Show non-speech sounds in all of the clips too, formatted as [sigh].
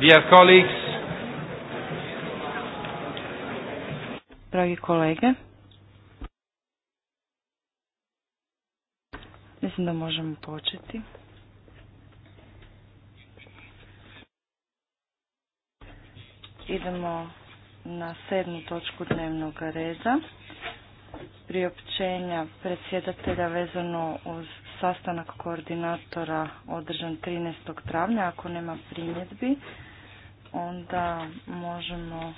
Dear colleagues. Dragi kolege. Mislim da možemo početi. Idemo na sedmu točku dnevnog reda. Priopćenja predsjedatelja vezano uz sastanak koordinatora održan 13. travnja. Ako nema primjedbi, onda možemo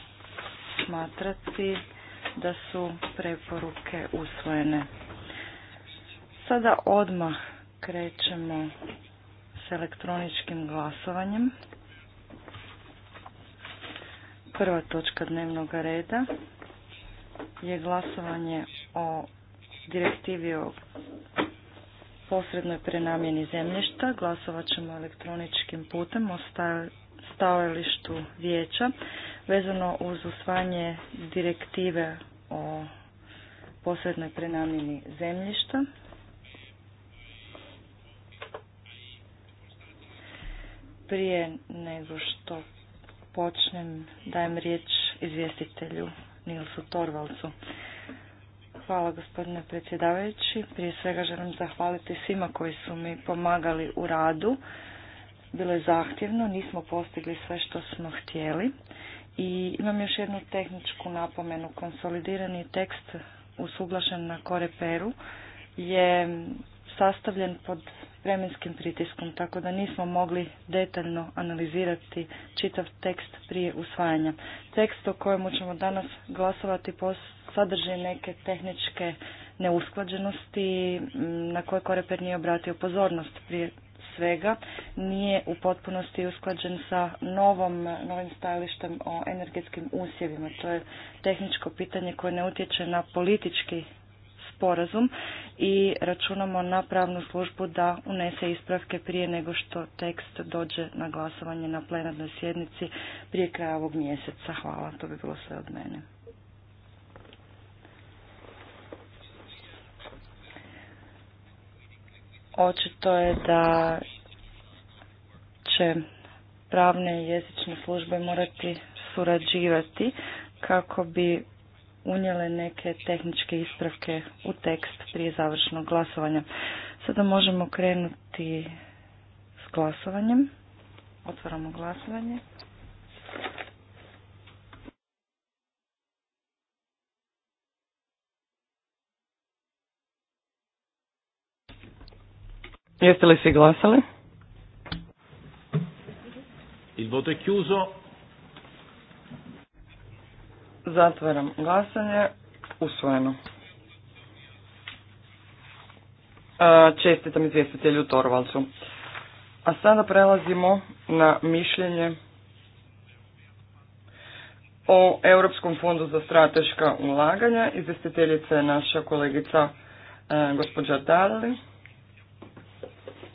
smatrati da su preporuke usvojene. Sada odmah krećemo s elektroničkim glasovanjem. Prva točka dnevnog reda je glasovanje o direktivi o posrednoj prenamjeni zemljišta. Glasovat ćemo elektroničkim putem o stajalištu vijeća vezano uz usvajanje direktive o posrednoj prenamjeni zemljišta. Prije nego što počnem dajem riječ izvjestitelju Nilsu Torvalcu. Hvala gospodine predsjedavajući. Prije svega želim zahvaliti svima koji su mi pomagali u radu bilo je zahtjevno, nismo postigli sve što smo htjeli. I imam još jednu tehničku napomenu. Konsolidirani tekst usuglašen na Koreperu je sastavljen pod vremenskim pritiskom, tako da nismo mogli detaljno analizirati čitav tekst prije usvajanja. Tekst o kojemu ćemo danas glasovati sadrži neke tehničke neusklađenosti na koje Koreper nije obratio pozornost prije svega nije u potpunosti usklađen sa novom, novim stajalištem o energetskim usjevima. To je tehničko pitanje koje ne utječe na politički sporazum i računamo na pravnu službu da unese ispravke prije nego što tekst dođe na glasovanje na plenarnoj sjednici prije kraja ovog mjeseca. Hvala, to bi bilo sve od mene. Očito je da će pravne i jezične službe morati surađivati kako bi unijele neke tehničke ispravke u tekst prije završnog glasovanja. Sada možemo krenuti s glasovanjem. Otvaramo glasovanje. Jeste li svi glasali? Il voto è chiuso. Zatvaram glasanje. Usvojeno. Čestitam izvjestitelju Torvalcu. A sada prelazimo na mišljenje o Europskom fondu za strateška ulaganja. Izvjestiteljica je naša kolegica e, gospođa Darli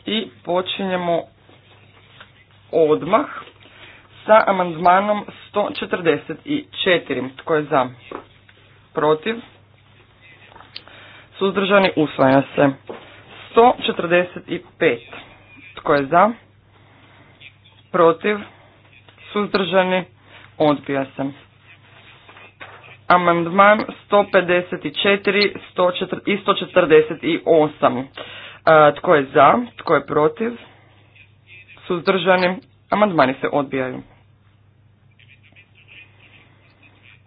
i počinjemo odmah sa amandmanom 144. Tko je za? Protiv? Suzdržani usvaja se. 145. Tko je za? Protiv? Suzdržani odbija se. Amandman 154 i 148. Tko je za? Tko je protiv? Suzdržani? Amandmani se odbijaju.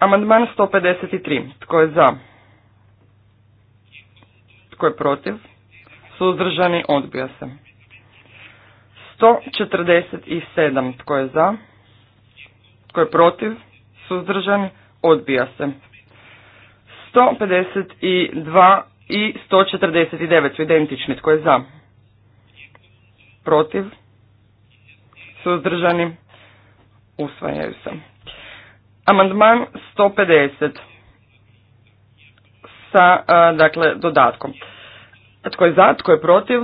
Amandman 153. Tko je za? Tko je protiv? Suzdržani? Odbija se. 147. Tko je za? Tko je protiv? Suzdržani? Odbija se. 152 i 149 su identični. Tko je za? Protiv? Suzdržani? Usvajaju se. Amandman 150 sa, dakle, dodatkom. Tko je za, tko je protiv,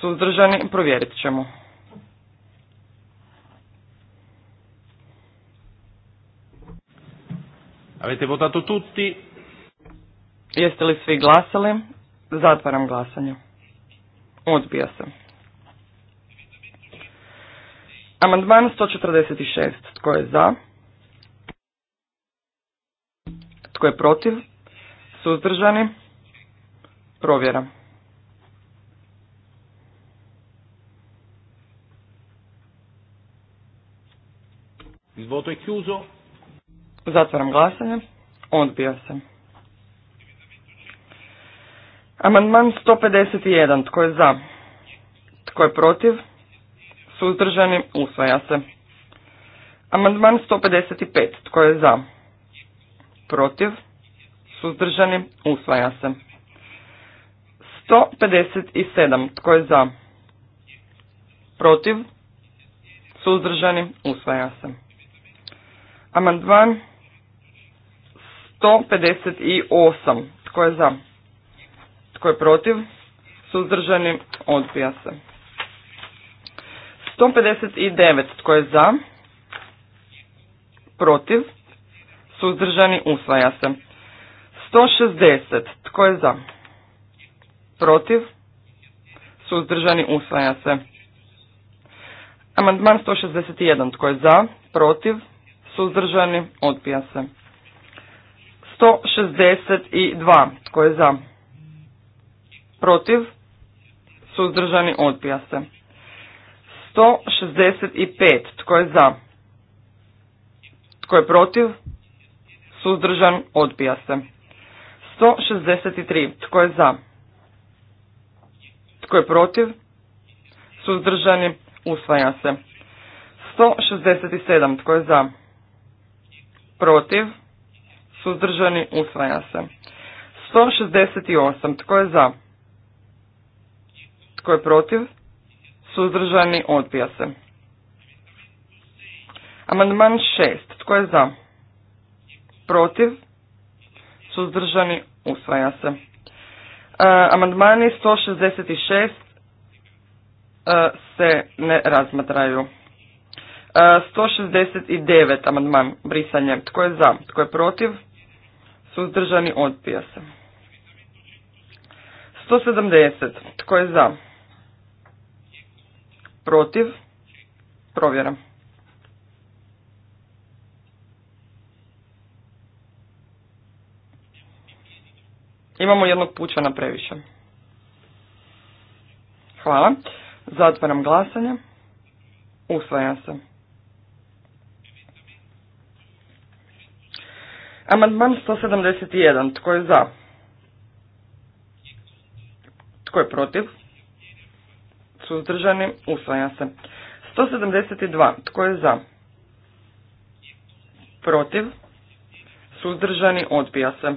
suzdržani, provjerit ćemo. Avete votato tutti? Jeste li svi glasali? Zatvaram glasanje. Odbija se. Amandman 146. Tko je za? Tko je protiv? Suzdržani? Provjera. Izvoto je chiuso. Zatvaram glasanje. Odbija se. Amandman 151. Tko je za? Tko je protiv? Suzdržani? Usvaja se. Amandman 155. Tko je za? Protiv? Suzdržani? Usvaja se. 157. Tko je za? Protiv? Suzdržani? Usvaja se. Amandman 158. Tko je za? Tko je protiv? Suzdržani? Odbija se. 159. Tko je za? Protiv? Suzdržani? Usvaja se. 160. Tko je za? Protiv? Suzdržani? Usvaja se. Amandman 161. Tko je za? Protiv? Suzdržani? Odbija se. 162. Tko je za? protiv, suzdržani, odbija se. 165. Tko je za? Tko je protiv? Suzdržan, odbija se. 163. Tko je za? Tko je protiv? Suzdržani, usvaja se. 167. Tko je za? Protiv? Suzdržani, usvaja se. 168. Tko je za? Tko je protiv? Suzdržani odbija se. Amandman 6. Tko je za? Protiv? Suzdržani usvaja se. E, amandmani 166 e, se ne razmatraju. 169 e, amandman brisanje. Tko je za? Tko je protiv? Suzdržani odbija se. 170. Tko je za? protiv, provjera. Imamo jednog na previše. Hvala. Zatvaram glasanje. Usvajam se. Amandman 171. Tko je za? Tko je protiv? Suzdržani? Usvaja se. 172. Tko je za? Protiv? Suzdržani? Odbija se.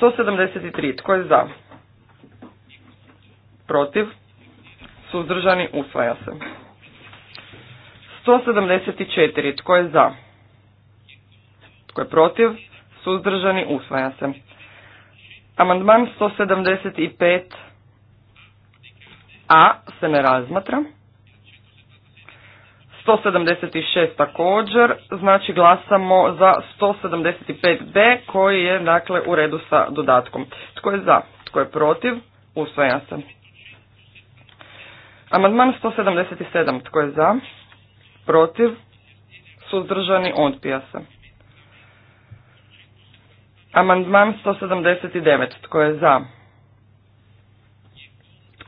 173. Tko je za? Protiv? Suzdržani? Usvaja se. 174. Tko je za? Tko je protiv? Suzdržani? Usvaja se. Amandman 175 a se ne razmatra. 176 također, znači glasamo za 175b koji je dakle u redu sa dodatkom. Tko je za, tko je protiv, usvaja se. Amandman 177, tko je za, protiv, suzdržani, odpija se. Amandman 179, tko je za,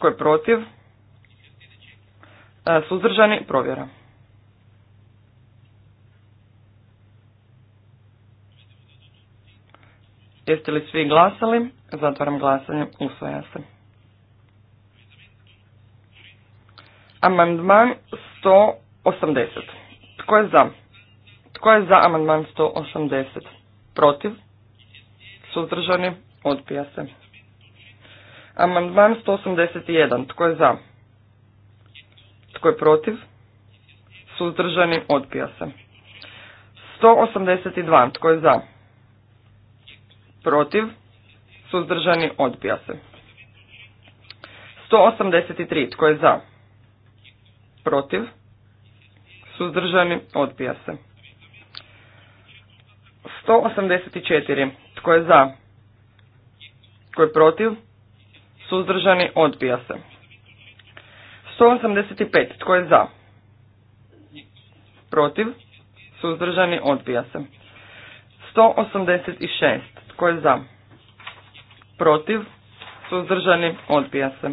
tko je protiv? E, suzdržani? Provjera. Jeste li svi glasali? Zatvaram glasanje. Usvaja se. Amandman 180. Tko je za? Tko je za amandman 180? Protiv? Suzdržani? Odpija se. Amandman 181. Tko je za? Tko je protiv? Suzdržani odbija se. 182. Tko je za? Protiv? Suzdržani odbija se. 183. Tko je za? Protiv? Suzdržani odbija se. 184. Tko je za? Tko je protiv? suzdržani, odbija se. 185. Tko je za? Protiv, suzdržani, odbija se. 186. Tko je za? Protiv, suzdržani, odbija se.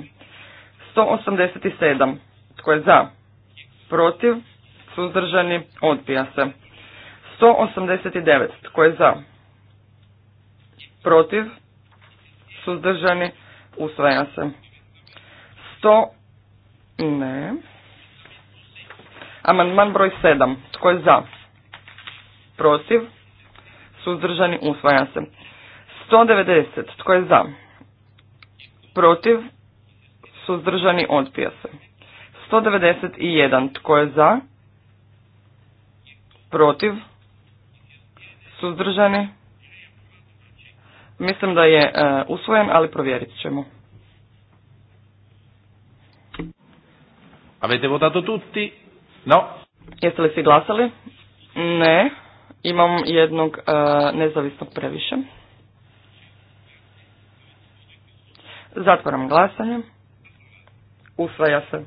187. Tko je za? Protiv, suzdržani, odbija se. 189. Tko je za? Protiv, suzdržani, usvaja se. Sto. ne. Amandman broj 7, tko je za? Protiv, suzdržani, usvaja se. 190, tko je za? Protiv, suzdržani, odpija se. 191, tko je za? Protiv, suzdržani, Mislim da je e, usvojen, ali provjerit ćemo. Avete votato tutti? No. Jeste li svi glasali? Ne. Imam jednog e, nezavisnog previše. Zatvoram glasanje. Usvaja se.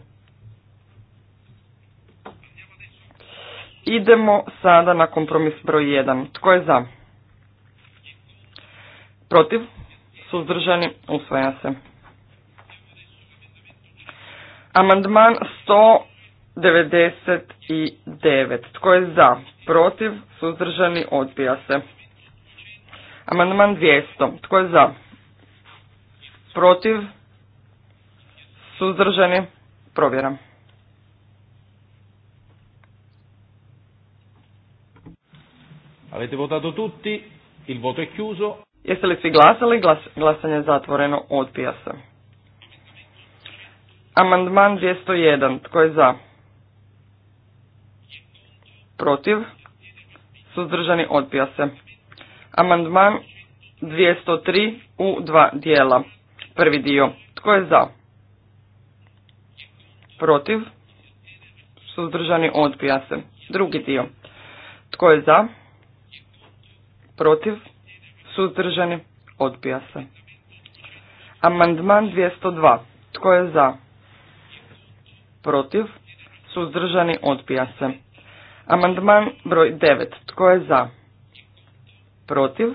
Idemo sada na kompromis broj 1. Tko je za? protiv, suzdržani, usvaja se. Amandman 199. Tko je za? Protiv, suzdržani, odbija se. Amandman 200. Tko je za? Protiv, suzdržani, provjeram. Avete votato tutti? Il voto è chiuso. Jeste li svi glasali? glasanje je zatvoreno. Odbija se. Amandman 201. Tko je za? Protiv? Suzdržani odbija se. Amandman 203 u dva dijela. Prvi dio. Tko je za? Protiv? Suzdržani odbija se. Drugi dio. Tko je za? Protiv? Suzdržani? Odbija se. Amandman 202. Tko je za? Protiv? Suzdržani? Odbija se. Amandman broj 9. Tko je za? Protiv?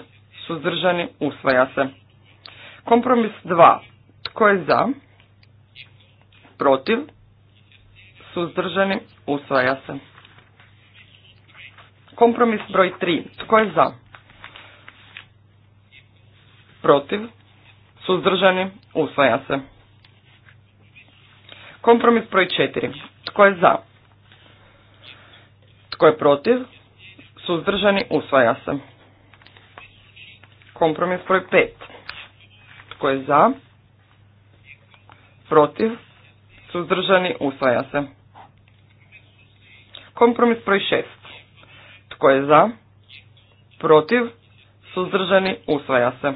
Suzdržani? Usvaja se. Kompromis 2. Tko je za? Protiv? Suzdržani? Usvaja se. Kompromis broj 3. Tko je za? protiv, suzdržani, usvaja se. Kompromis broj 4. Tko je za? Tko je protiv? Suzdržani, usvaja se. Kompromis broj 5. Tko je za? Protiv? Suzdržani, usvaja se. Kompromis broj 6. Tko je za? Protiv? Suzdržani, usvaja se.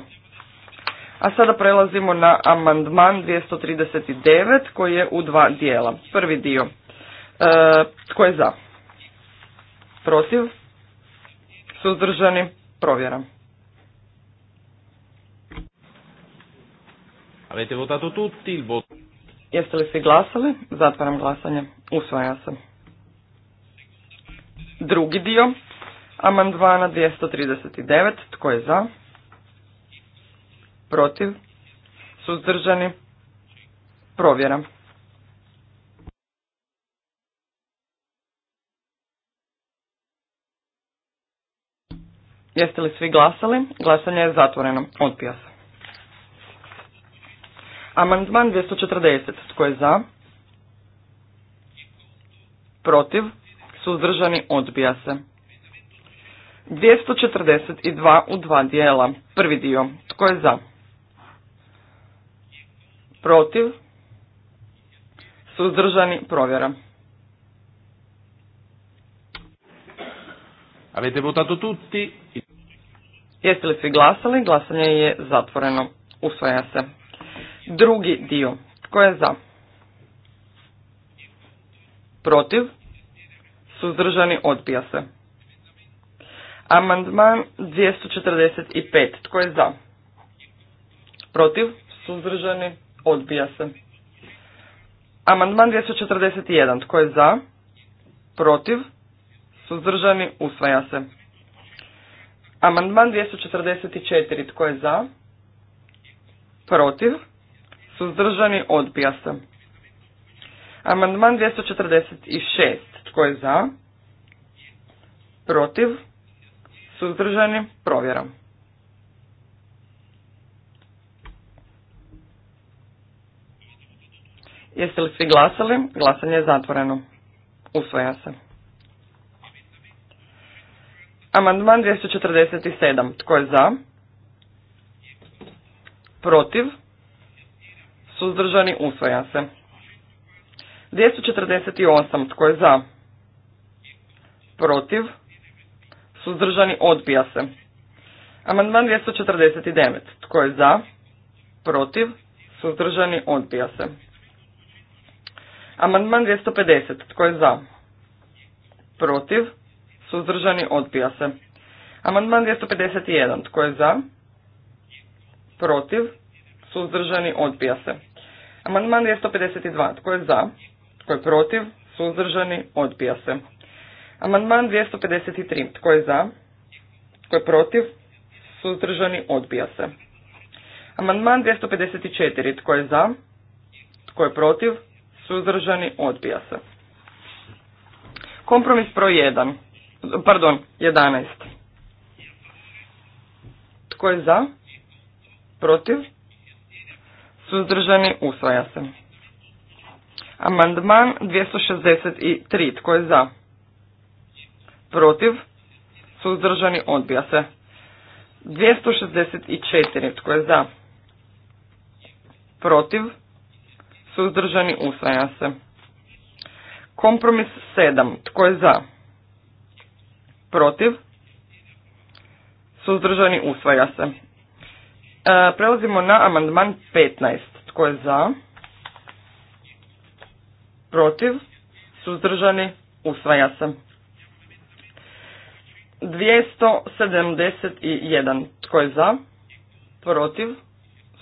A sada prelazimo na amandman 239 koji je u dva dijela. Prvi dio. E, tko je za? Protiv? Suzdržani? Provjera. Avete votato tutti il voto. Jeste li svi glasali? Zatvaram glasanje. Usvaja se. Drugi dio. Amandmana 239. Tko je za? protiv, suzdržani, provjera. Jeste li svi glasali? Glasanje je zatvoreno. Odpija se. Amandman 240. Tko je za? Protiv? Suzdržani? Odbija se. 242 u dva dijela. Prvi dio. Tko je za? protiv, suzdržani, provjera. Avete votato tutti? Jeste li svi glasali? Glasanje je zatvoreno. Usvaja se. Drugi dio. Tko je za? Protiv? Suzdržani odbija se. Amandman 245. Tko je za? Protiv? Suzdržani Odbija se. Amandman 241. Tko je za? Protiv? Suzdržani? Usvaja se. Amandman 244. Tko je za? Protiv? Suzdržani? Odbija se. Amandman 246. Tko je za? Protiv? Suzdržani? Provjeram. Jeste li svi glasali? Glasanje je zatvoreno. Usvaja se. Amandman 247. Tko je za? Protiv? Suzdržani? Usvaja se. 248. Tko je za? Protiv? Suzdržani? Odbija se. Amandman 249. Tko je za? Protiv? Suzdržani? Odbija se. Amandman 250. Tko je za? Protiv? Suzdržani? Odbija se. Amandman 251. Tko je za? Protiv? Suzdržani? Odbija se. Amandman 252. Tko je za? Tko je protiv? Suzdržani? Odbija se. Amandman 253. Tko je za? Tko je protiv? Suzdržani? Odbija se. Amandman 254. Tko je za? Tko je protiv? suzdržani, odbija se. Kompromis pro jedan. pardon, jedanaest. Tko je za? Protiv? Suzdržani, usvaja se. Amandman 263. Tko je za? Protiv? Suzdržani, odbija se. 264. Tko je za? Protiv? suzdržani, usvaja se. Kompromis 7. Tko je za? Protiv? Suzdržani, usvaja se. E, prelazimo na amandman 15. Tko je za? Protiv? Suzdržani, usvaja se. 271. Tko je za? Protiv?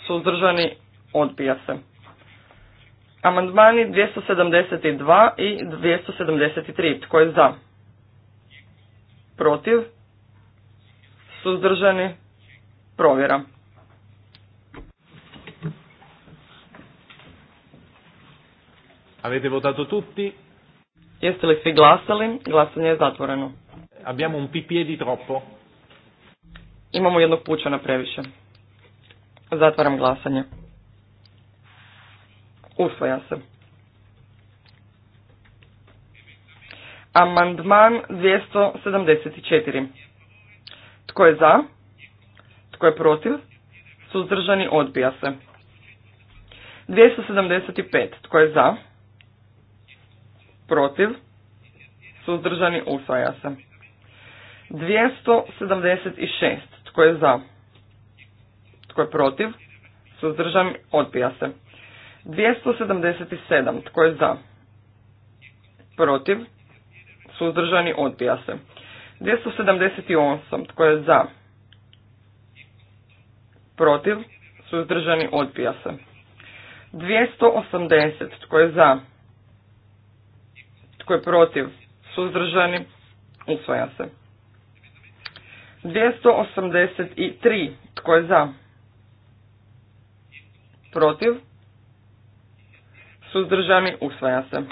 Suzdržani, odbija se. Amandmani 272 i 273. Tko je za? Protiv? Suzdržani? Provjera. Avete votato tutti? Jeste li svi glasali? Glasanje je zatvoreno. Abbiamo un PPE di troppo. Imamo jednog na previše. Zatvaram glasanje. Usvaja se. Amandman 274. Tko je za? Tko je protiv? Suzdržani odbija se. 275. Tko je za? Protiv? Suzdržani usvaja se. 276. Tko je za? Tko je protiv? Suzdržani odbija se. 277. Tko je za? Protiv? Suzdržani odbija se. 278. Tko je za? Protiv? Suzdržani odbija se. 280. Tko je za? Tko je protiv? Suzdržani? Usvaja se. 283. Tko je za? Protiv? suzdržani, usvaja se.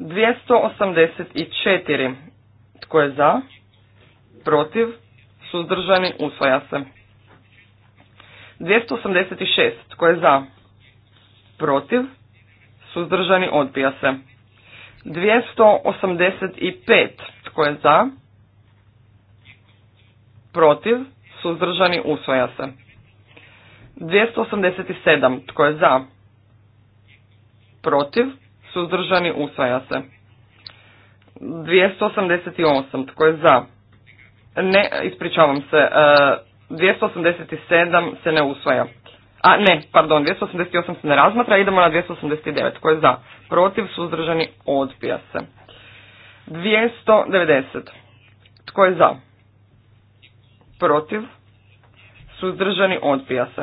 284. Tko je za? Protiv? Suzdržani? Usvaja se. 286. Tko je za? Protiv? Suzdržani? Odbija se. 285. Tko je za? Protiv? Suzdržani? Usvaja se. 287. Tko je za? Protiv? Suzdržani? Usvaja se. 288. Tko je za? Ne, ispričavam se. 287 e, se ne usvaja. A ne, pardon, 288 se ne razmatra. Idemo na 289. Tko je za? Protiv? Suzdržani? Odbija se. 290. Tko je za? Protiv? Suzdržani? Odbija se.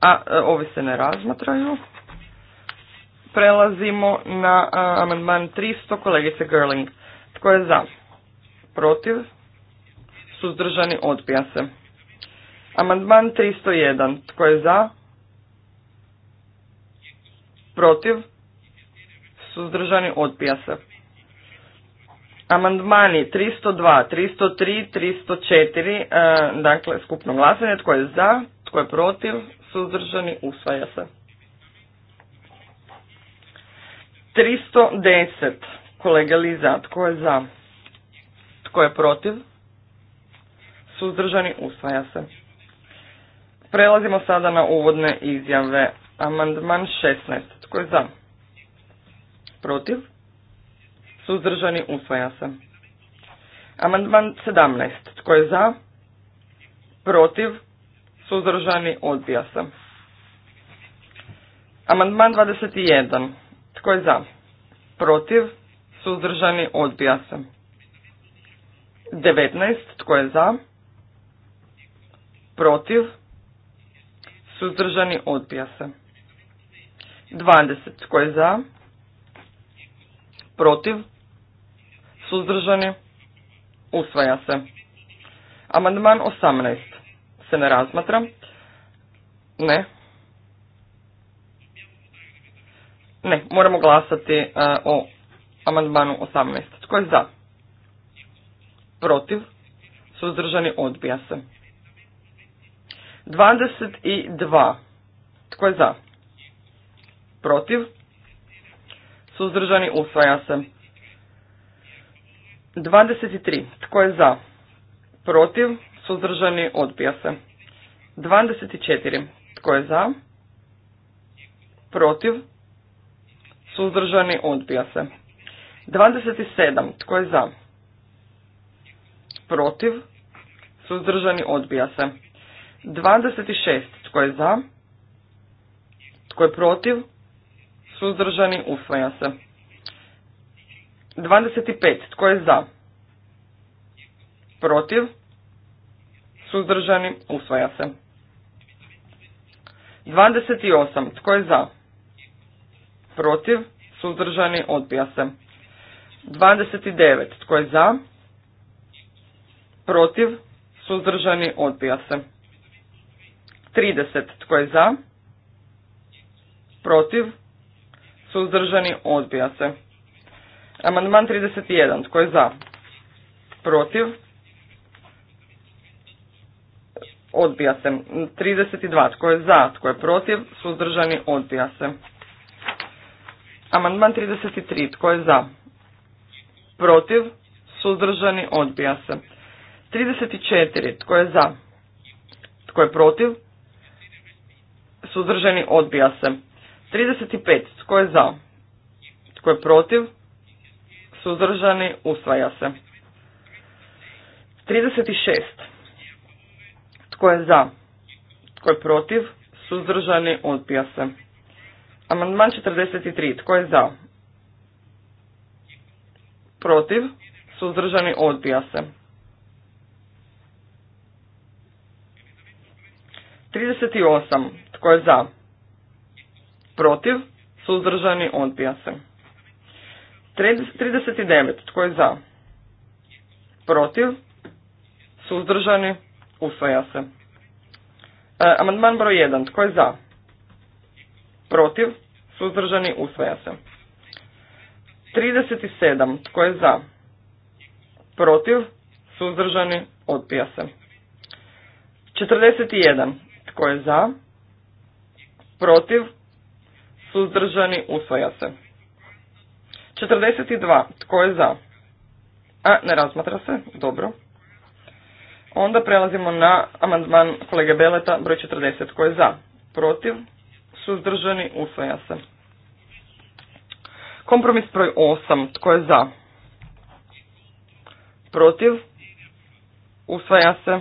a e, ovi se ne razmatraju. Prelazimo na e, amandman 300 kolegice Gerling. Tko je za? Protiv? Suzdržani odbija se. Amandman 301. Tko je za? Protiv? Suzdržani odbija se. Amandmani 302, 303, 304, dakle skupno glasanje. Tko je za? Tko je protiv? suzdržani, usvaja se. 310. Kolega Liza, tko je za? Tko je protiv? Suzdržani, usvaja se. Prelazimo sada na uvodne izjave. Amandman 16. Tko je za? Protiv? Suzdržani, usvaja se. Amandman 17. Tko je za? Protiv? Suzdržani? Odbija se. Amandman 21. Tko je za? Protiv? Suzdržani? Odbija se. 19. Tko je za? Protiv? Suzdržani? Odbija se. 20. Tko je za? Protiv? Suzdržani? Usvaja se. Amandman osamnaest se ne razmatra. Ne. Ne, moramo glasati e, o amandmanu 18. Tko je za? Protiv? Suzdržani odbija se. 22. Tko je za? Protiv? Suzdržani usvaja se. 23. Tko je za? Protiv? Suzdržani odbija se. 24. Tko je za? Protiv? Suzdržani odbija se. 27. Tko je za? Protiv? Suzdržani odbija se. 26. Tko je za? Tko je protiv? Suzdržani usvaja se. 25. Tko je za? Protiv? suzdržani, usvaja se. 28. Tko je za? Protiv, suzdržani, odbija se. 29. Tko je za? Protiv, suzdržani, odbija se. 30. Tko je za? Protiv, suzdržani, odbija se. Amandman 31. Tko je za? Protiv, odbija se. 32 tko je za, tko je protiv, suzdržani, odbija se. Amandman 33 tko je za, protiv, suzdržani, odbija se. 34 tko je za, tko je protiv, suzdržani, odbija se. 35 tko je za, tko je protiv, suzdržani, usvaja se. 36 tko je za? Tko je protiv? Suzdržani? Odbija se. Amandman 43. Tko je za? Protiv? Suzdržani? Odbija se. 38. Tko je za? Protiv? Suzdržani? Odbija se. 39. Tko je za? Protiv? Suzdržani? Usvaja se. E, amandman broj 1. Tko je za? Protiv? Suzdržani? Usvaja se. 37. Tko je za? Protiv? Suzdržani? odpija se. 41. Tko je za? Protiv? Suzdržani? Usvaja se. 42. Tko je za? A, ne razmatra se. Dobro. Onda prelazimo na amandman kolege Beleta, broj 40. Tko je za? Protiv? Suzdržani? Usvaja se. Kompromis broj 8. Tko je za? Protiv? Usvaja se.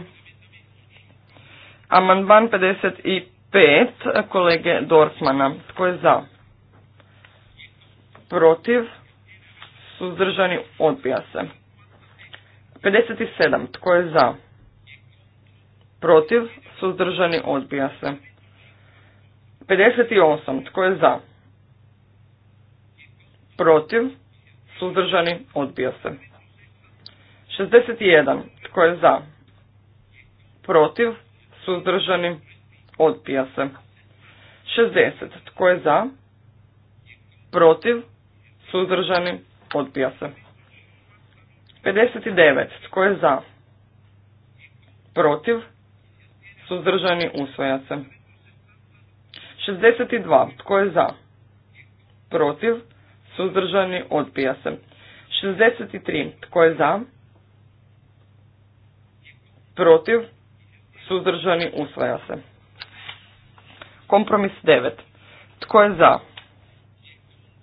Amandman 55. Kolege Dorfmana. Tko je za? Protiv? Suzdržani? Odbija se. 57. Tko je za? protiv, suzdržani, odbija se. 58. Tko je za? Protiv, suzdržani, odbija se. 61. Tko je za? Protiv, suzdržani, odbija se. 60. Tko je za? Protiv, suzdržani, odbija se. 59. Tko je za? Protiv, suzdržani, usvaja se. 62. Tko je za? Protiv, suzdržani, odbija se. 63. Tko je za? Protiv, suzdržani, usvaja se. Kompromis 9. Tko je za?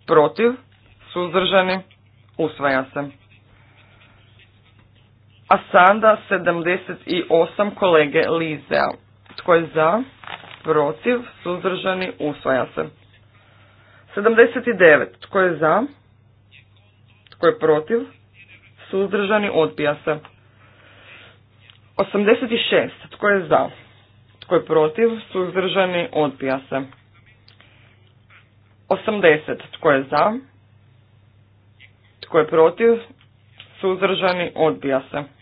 Protiv, suzdržani, usvaja se a sada 78 kolege Lizea. Tko je za? Protiv? Suzdržani? Usvaja se. 79. Tko je za? Tko je protiv? Suzdržani? Odbija se. 86. Tko je za? Tko je protiv? Suzdržani? Odbija se. 80. Tko je za? Tko je protiv? Suzdržani? Odbija se.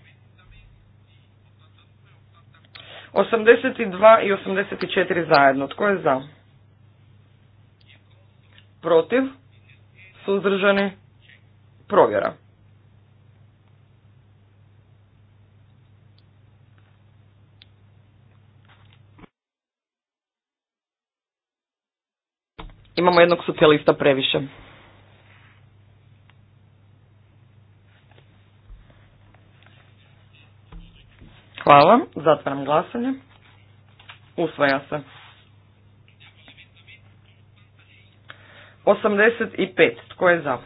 82 i 84 zajedno. Tko je za? Protiv? Suzdržani? Provjera. Imamo jednog socijalista previše. Hvala. Zatvaram glasanje. Usvaja se. 85. Tko je za?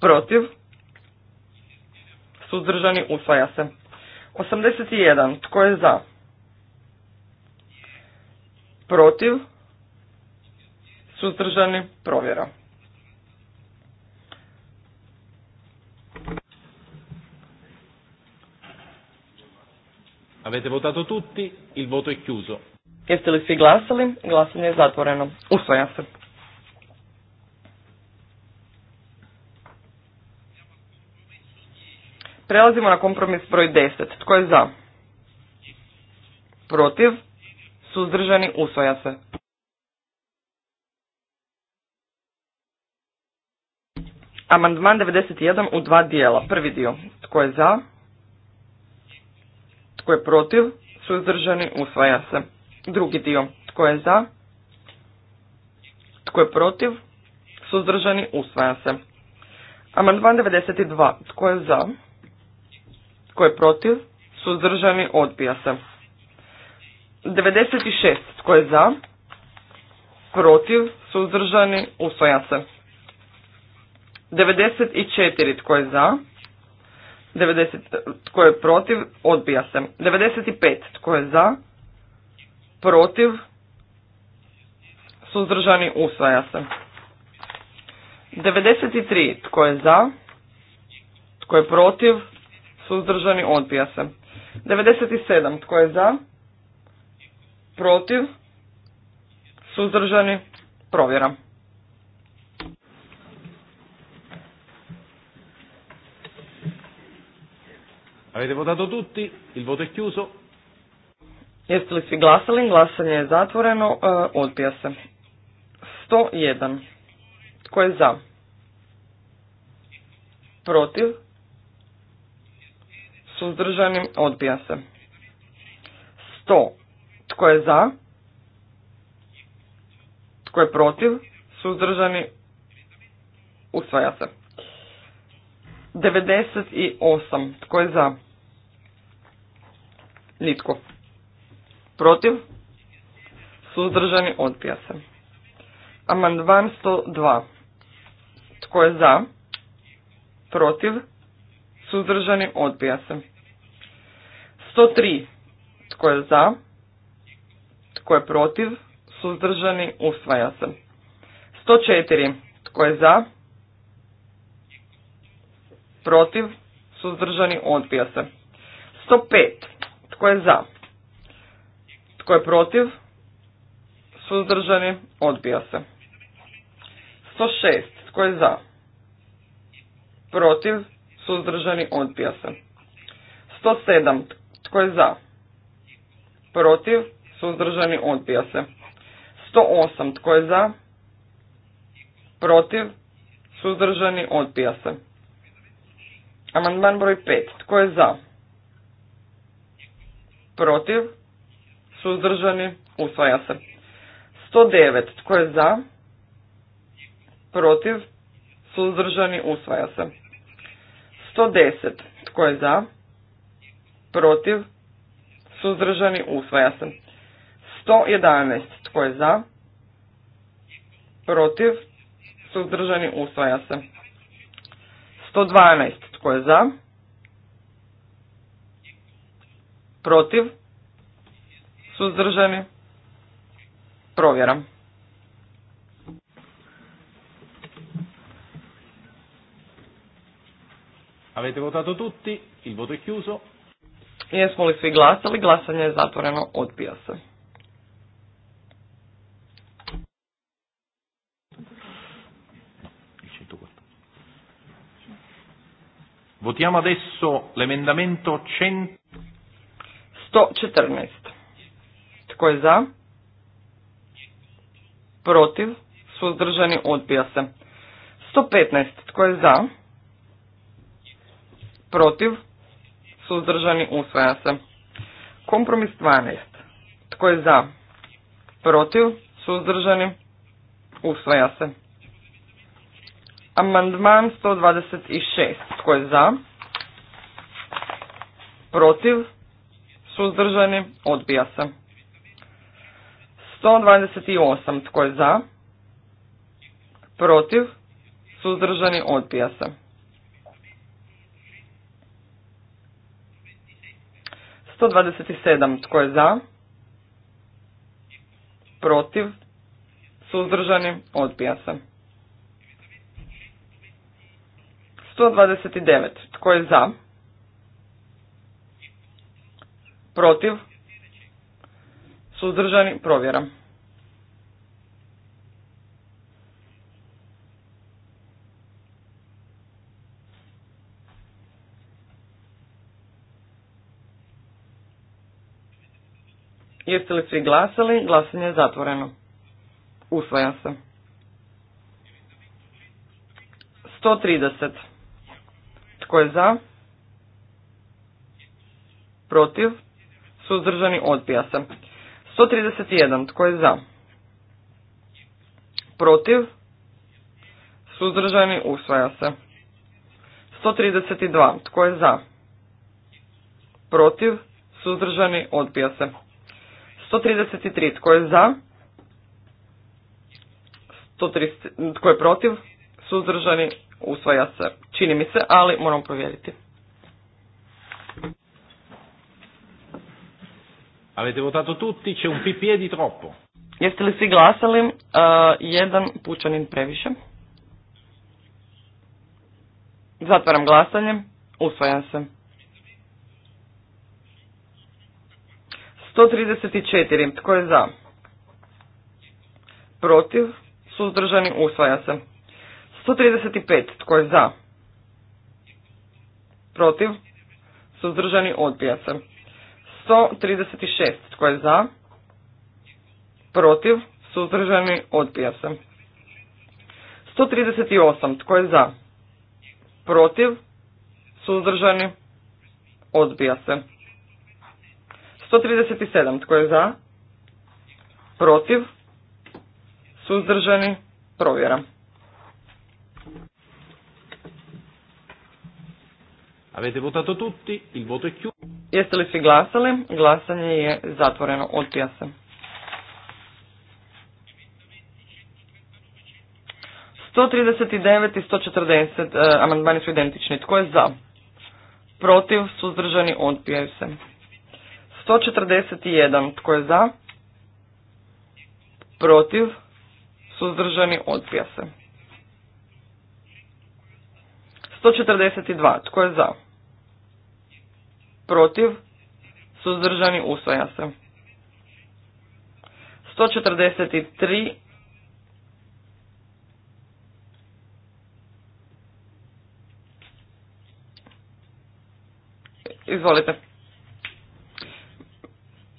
Protiv? Suzdržani usvaja se. 81. Tko je za? Protiv? Suzdržani provjera. Avete votato tutti, il voto è chiuso. Jeste li svi glasali? Glasanje je zatvoreno. Usvaja se. Prelazimo na kompromis broj 10. Tko je za? Protiv? Suzdržani? Usvaja se. Amandman 91 u dva dijela. Prvi dio. Tko je za? Tko je protiv? Suzdržani? Usvaja se. Drugi dio. Tko je za? Tko je protiv? Suzdržani? Usvaja se. Amandman 92. Tko je za? Tko je protiv? Suzdržani? Odbija se. 96. Tko je za? Protiv? Suzdržani? Usvaja se. 94. Tko je za? 90 tko je protiv, odbija se. 95 tko je za, protiv, suzdržani, usvaja se. 93 tko je za, tko je protiv, suzdržani, odbija se. 97 tko je za, protiv, suzdržani, provjera. Avete votato tutti? Il voto è chiuso. Jeste li svi glasali? Glasanje je zatvoreno. E, odbija se. 101. Tko je za? Protiv? Suzdržanim? Odbija se. 100. Tko je za? Tko je protiv? Suzdržani? Usvaja se. 98. Tko je za? Nitko. Protiv? Suzdržani odbija se. Amandman 102. Tko je za? Protiv? Suzdržani odbija se. 103. Tko je za? Tko je protiv? Suzdržani usvaja se. 104. Tko je za? Protiv? Suzdržani odbija se. 105. Tko je za? Tko je protiv? Suzdržani? Odbija se. 106. Tko je za? Protiv? Suzdržani? Odbija se. 107. Tko je za? Protiv? Suzdržani? Odbija se. 108. Tko je za? Protiv? Suzdržani? Odbija se. Amandman broj 5. Tko je za? protiv, suzdržani, usvaja se. 109. Tko je za? Protiv, suzdržani, usvaja se. 110. Tko je za? Protiv, suzdržani, usvaja se. 111. Tko je za? Protiv, suzdržani, usvaja se. 112. Tko je za? protiv, suzdržani, provjera. Avete votato tutti, il voto è chiuso. Jesmo li svi glasali, glasanje je zatvoreno, odbija se. Votiamo adesso l'emendamento 100. 114. Tko je za? Protiv? Suzdržani odbija se. 115. Tko je za? Protiv? Suzdržani usvaja se. Kompromis 12. Tko je za? Protiv? Suzdržani usvaja se. Amandman 126. Tko je za? Protiv? Suzdržani? Odbija se. 128. Tko je za? Protiv? Suzdržani? Odbija se. 127. Tko je za? Protiv? Suzdržani? Odbija se. 129. Tko je za? protiv, suzdržani, provjera. Jeste li svi glasali? Glasanje je zatvoreno. Usvaja se. 130. Tko je za? Protiv? Suzdržani odbija se. 131. Tko je za? Protiv? Suzdržani usvaja se. 132. Tko je za? Protiv? Suzdržani odbija se. 133. Tko je za? 130, tko je protiv? Suzdržani usvaja se. Čini mi se, ali moram provjeriti. Avete votato tutti? C'è un PPE di troppo. Jeste li svi glasali? Eh, jedan pučanin previše. Zatvaram glasanje. Usvaja se. 134. Tko je za? Protiv? Suzdržani? Usvaja se. 135. Tko je za? Protiv? Suzdržani? Odbija se. 136. Tko je za? Protiv? Suzdržani? Odbija se. 138. Tko je za? Protiv? Suzdržani? Odbija se. 137. Tko je za? Protiv? Suzdržani? Provjera. Avete votato tutti, il voto è chiuso. Jeste li svi glasali? Glasanje je zatvoreno. Odpija se. 139 i 140 e, amandmani su identični. Tko je za? Protiv, suzdržani, odpijaju se. 141. Tko je za? Protiv, suzdržani, odpija se. 142. Tko je za? protiv, suzdržani, usvaja se. 143 Izvolite.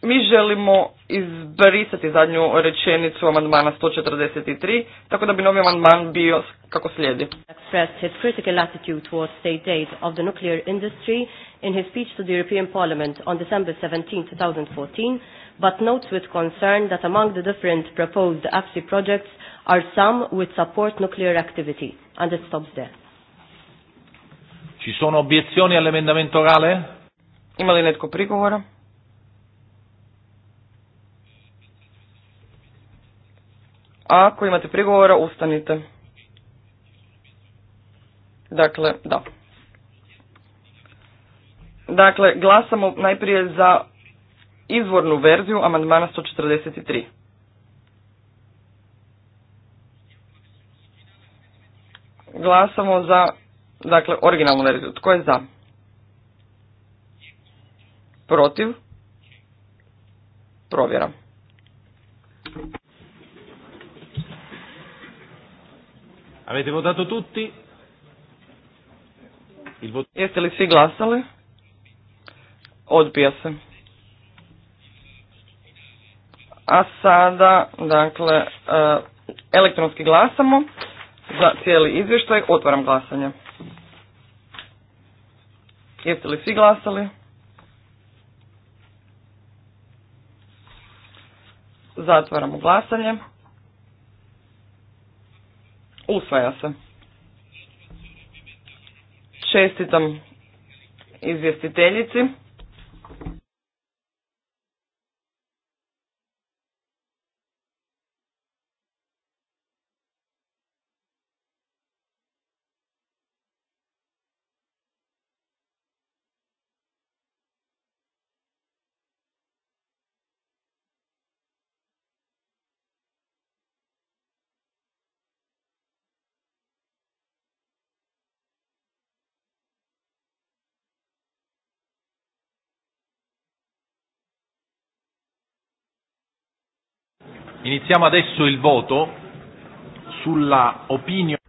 Mi želimo izbrisati zadnju rečenicu amandmana 143, tako da bi novi amandman bio kako slijedi. Expressed critical attitude towards state aid of the nuclear industry in his speech to the European Parliament on December 17, 2014, but notes with concern that among the different proposed AFSI projects are some which support nuclear activity. And it stops there. Ci sono obiezioni all'emendamento orale? Ima li netko prigovora? Ako imate prigovora, ustanite. Dakle, da. Dakle, glasamo najprije za izvornu verziju amandmana 143. Glasamo za, dakle, originalnu verziju. Tko je za? Protiv? Provjera. Avete votato tutti? Il voto... Jeste li svi glasali? Odbija se. A sada, dakle, e, elektronski glasamo za cijeli izvještaj. Otvaram glasanje. Jeste li svi glasali? Zatvaramo glasanje. Usvaja se. Čestitam izvjestiteljici. Iniziamo adesso il voto sulla opinione.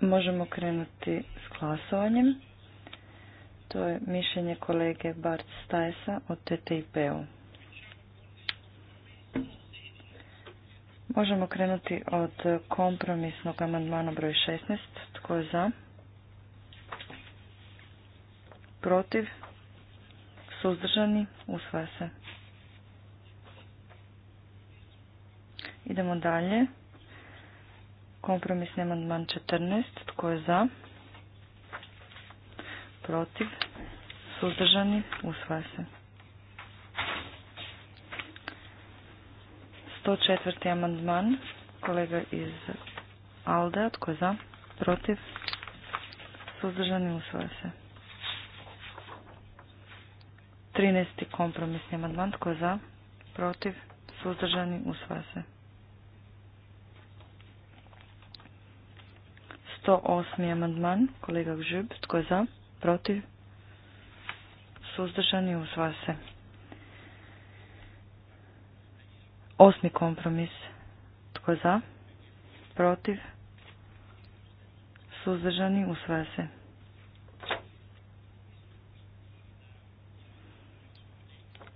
Možemo krenuti s glasovanjem. To je mišljenje kolege Bart Stajsa od TTIP-u. Možemo krenuti od kompromisnog amandmana broj 16. Tko je za? Protiv? Suzdržani? Usvaja se. Idemo dalje. Kompromisni amandman 14. Tko je za? Protiv? Suzdržani? Usvaja se. 104. amandman. Kolega iz Alde, Tko je za? Protiv? Suzdržani? Usvaja se. 13. kompromisni amandman. Tko je za? Protiv? Suzdržani? Usvaja se. 108. amandman, kolega Žib, tko je za, protiv, suzdržani, u se. Osmi kompromis, tko je za, protiv, suzdržani, u se.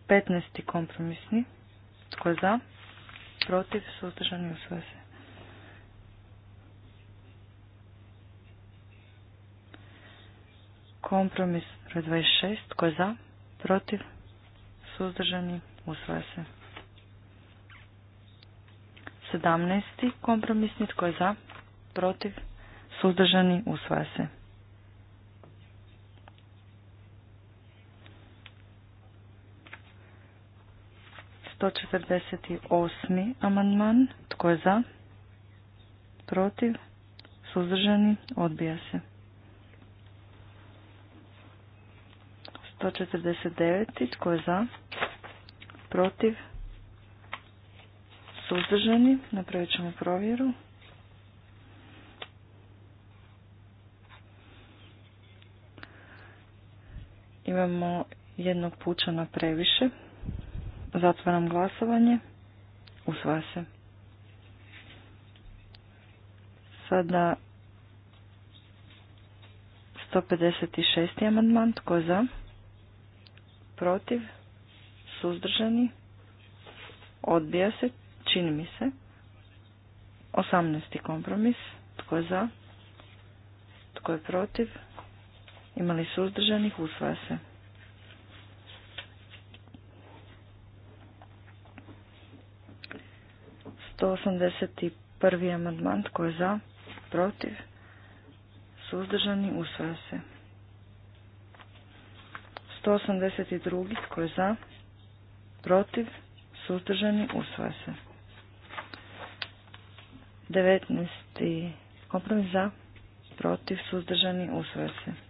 Petnesti kompromisni, tko je za, protiv, suzdržani, u se. Kompromis broj 26. Tko je za? Protiv? Suzdržani? Usvaja se. 17. Kompromisni. Tko je za? Protiv? Suzdržani? Usvaja se. 148. amandman. Tko je za? Protiv? Suzdržani? Odbija se. 149. Tko je za? Protiv? Suzdržani? Napravit ćemo provjeru. Imamo jednog pučana previše. Zatvaram glasovanje. Usva se. Sada 156. amandman. Tko je za? protiv, suzdržani, odbija se, čini mi se. 18. kompromis, tko je za, tko je protiv, imali suzdržanih, usvaja se. Sto osamdeset prvi amandman, tko je za, protiv, suzdržani, usvaja se. 182. Tko je za? Protiv? Suzdržani? Usvaja se. 19. Kompromis za? Protiv? Suzdržani? Usvaja se.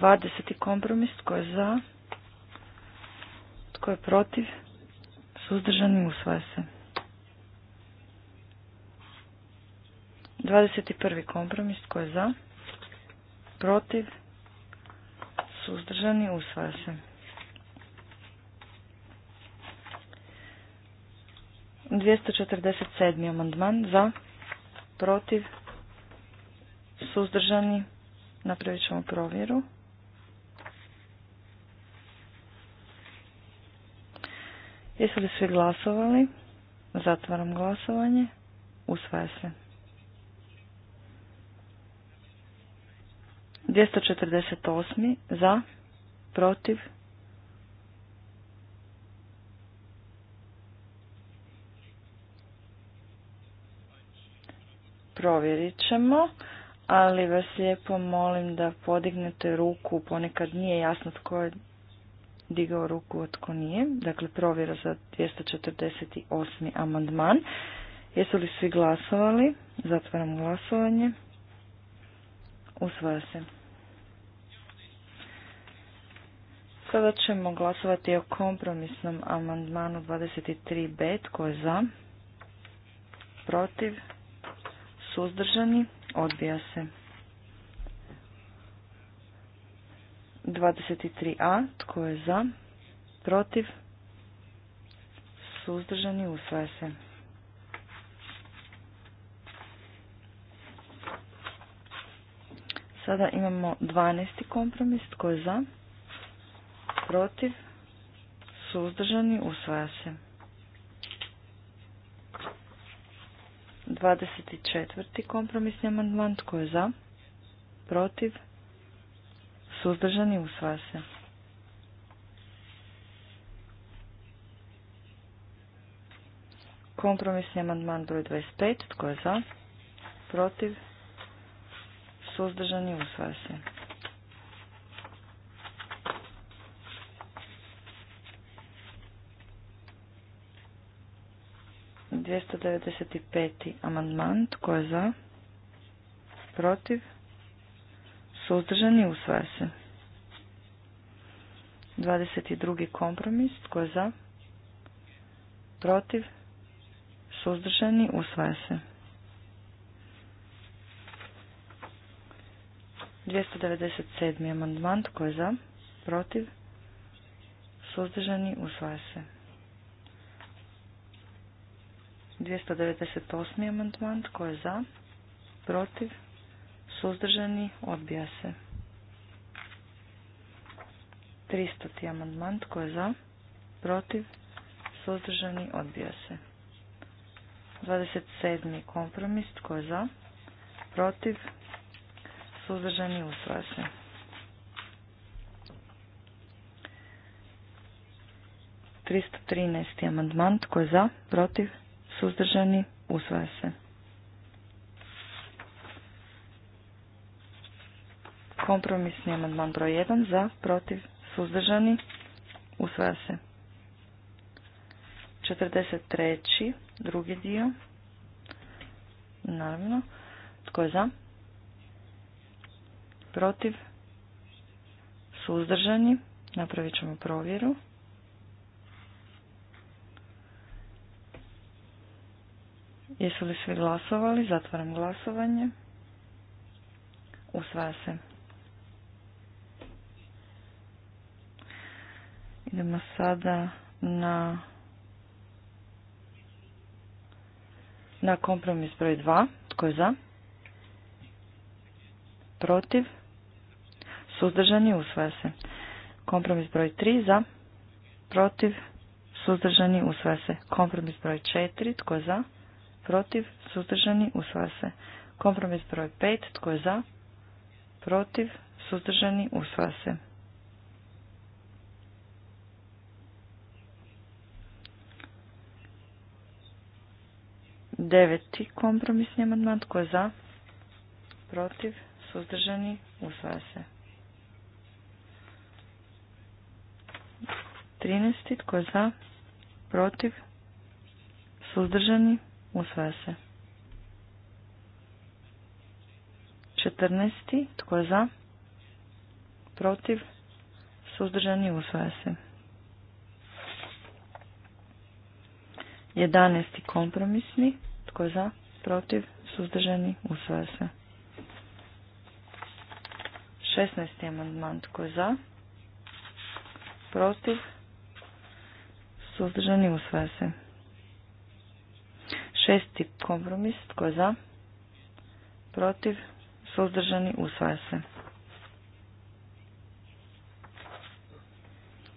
20. kompromis, tko je za, tko je protiv, suzdržani usvaja se. prvi kompromis, tko je za, protiv, suzdržani usvaja se. 247. amandman za, protiv, suzdržani, napravit ćemo provjeru. Jesu li svi glasovali? Zatvaram glasovanje. Usvaja se. 248. Za. Protiv. Provjerit ćemo, ali vas lijepo molim da podignete ruku, ponekad nije jasno tko je digao ruku, otko nije. Dakle, provjera za 248. amandman. Jesu li svi glasovali? Zatvaram glasovanje. Usvaja se. Sada ćemo glasovati o kompromisnom amandmanu 23b. Tko je za? Protiv? Suzdržani? Odbija se. 23a. Tko je za? Protiv? Suzdržani usvaja se. Sada imamo 12. kompromis. Tko je za? Protiv? Suzdržani usvaja se. 24. kompromisni amandman. Tko je za? Protiv? Suzdržani u se. Kompromisni amandman broj 25. Tko je za? Protiv? Suzdržani u se. Dvjesto devedeset pet amandman tko je za protiv Suzdržani usvaja se. 22. kompromis. Tko je za? Protiv? Suzdržani usvaja se. 297. amandman. Tko je za? Protiv? Suzdržani usvaja se. 298. amandman. Tko je za? Protiv? suzdržani, odbija se. 300. amandman, tko je za, protiv, suzdržani, odbija se. 27. kompromis, tko je za, protiv, suzdržani, usvaja se. 313. amandman, tko je za, protiv, suzdržani, usvaja se. Kompromisni amandman broj 1 za, protiv, suzdržani, usvaja se. 43. drugi dio, naravno, tko je za, protiv, suzdržani, napravit ćemo provjeru. Jesu li svi glasovali? Zatvaram glasovanje. Usvaja se. Idemo sada na na kompromis broj 2. Tko je za? Protiv? Suzdržani usvaja se. Kompromis broj 3 za? Protiv? Suzdržani usvaja se. Kompromis broj 4. Tko je za? Protiv? Suzdržani usvaja se. Kompromis broj 5. Tko je za? Protiv? Suzdržani usvaja se. Deveti kompromisni amandman. Tko je za? Protiv? Suzdržani? Usvaja se. Trinesti. Tko je za? Protiv? Suzdržani? Usvaja se. Četrnesti. Tko je za? Protiv? Suzdržani? Usvaja se. 11. kompromisni tko je za? Protiv? Suzdržani? Usvaja se. 16. amandman. Tko je za? Protiv? Suzdržani? Usvaja se. Šesti kompromis. Tko je za? Protiv? Suzdržani? Usvaja se.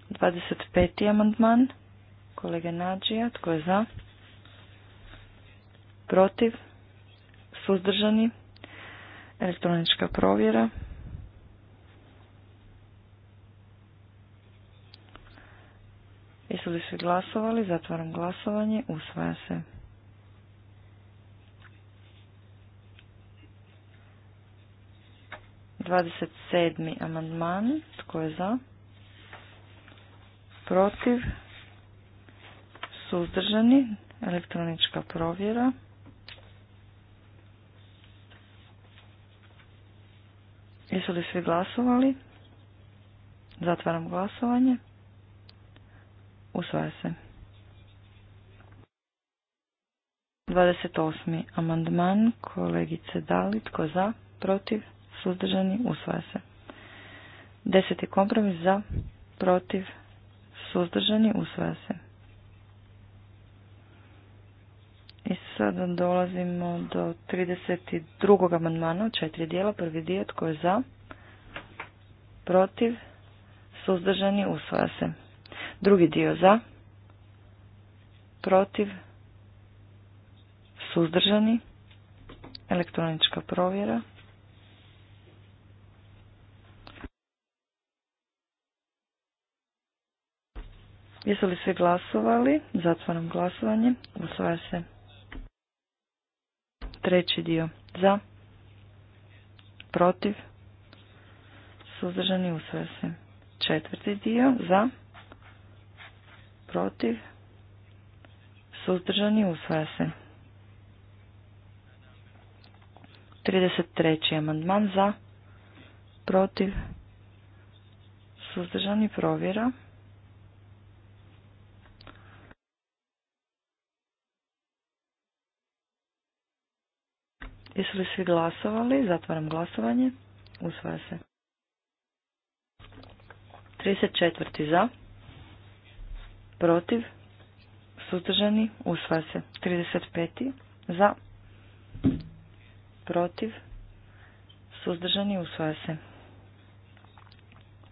25. amandman. Kolega Nadžija, Tko je za? protiv, suzdržani, elektronička provjera. Jesu li svi glasovali? Zatvaram glasovanje. Usvaja se. Dvadeset sedmi amandman. Tko je za? Protiv? Suzdržani? Elektronička provjera. Jesu li svi glasovali? Zatvaram glasovanje. Usvaja se. 28. amandman kolegice Dali, tko za, protiv, suzdržani, usvaja se. 10. kompromis za, protiv, suzdržani, usvaja se. I sada dolazimo do 32. amandmana, četiri dijela, prvi dio, tko je za, protiv, suzdržani, usvaja se. Drugi dio za, protiv, suzdržani, elektronička provjera. Jesu li svi glasovali? Zatvaram glasovanje. Usvaja se. Treći dio. Za. Protiv suzdržani, u se. Četvrti dio za, protiv, suzdržani, usvaja se. 33. amandman za, protiv, suzdržani, provjera. Jesu li svi glasovali? Zatvaram glasovanje. Usvaja se. 34. za, protiv, suzdržani, usvaja se. 35. za, protiv, suzdržani, usvaja se.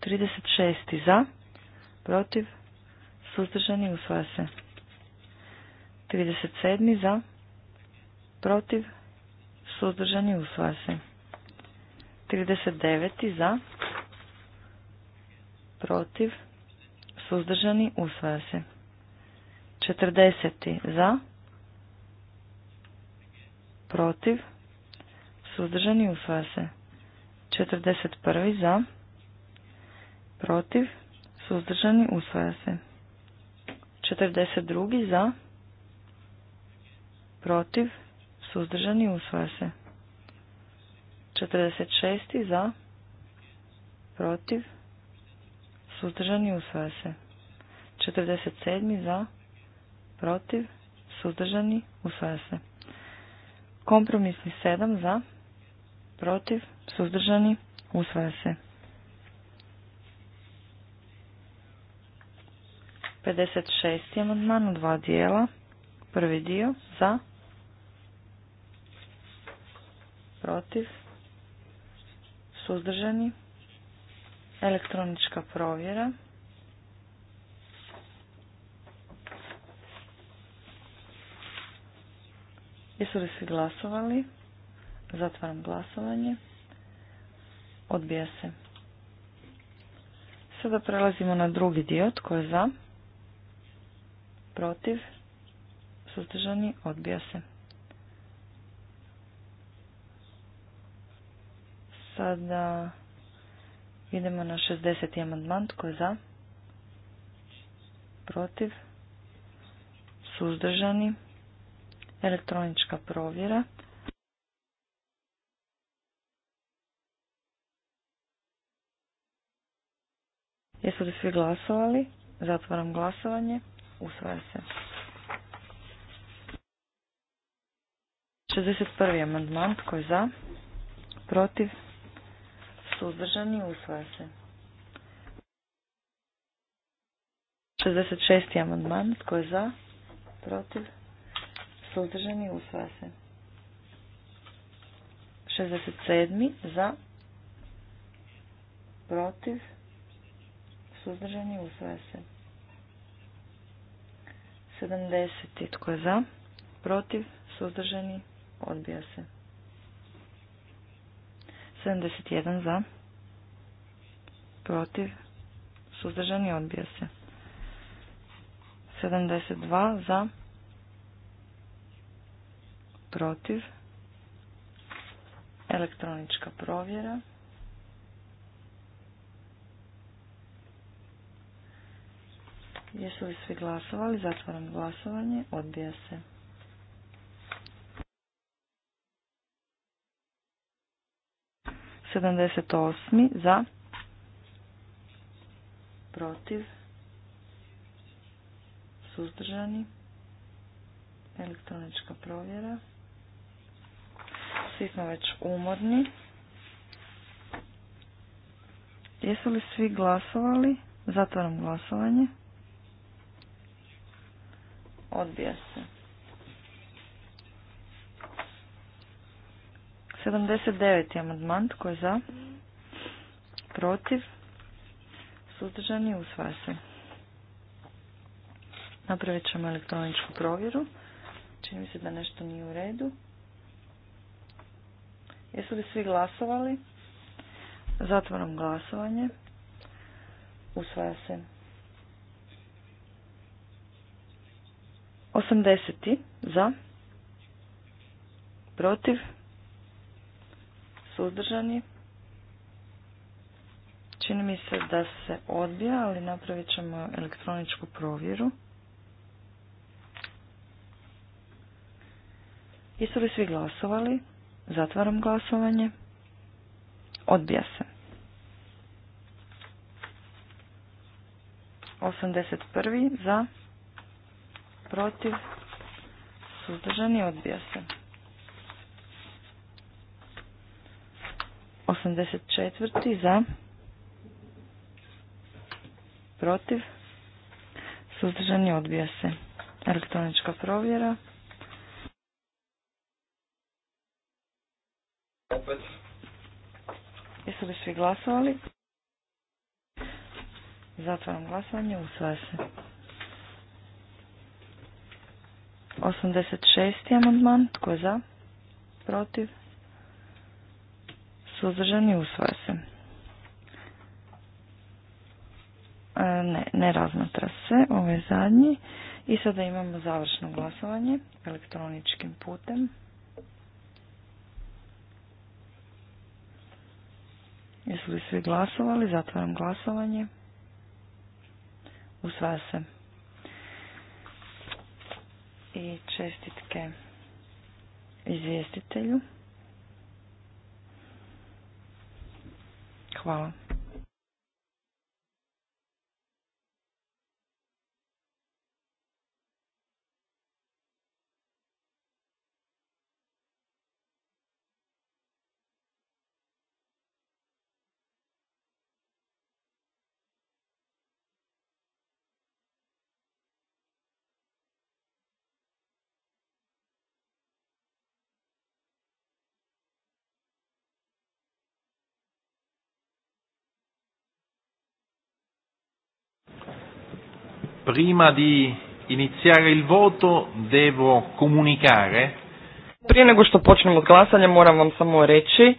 36. za, protiv, suzdržani, usvaja se. 37. za, protiv, suzdržani, usvaja se. 39. za, protiv, suzdržani, usvaja se. 40. za, protiv, suzdržani, usvaja se. 41. za, protiv, suzdržani, usvaja se. 42. za, protiv, suzdržani, usvaja se. 46. za, protiv, suzdržani, usvaja se. 47. za, protiv, suzdržani, usvaja se. Kompromisni 7 za, protiv, suzdržani, usvaja se. 56. amandman u dva dijela. Prvi dio za, protiv, suzdržani, Elektronička provjera. Jesu li svi glasovali? Zatvaram glasovanje. Odbija se. Sada prelazimo na drugi dio. Tko je za? Protiv? Suzdržani? Odbija se. Sada Idemo na 60. amandman. Tko je za? Protiv? Suzdržani? Elektronička provjera. Jesu li svi glasovali? Zatvaram glasovanje. Usvaja se. 61. amandman. Tko je za? Protiv? suzdržani, usvaja se. 66. amandman, tko je za, protiv, suzdržani, usvaja se. 67. za, protiv, suzdržani, usvaja se. 70. tko je za, protiv, suzdržani, odbija se. 71 za. Protiv. Suzdržani odbija se. 72 za. Protiv. Elektronička provjera. Jesu li svi glasovali? Zatvaram glasovanje. Odbija se. 78. za, protiv, suzdržani, elektronička provjera. Svi smo već umorni. Jesu li svi glasovali? Zatvaram glasovanje. Odbija se. 79. amandman, tko je za? Protiv? Suzdržani? Usvaja se. Napravit ćemo elektroničku provjeru. Čini mi se da nešto nije u redu. Jesu li svi glasovali? Zatvaram glasovanje. Usvaja se. 80. Za. Protiv suzdržani. Čini mi se da se odbija, ali napravit ćemo elektroničku provjeru. Jesu li svi glasovali? Zatvaram glasovanje. Odbija se. 81. za, protiv, suzdržani, odbija se. 84. za, protiv, je, odbija se. Elektronička provjera. Opet. Jesu li svi glasovali? Zatvaram glasovanje, usvaja se. 86. amandman, tko je za? Protiv? Suzdržani usvaja se. E, ne, ne razmatra se. Ovo je zadnji. I sada imamo završno glasovanje elektroničkim putem. Jesu li svi glasovali? Zatvaram glasovanje. Usvaja se. I čestitke izvjestitelju. Hvala. Prima di iniziare il voto devo comunicare. Prije nego što počnemo glasanje moram vam samo reći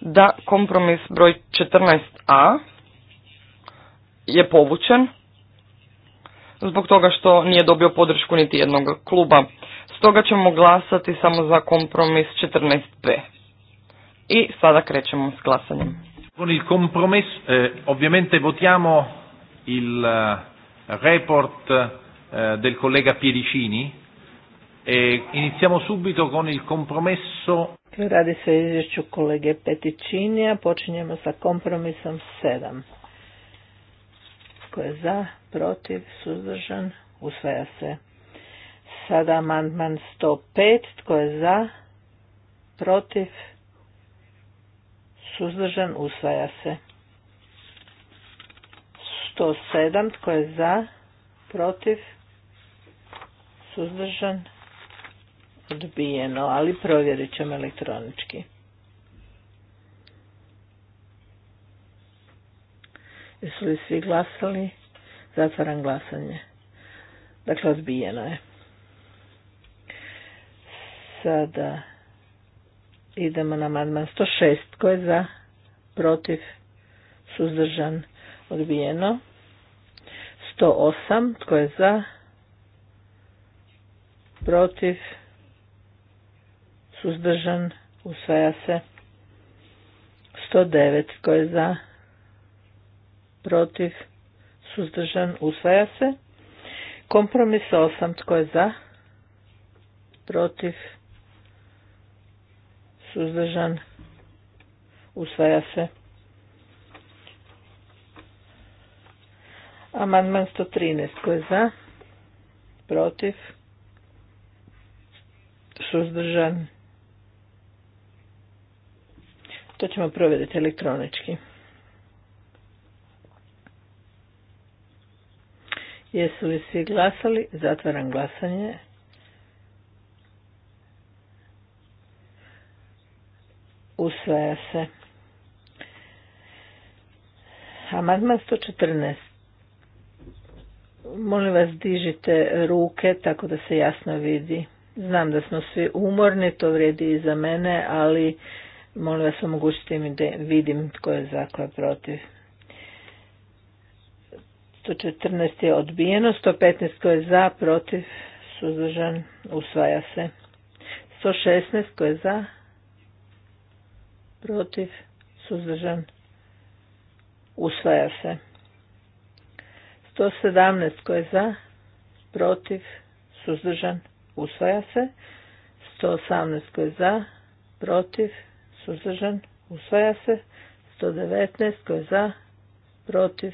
da kompromis broj 14a je povučen zbog toga što nije dobio podršku niti jednog kluba. Stoga ćemo glasati samo za kompromis 14b. I sada krećemo s glasanjem. Con il compromesso, eh, ovviamente votiamo il eh, report eh, del collega Piericini. e iniziamo subito con il compromesso. Radi se o izvješću kolege Peticinija, počinjemo sa kompromisom 7. Tko je za, protiv, suzdržan, usvaja se. Sada amandman 105, tko je za, protiv, suzdržan, usvaja se. 107. Tko je za? Protiv? Suzdržan? Odbijeno, ali provjerit ćemo elektronički. Jesu li svi glasali? Zatvaram glasanje. Dakle, odbijeno je. Sada idemo na madman 106. Tko je za? Protiv? Suzdržan? odbijeno. 108, tko je za, protiv, suzdržan, usvaja se. 109, tko je za, protiv, suzdržan, usvaja se. Kompromis 8, tko je za, protiv, suzdržan, usvaja se. Amandman 113. Ko je za? Protiv? Suzdržan? To ćemo provjeriti elektronički. Jesu li svi glasali? Zatvaram glasanje. Usvaja se. Amandman 114. Molim vas dižite ruke tako da se jasno vidi. Znam da smo svi umorni, to vrijedi i za mene, ali molim vas omogućite mi da vidim tko je za, tko je protiv. 114 je odbijeno, 115 tko je za, protiv, suzdržan, usvaja se. 116 tko je za, protiv, suzdržan, usvaja se. 117 koje je za, protiv, suzdržan, usvaja se. 118 koje je za, protiv, suzdržan, usvaja se. 119 koje je za, protiv,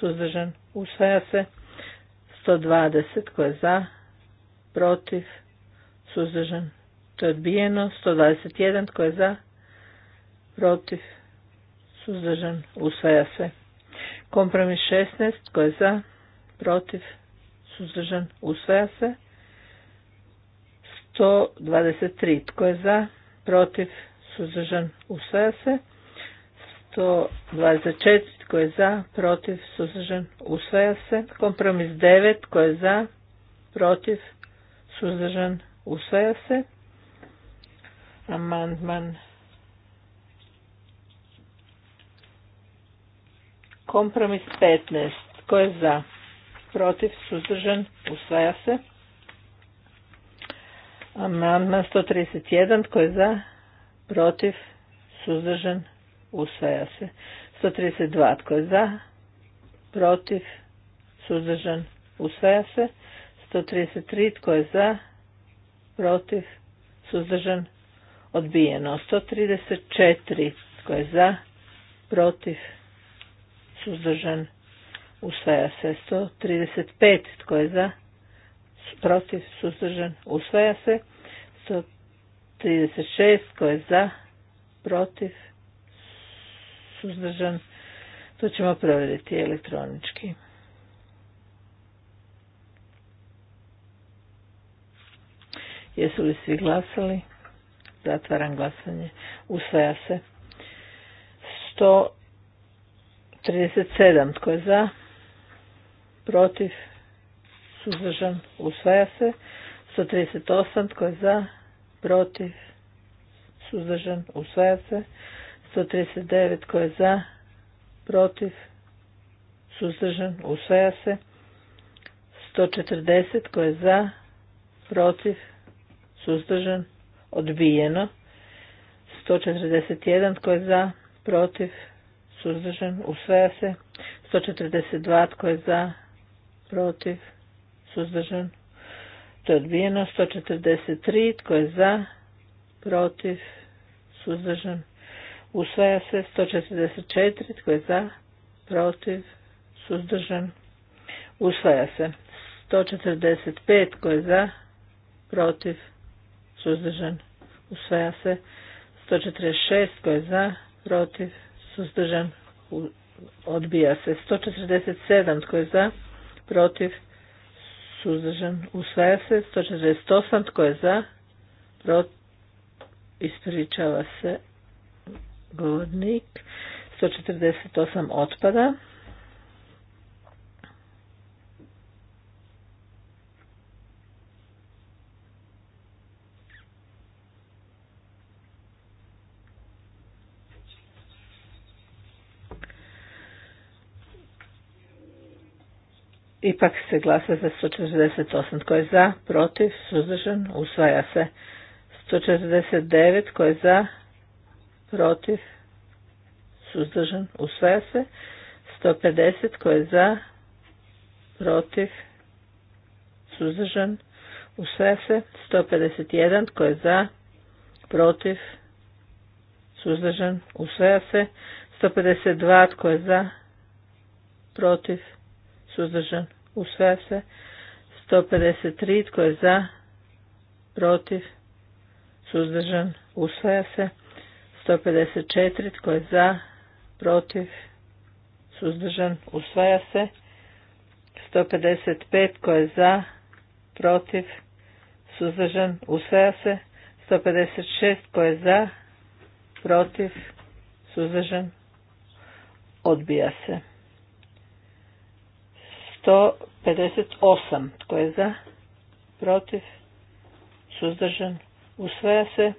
suzdržan, usvaja se. 120 tko je za, protiv, suzdržan, to je odbijeno. 121 tko je za, protiv, suzdržan, usvaja se. Kompromis 16. Tko je za? Protiv? Suzdržan? Usvaja se. 123. Tko je za? Protiv? Suzdržan? Usvaja se. 124. Tko je za? Protiv? Suzdržan? Usvaja se. Kompromis 9. Tko je za? Protiv? Suzdržan? Usvaja se. Amandman Kompromis 15. Tko je za? Protiv, suzdržan, usvaja se. Amandman 131. Tko je za? Protiv, suzdržan, usvaja se. 132. Tko je za? Protiv, suzdržan, usvaja se. 133. Tko je za? Protiv, suzdržan, odbijeno. 134. Tko je za? Protiv, suzdržan, usvaja se. 135 tko je za, protiv, suzdržan, usvaja se. 136 tko je za, protiv, suzdržan, to ćemo provjeriti elektronički. Jesu li svi glasali? Zatvaram glasanje. Usvaja se. 100 37. Tko je za? Protiv? Suzdržan? Usvaja se. 138. Tko je za? Protiv? Suzdržan? Usvaja se. 139. Tko je za? Protiv? Suzdržan? Usvaja se. 140. Tko je za? Protiv? Suzdržan? Odbijeno. 141. Tko je za? Protiv? suzdržan, usvaja se. 142 tko je za, protiv, suzdržan, to je odbijeno. 143 tko je za, protiv, suzdržan, usvaja se. 144 tko je za, protiv, suzdržan, usvaja se. 145 tko je za, protiv, suzdržan, usvaja se. 146 tko je za, protiv, suzdržan, odbija se. 147 tko je za, protiv, suzdržan, usvaja se. 148 tko je za, protiv, ispričava se govornik. 148 otpada. Ipak se glasa za 148. Tko je za? Protiv? Suzdržan? Usvaja se. 149. Tko je za? Protiv? Suzdržan? Usvaja se. 150. Tko je za? Protiv? Suzdržan? Usvaja se. 151. Tko je za? Protiv? Suzdržan? Usvaja se. 152. Tko je za? Protiv? suzdržan, usvaja se. 153 tko je za, protiv, suzdržan, usvaja se. 154 tko je za, protiv, suzdržan, usvaja se. 155 tko je za, protiv, suzdržan, usvaja se. 156 tko je za, protiv, suzdržan, odbija se. 158. Tko je za? Protiv? Suzdržan? Usvaja se.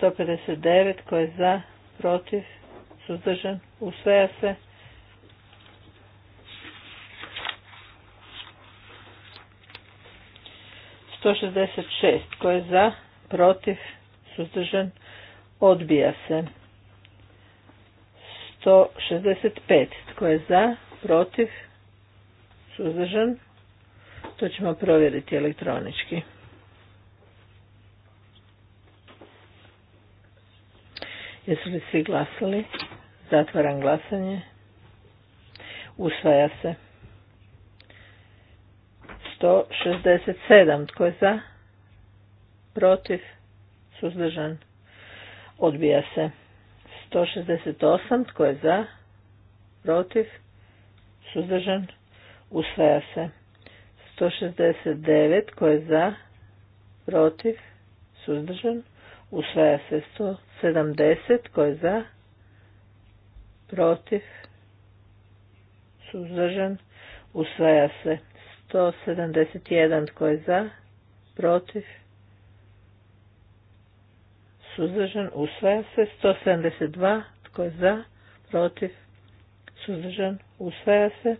159. Tko je za? Protiv? Suzdržan? Usvaja se. 166. Tko je za? Protiv? Suzdržan? Odbija se. Sto 165. Tko je za? Protiv? suzdržan. To ćemo provjeriti elektronički. Jesu li svi glasali? Zatvaram glasanje. Usvaja se. 167. Tko je za? Protiv? Suzdržan? Odbija se. 168. Tko je za? Protiv? Suzdržan? usvaja se. 169 tko je za, protiv, suzdržan, usvaja se. 170 tko je za, protiv, suzdržan, usvaja se. 171 tko je za, protiv, suzdržan, usvaja se. 172 tko je za, protiv, suzdržan, usvaja se.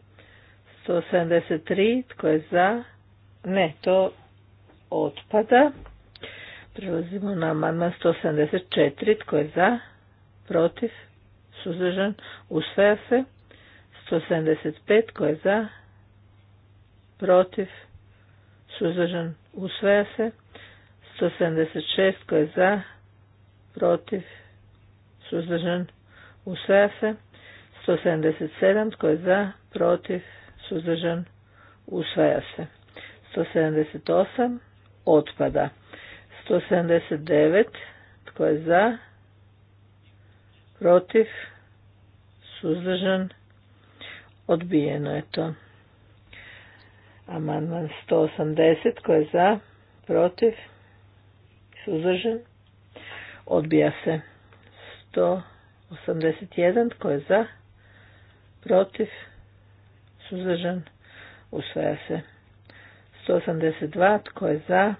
173. Tko je za? Ne, to otpada. Prelazimo na amandman 174. Tko je za? Protiv? Suzdržan? Usvaja se. 175. Tko je za? Protiv? Suzdržan? Usvaja se. 176. Tko je za? Protiv? Suzdržan? Usvaja se. 177. Tko je za? Protiv? suzdržan, usvaja se. 178 otpada. 179 tko je za, protiv, suzdržan, odbijeno je to. Amandman 180 tko je za, protiv, suzdržan, odbija se. 181 tko je za, protiv, suzdržan, usvaja se. 182 tko je za,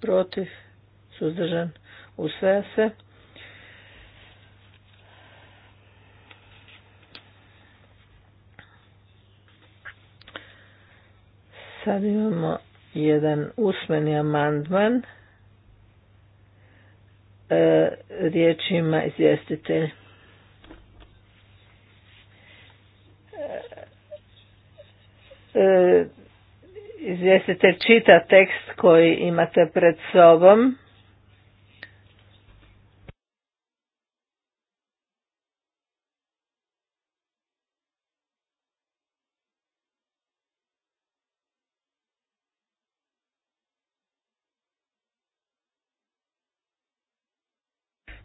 protiv, suzdržan, usvaja se. Sad imamo jedan usmeni amandman. E, riječ izvjestitelj. E, izvjestitelj čita tekst koji imate pred sobom.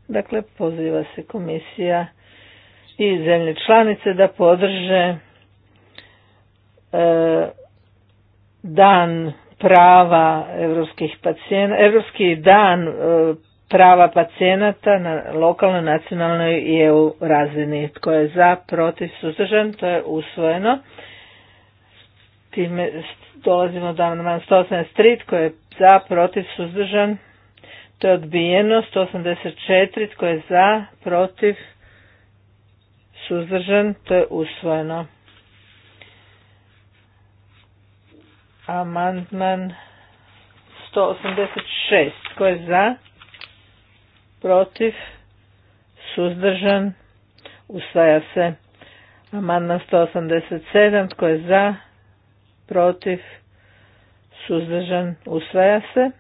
Dakle, poziva se komisija i zemlje članice da podrže E, dan prava evropskih pacijenata, evropski dan e, prava pacijenata na lokalnoj, nacionalnoj i EU razini. Tko je za, protiv, suzdržan, to je usvojeno. Time dolazimo do amandman 183, tko je za, protiv, suzdržan, to je odbijeno. 184, tko je za, protiv, suzdržan, to je usvojeno. Amandman 186. Tko je za? Protiv? Suzdržan? Usvaja se. Amandman 187. Tko je za? Protiv? Suzdržan? Usvaja se.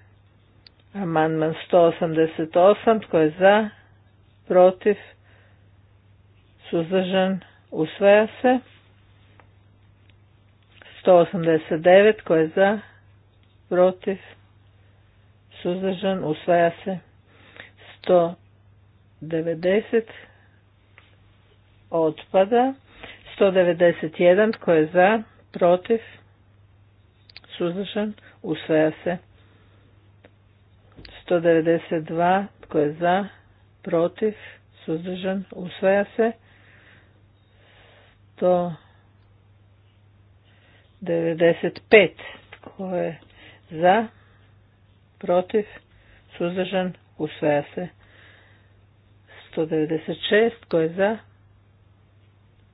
Amandman 188. Tko je za? Protiv? Suzdržan? Usvaja se. 189 tko je za, protiv, suzdržan, usvaja se. 190 otpada. 191 tko je za, protiv, suzdržan, usvaja se. 192 tko je za, protiv, suzdržan, usvaja se. 100 95. Tko je za? Protiv? Suzdržan? Usvaja se. 196. Tko je za?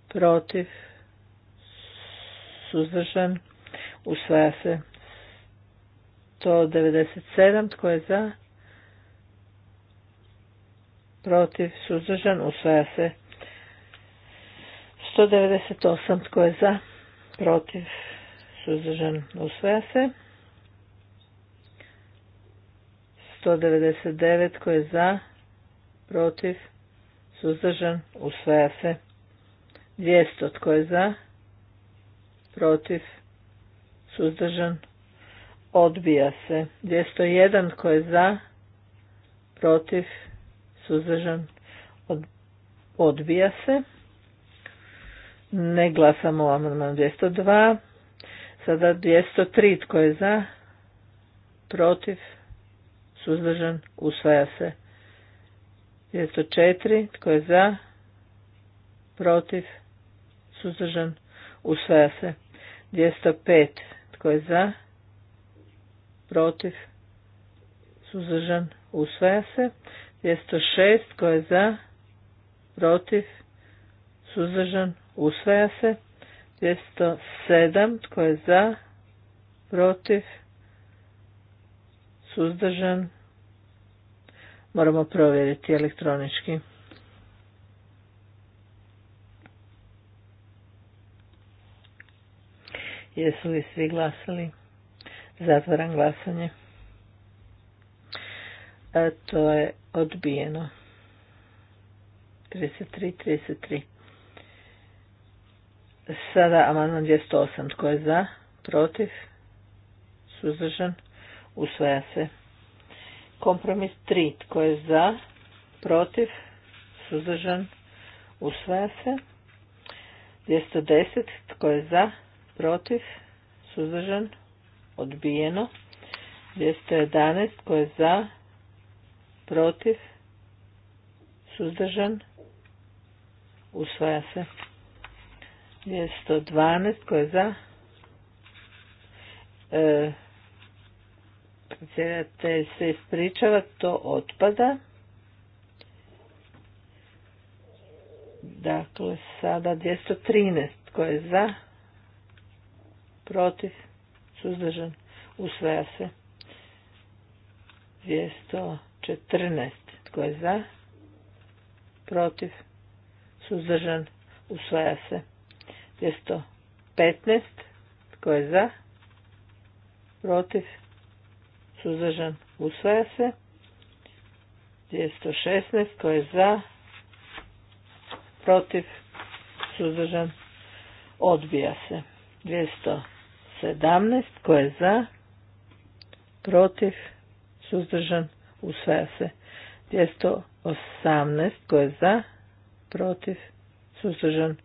Protiv? Suzdržan? Usvaja se. 197. Tko je za? Protiv? Suzdržan? Usvaja se. 198. Tko je za? Protiv? suzdržan, usvaja se. 199 tko je za, protiv, suzdržan, usvaja se. 200 tko je za, protiv, suzdržan, odbija se. 201 tko je za, protiv, suzdržan, odbija se. Ne glasamo o amandmanu 202. Sada 203 tko je za, protiv, suzdržan, usvaja se. 204 tko je za, protiv, suzdržan, usvaja se. 205 tko je za, protiv, suzdržan, usvaja se. 206 tko je za, protiv, suzdržan, usvaja se. 207. Tko je za? Protiv? Suzdržan? Moramo provjeriti elektronički. Jesu li svi glasali? Zatvaram glasanje. E, to je odbijeno. 33, 33. Sada amandman 208. Tko je za? Protiv? Suzdržan? Usvaja se. Kompromis 3. Tko je za? Protiv? Suzdržan? Usvaja se. 210. Tko je za? Protiv? Suzdržan? Odbijeno. 211. Tko je za? Protiv? Suzdržan? Usvaja se. 212 koje je za e, predsjedatelj se ispričava, to otpada. Dakle, sada 213 koje je za, protiv, suzdržan, usvaja se. 214 tko je za, protiv, suzdržan, usvaja se. 215. Tko je za? Protiv? Suzdržan? Usvaja se. 216. Tko je za? Protiv? Suzdržan? Odbija se. 217. Tko je za? Protiv? Suzdržan? Usvaja se. 218. Tko je za? Protiv? Suzdržan?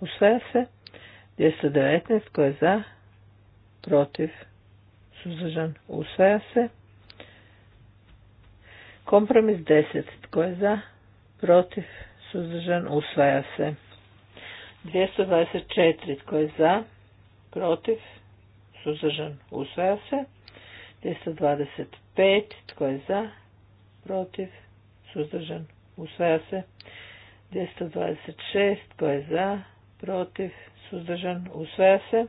Usvaja se. 219 tko je za, protiv, suzdržan, usvaja se. Kompromis 10 tko je za, protiv, suzdržan, usvaja se. 224 tko je za, protiv, suzdržan, usvaja se. 225 tko je za, protiv, suzdržan, usvaja se. 226 tko je za, protiv, suzdržan, usvaja se.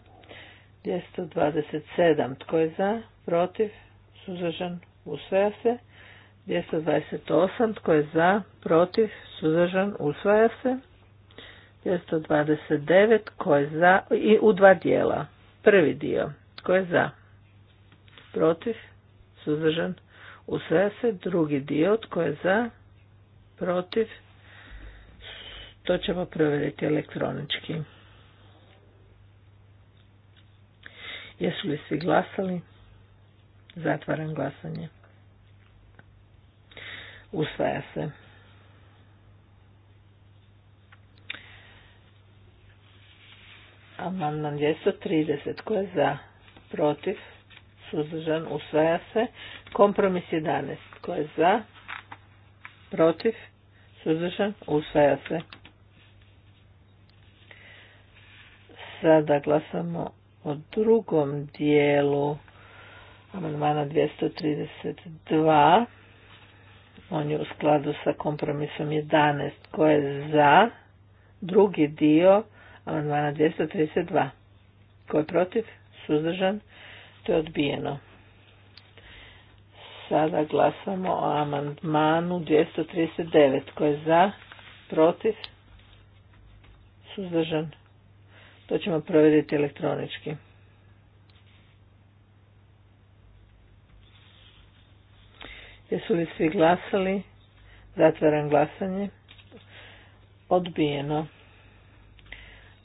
227. Tko je za? Protiv? Suzdržan? Usvaja se. 228. Tko je za? Protiv? Suzdržan? Usvaja se. 229. Tko je za? I u dva dijela. Prvi dio. Tko je za? Protiv? Suzdržan? Usvaja se. Drugi dio. Tko je za? Protiv? To ćemo provjeriti elektronički. Jesu li svi glasali? Zatvaram glasanje. Usvaja se. Amandman 230. Tko je za? Protiv? Suzdržan? Usvaja se. Kompromis 11. Tko je za? Protiv? Suzdržan? Usvaja se. Sada glasamo o drugom dijelu amandmana 232. On je u skladu sa kompromisom 11. Ko je za drugi dio amandmana 232? Ko je protiv? Suzdržan? To je odbijeno. Sada glasamo o amandmanu 239. Ko je za? Protiv? Suzdržan? To ćemo provjeriti elektronički. Jesu li svi glasali? Zatvaram glasanje. Odbijeno.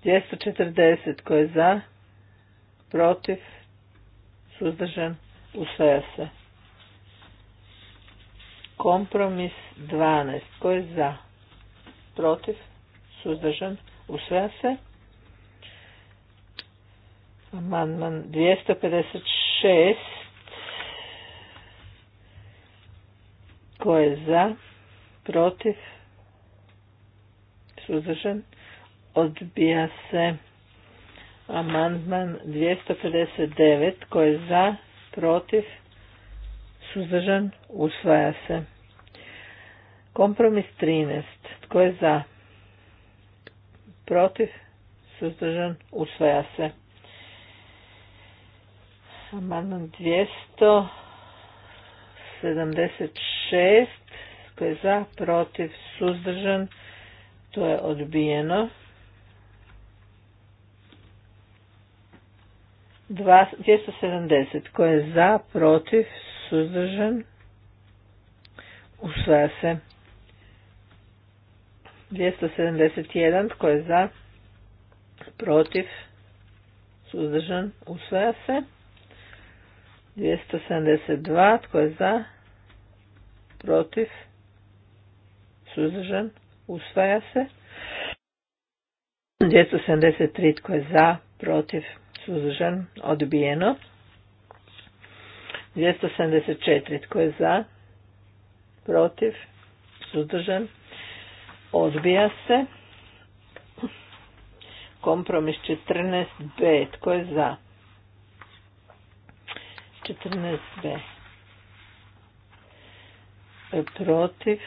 240 koje je za, protiv, suzdržan, usvaja se. Kompromis 12 koje je za, protiv, suzdržan, usvaja se. Amandman 256. Ko je za? Protiv? Suzdržan? Odbija se. Amandman 259. Ko je za? Protiv? Suzdržan? Usvaja se. Kompromis 13. Tko je za? Protiv? Suzdržan? Usvaja se. Amandman 276 koji je za, protiv, suzdržan, to je odbijeno. 270 koji je za, protiv, suzdržan, usvaja se. 271 koji je za, protiv, suzdržan, usvaja se. 272. Tko je za? Protiv? Suzdržan? Usvaja se. 273. Tko je za? Protiv? Suzdržan? Odbijeno. 274. Tko je za? Protiv? Suzdržan? Odbija se. Kompromis 14b. Tko je za? 14b. Protiv,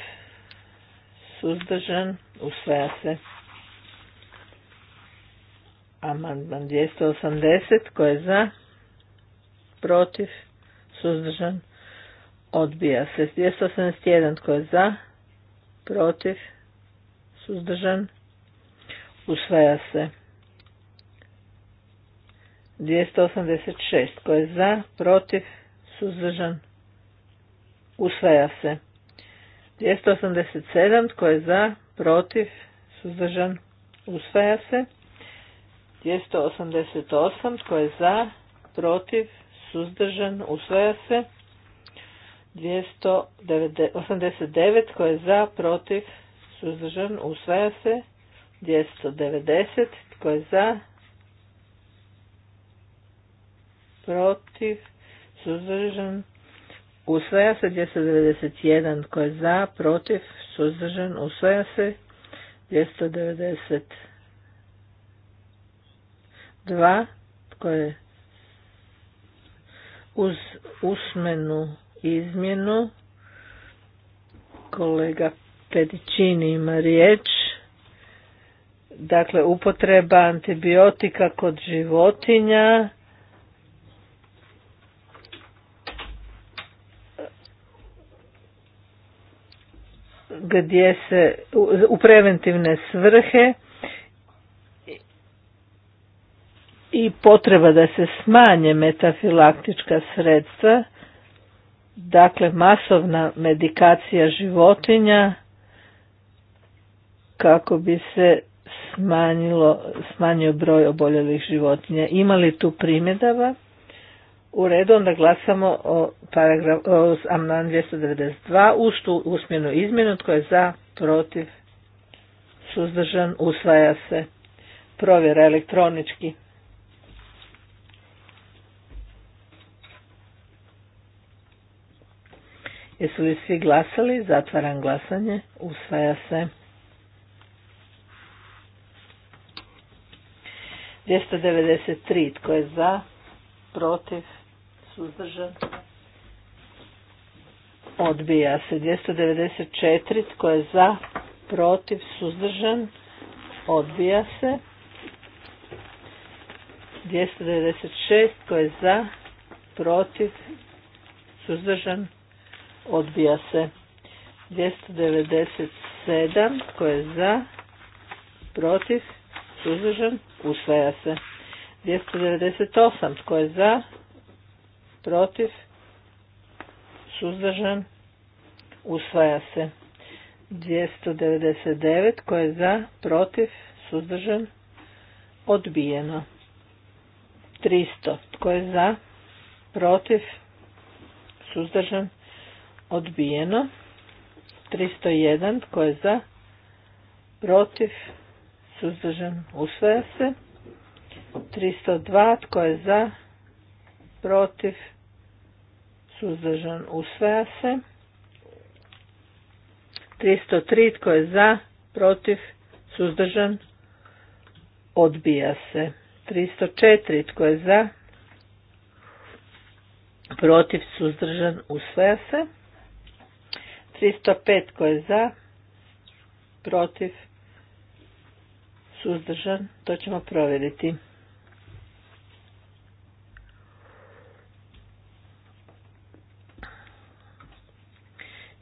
suzdržan, usvaja se. Amandman 280, ko je za, protiv, suzdržan, odbija se. 281, tko je za, protiv, suzdržan, usvaja se. 286. Ko je za, protiv, suzdržan, usvaja se. 287. Tko je za, protiv, suzdržan, usvaja se. 288. Tko je za, protiv, suzdržan, usvaja se. 289. Tko je za, protiv, suzdržan, usvaja se. 290. Tko je za, protiv, suzdržan, usvaja se 291 tko je za, protiv, suzdržan, usvaja se 292 tko je uz usmenu izmjenu kolega Pedićini ima riječ dakle upotreba antibiotika kod životinja gdje se u preventivne svrhe i potreba da se smanje metafilaktička sredstva, dakle masovna medikacija životinja kako bi se smanjilo, smanjio broj oboljelih životinja. Ima li tu primjedava? U redu onda glasamo o, paragraf, o amnan 292 uz tu usmjenu izmjenu tko je za, protiv, suzdržan, usvaja se. Provjera elektronički. Jesu li svi glasali? Zatvaram glasanje. Usvaja se. 293. Tko je za? Protiv? suzdržan odbija se 294 tko je za protiv suzdržan odbija se 296 tko je za protiv suzdržan odbija se 297 tko je za protiv suzdržan usvaja se 298 tko je za protiv, suzdržan, usvaja se. 299 koje je za, protiv, suzdržan, odbijeno. 300 Koje je za, protiv, suzdržan, odbijeno. 301 Koje je za, protiv, suzdržan, usvaja se. 302 tko je za, protiv, suzdržan, usvaja se. 303 tko je za, protiv, suzdržan, odbija se. 304 tko je za, protiv, suzdržan, usvaja se. 305 tko je za, protiv, suzdržan, to ćemo provjeriti.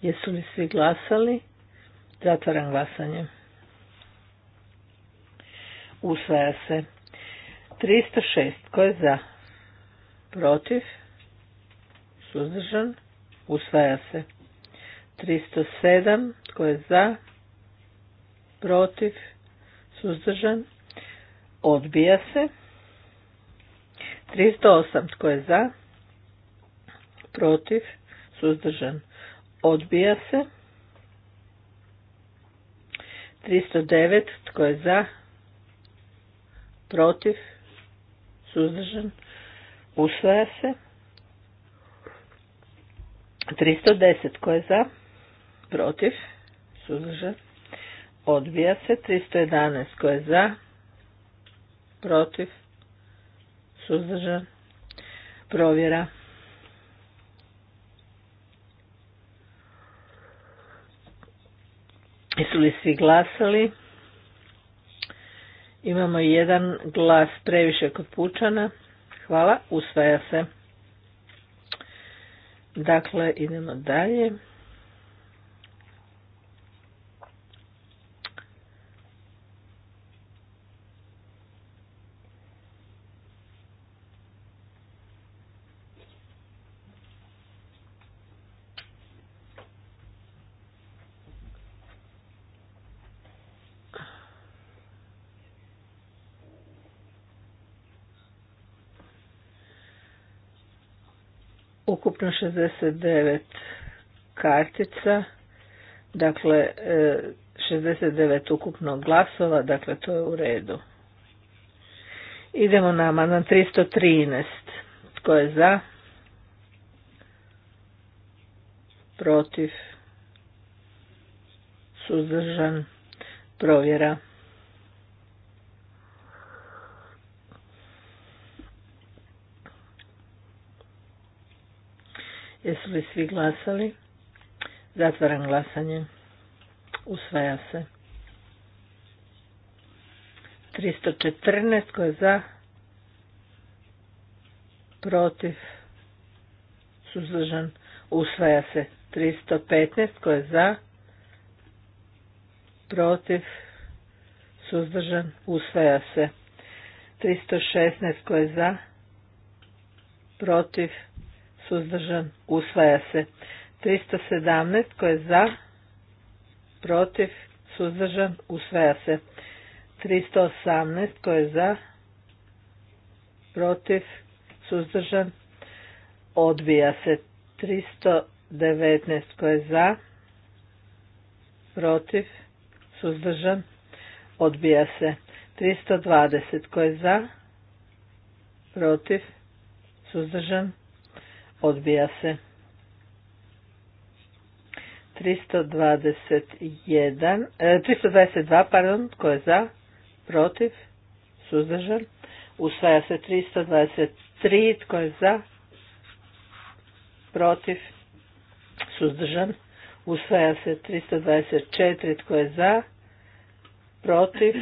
Jesu li svi glasali? Zatvaram glasanje. Usvaja se. 306. Ko je za? Protiv? Suzdržan? Usvaja se. 307. Ko je za? Protiv? Suzdržan? Odbija se. 308. Tko je za? Protiv? Suzdržan? odbija se. 309 tko je za, protiv, suzdržan, usvaja se. 310 tko je za, protiv, suzdržan, odbija se. 311 tko je za, protiv, suzdržan, provjera. Jesu li svi glasali? Imamo jedan glas previše kod pučana. Hvala, usvaja se. Dakle, idemo dalje. ukupno 69 kartica, dakle 69 e, ukupno glasova, dakle to je u redu. Idemo na amandman 313. Tko je za? Protiv? Suzdržan? Provjera. bi svi glasali? Zatvaram glasanje. Usvaja se. 314 koje je za, protiv, suzdržan, usvaja se. 315 koje je za, protiv, suzdržan, usvaja se. 316 koje je za, protiv, suzdržan, usvaja se. 317 tko je za, protiv, suzdržan, usvaja se. 318 tko je za, protiv, suzdržan, odbija se. 319 tko je za, protiv, suzdržan, odbija se. 320 tko je za, protiv, suzdržan, odbija se. 321, 322, e, pardon, tko je za, protiv, suzdržan, usvaja se 323, tko je za, protiv, suzdržan, usvaja se 324, tko je za, protiv,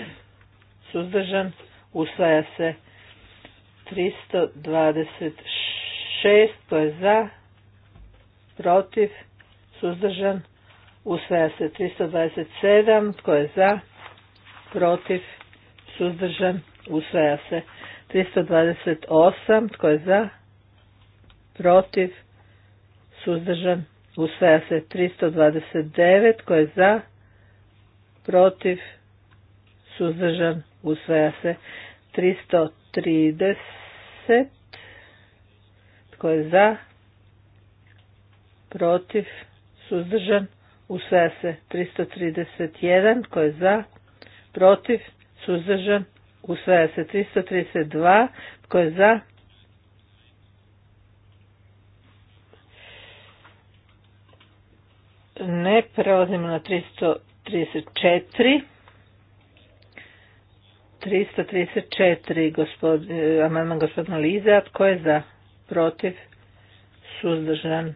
suzdržan, usvaja se 326, 6, to je za, protiv, suzdržan, usvaja se 327, tko je za, protiv, suzdržan, usvaja se 328, tko je za, protiv, suzdržan, usvaja se 329, tko je za, protiv, suzdržan, usvaja se 330, tko je za? Protiv? Suzdržan? Usvaja se 331. Tko je za? Protiv? Suzdržan? Usvaja se 332. Tko je za? Ne, prelazimo na 334. 334, gospodin, amandman gospodina Liza, tko je za? protiv, suzdržan,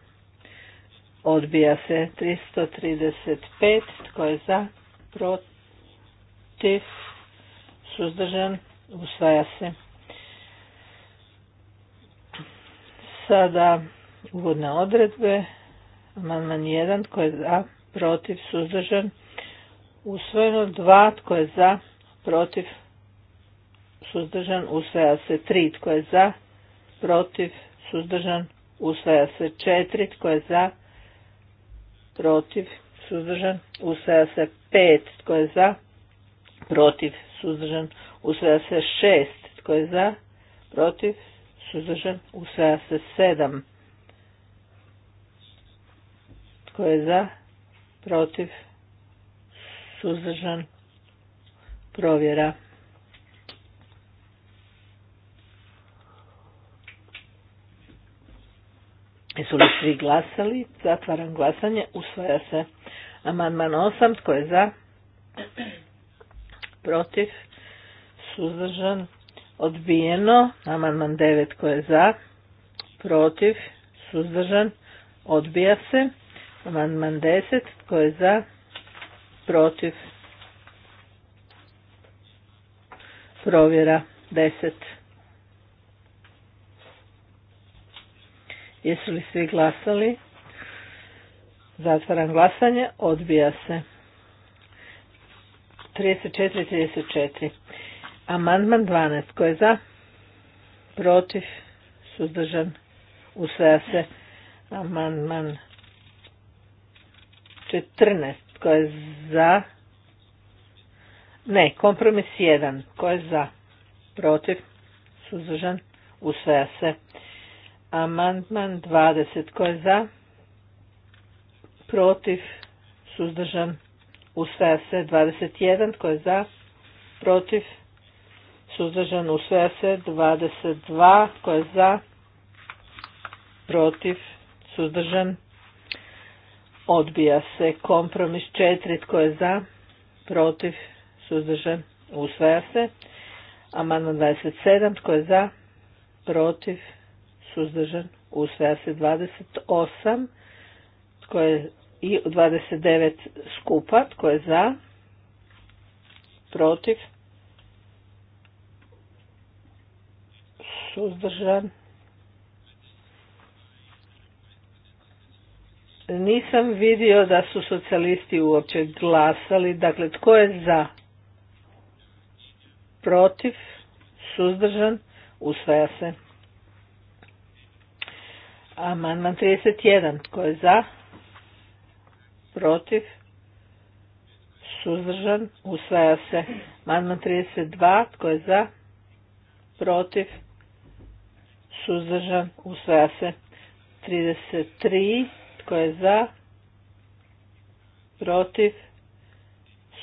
odbija se 335, tko je za, protiv, suzdržan, usvaja se. Sada uvodne odredbe, amandman 1, tko je za, protiv, suzdržan, usvojeno 2, tko je za, protiv, suzdržan, usvaja se 3, tko je za, protiv, suzdržan, usvaja se četiri tko je za, protiv, suzdržan, usvaja se pet tko je za, protiv, suzdržan, usvaja se šest tko je za, protiv, suzdržan, usvaja se sedam tko je za, protiv, suzdržan, provjera. Jesu li svi glasali? Zatvaram glasanje. Usvaja se amandman 8. Tko je za? Protiv? Suzdržan? Odbijeno. Amandman 9. Tko je za? Protiv? Suzdržan? Odbija se. Amandman 10. Tko je za? Protiv? Provjera 10. Jesu li svi glasali? Zatvaram glasanje. Odbija se. 34, 34. Amandman 12. Ko je za? Protiv? Suzdržan? Usvaja se. Amandman 14. Ko je za? Ne, kompromis 1. Ko je za? Protiv? Suzdržan? Usvaja se. Amandman 20. tko je za? Protiv? Suzdržan? Usvaja se. 21. tko je za? Protiv? Suzdržan? Usvaja se. 22. tko je za? Protiv? Suzdržan? Odbija se. Kompromis 4. Tko je za? Protiv? Suzdržan? Usvaja se. Amandman 27. Tko je za? Protiv? suzdržan, usvaja se 28, tko je i 29 skupa, tko je za, protiv, suzdržan. Nisam vidio da su socijalisti uopće glasali, dakle tko je za, protiv, suzdržan, usvaja se. Amandman 31. Tko je za? Protiv? Suzdržan? Usvaja se. Amandman 32. Tko je za? Protiv? Suzdržan? Usvaja se. 33. Tko je za? Protiv?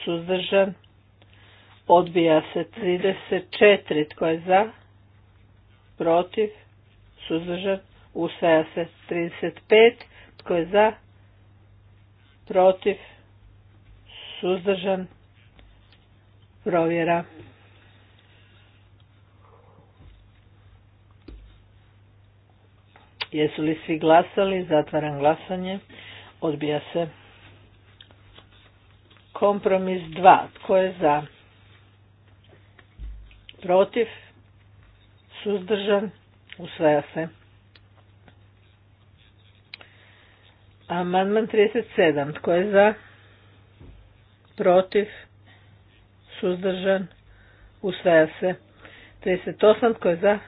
Suzdržan? Odbija se. 34. Tko je za? Protiv? Suzdržan? usvaja se 35, tko je za, protiv, suzdržan, provjera. Jesu li svi glasali? Zatvaram glasanje. Odbija se. Kompromis 2. Tko je za? Protiv? Suzdržan? Usvaja se. Amandman 37. Tko je za? Protiv? Suzdržan? Usvaja se. 38. Tko je za?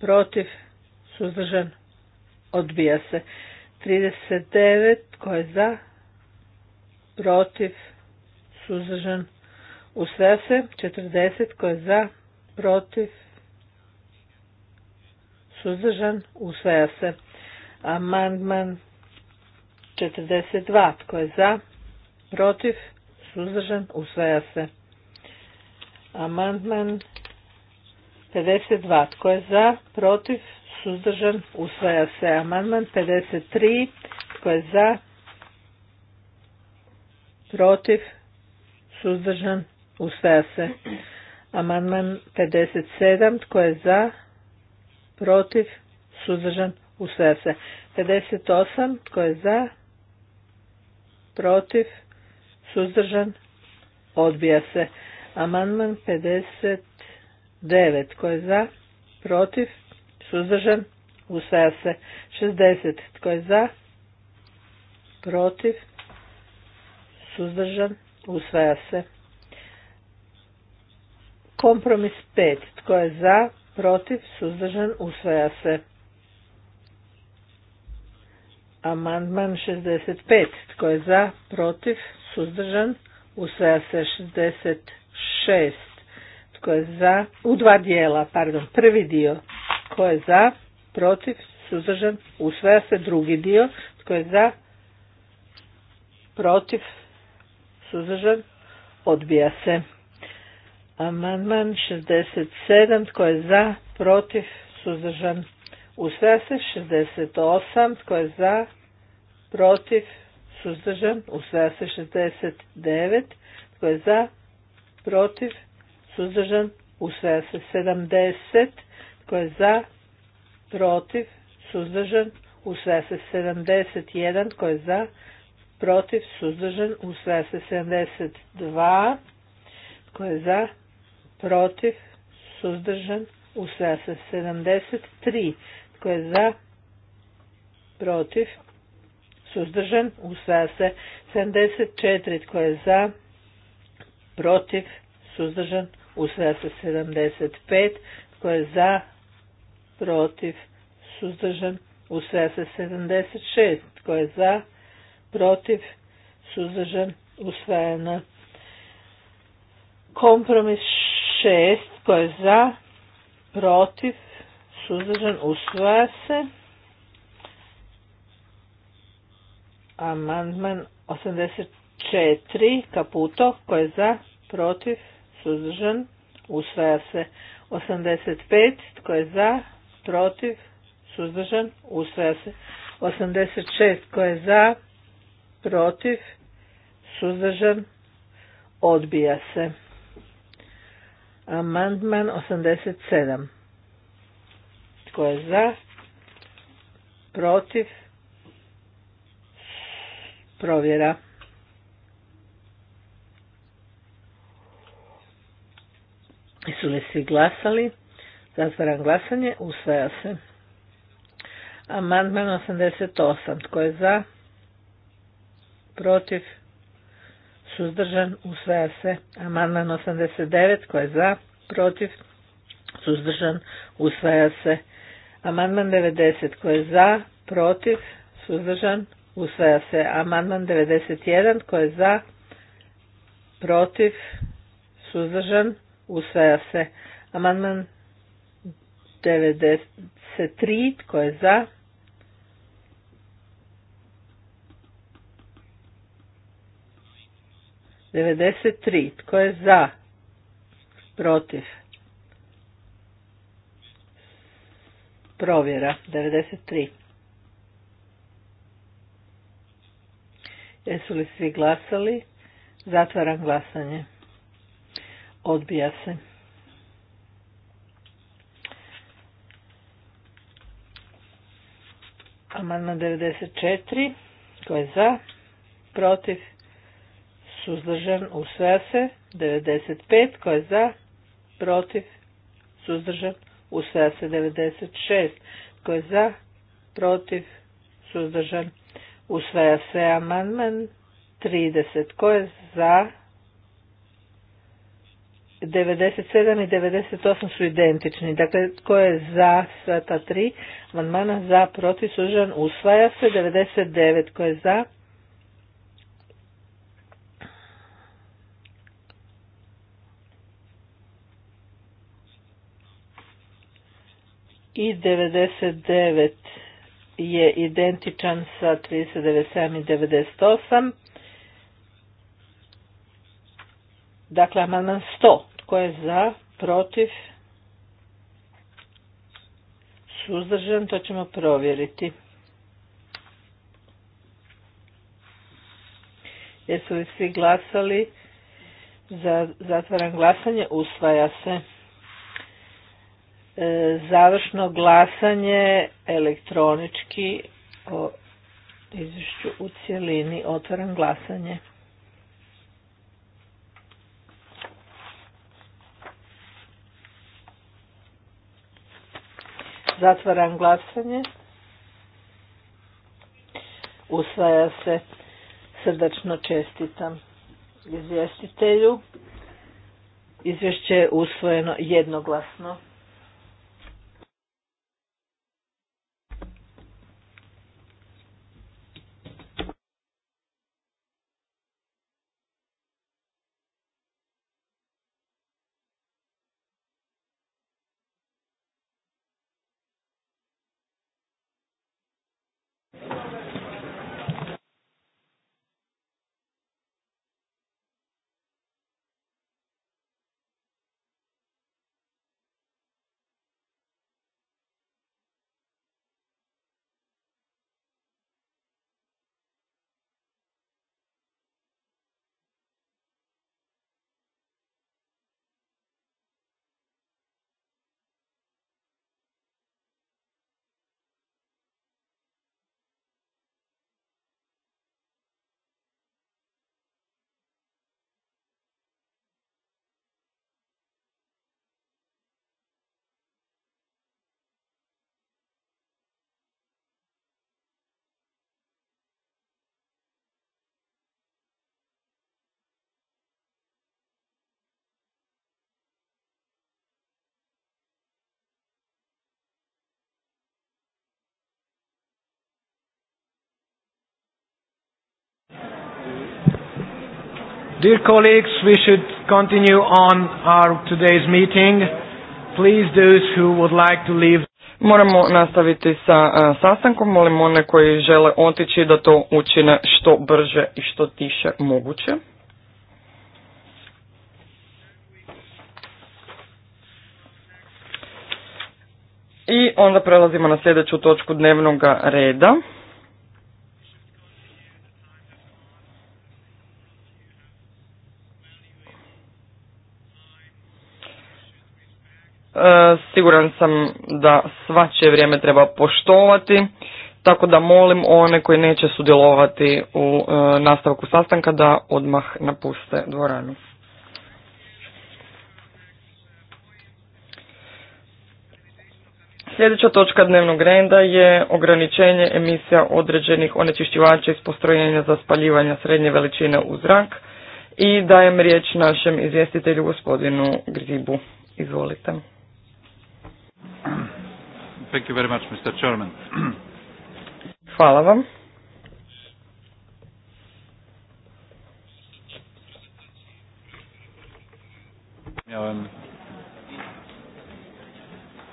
Protiv? Suzdržan? Odbija se. 39. Tko je za? Protiv? Suzdržan? Usvaja se. 40. Tko je za? Protiv? Suzdržan? Usvaja se. Amandman 42. Tko je za? Protiv? Suzdržan? Usvaja se. Amandman 52. Tko je za? Protiv? Suzdržan? Usvaja se. Amandman 53. Tko je za? Protiv? Suzdržan? Usvaja se. Amandman 57. Tko je za? Protiv? Suzdržan? Usvaja se. 58. Tko je za? protiv, suzdržan, odbija se. Amandman 59 tko je za, protiv, suzdržan, usvaja se. 60 tko je za, protiv, suzdržan, usvaja se. Kompromis 5 tko je za, protiv, suzdržan, usvaja se. Amandman 65. Tko je za, protiv, suzdržan? Usvaja se 66. Tko je za, u dva dijela, pardon, prvi dio. Tko je za, protiv, suzdržan? Usvaja se drugi dio. Tko je za, protiv, suzdržan? Odbija se. Amandman 67. Tko je za, protiv, suzdržan? U se 68, tko je za, protiv, suzdržan. U se 69, tko je za, protiv, suzdržan. U se 70, tko je za, protiv, suzdržan. U se 71, tko je za, protiv, suzdržan. U se 72, tko je za, protiv, suzdržan. U se 73. Tko je za? Protiv? Suzdržan? Usvaja se. 74. Tko je za? Protiv? Suzdržan? Usvaja se. 75. Tko je za? Protiv? Suzdržan? Usvaja se. 76. Tko je za? Protiv? Suzdržan? Usvajana. Kompromis 6. Tko je za? Protiv? suzdržan, usvaja se. Amandman 84, Kaputo, ko je za, protiv, suzdržan, usvaja se. 85, tko je za, protiv, suzdržan, usvaja se. 86, tko je za, protiv, suzdržan, odbija se. Amandman 87. Tko je za? Protiv? Provjera. Jesu li svi glasali? Zatvaram glasanje. Usvaja se. Amandman 88. Tko je za? Protiv? Suzdržan? Usvaja se. Amandman 89. Tko je za? Protiv? Suzdržan? Usvaja se. Amandman 90 tko je za, protiv, suzdržan, usvaja se. Amandman 91 tko je za, protiv, suzdržan, usvaja se. Amandman 93 tko je za, Devedeset tri. Tko je za? Protiv? Provjera. 93. Jesu li svi glasali? Zatvaram glasanje. Odbija se. Amandman 94. Ko je za? Protiv? Suzdržan? Usvaja se. 95. Ko je za? Protiv? Suzdržan? usvaja se 96. Tko je za, protiv, suzdržan, usvaja se amandman 30. Tko je za, 97 i 98 su identični. Dakle, tko je za sve ta tri amandmana, za, protiv, suzdržan, usvaja se 99. Tko je za, i 99 je identičan sa 397 i 98. Dakle, amandman 100. Tko je za, protiv, suzdržan, to ćemo provjeriti. Jesu li svi glasali? Za, zatvaram glasanje, usvaja se. E, završno glasanje elektronički o izvješću u cjelini. Otvaram glasanje. Zatvaram glasanje. Usvaja se. Srdačno čestitam izvjestitelju. Izvješće je usvojeno jednoglasno. Dear colleagues, we should continue on our today's meeting. Please those who would like to leave. Moramo nastaviti sa uh, sastankom. Molim one koji žele otići da to učine što brže i što tiše moguće. I onda prelazimo na sljedeću točku dnevnog reda. E, siguran sam da svačije vrijeme treba poštovati, tako da molim one koji neće sudjelovati u e, nastavku sastanka da odmah napuste dvoranu. Sljedeća točka dnevnog reda je ograničenje emisija određenih onečišćivača iz postrojenja za spaljivanje srednje veličine u zrak i dajem riječ našem izvjestitelju gospodinu Gribu. Izvolite. Thank you very much, Mr. Chairman. [clears throat] Hvala vam. Miałem,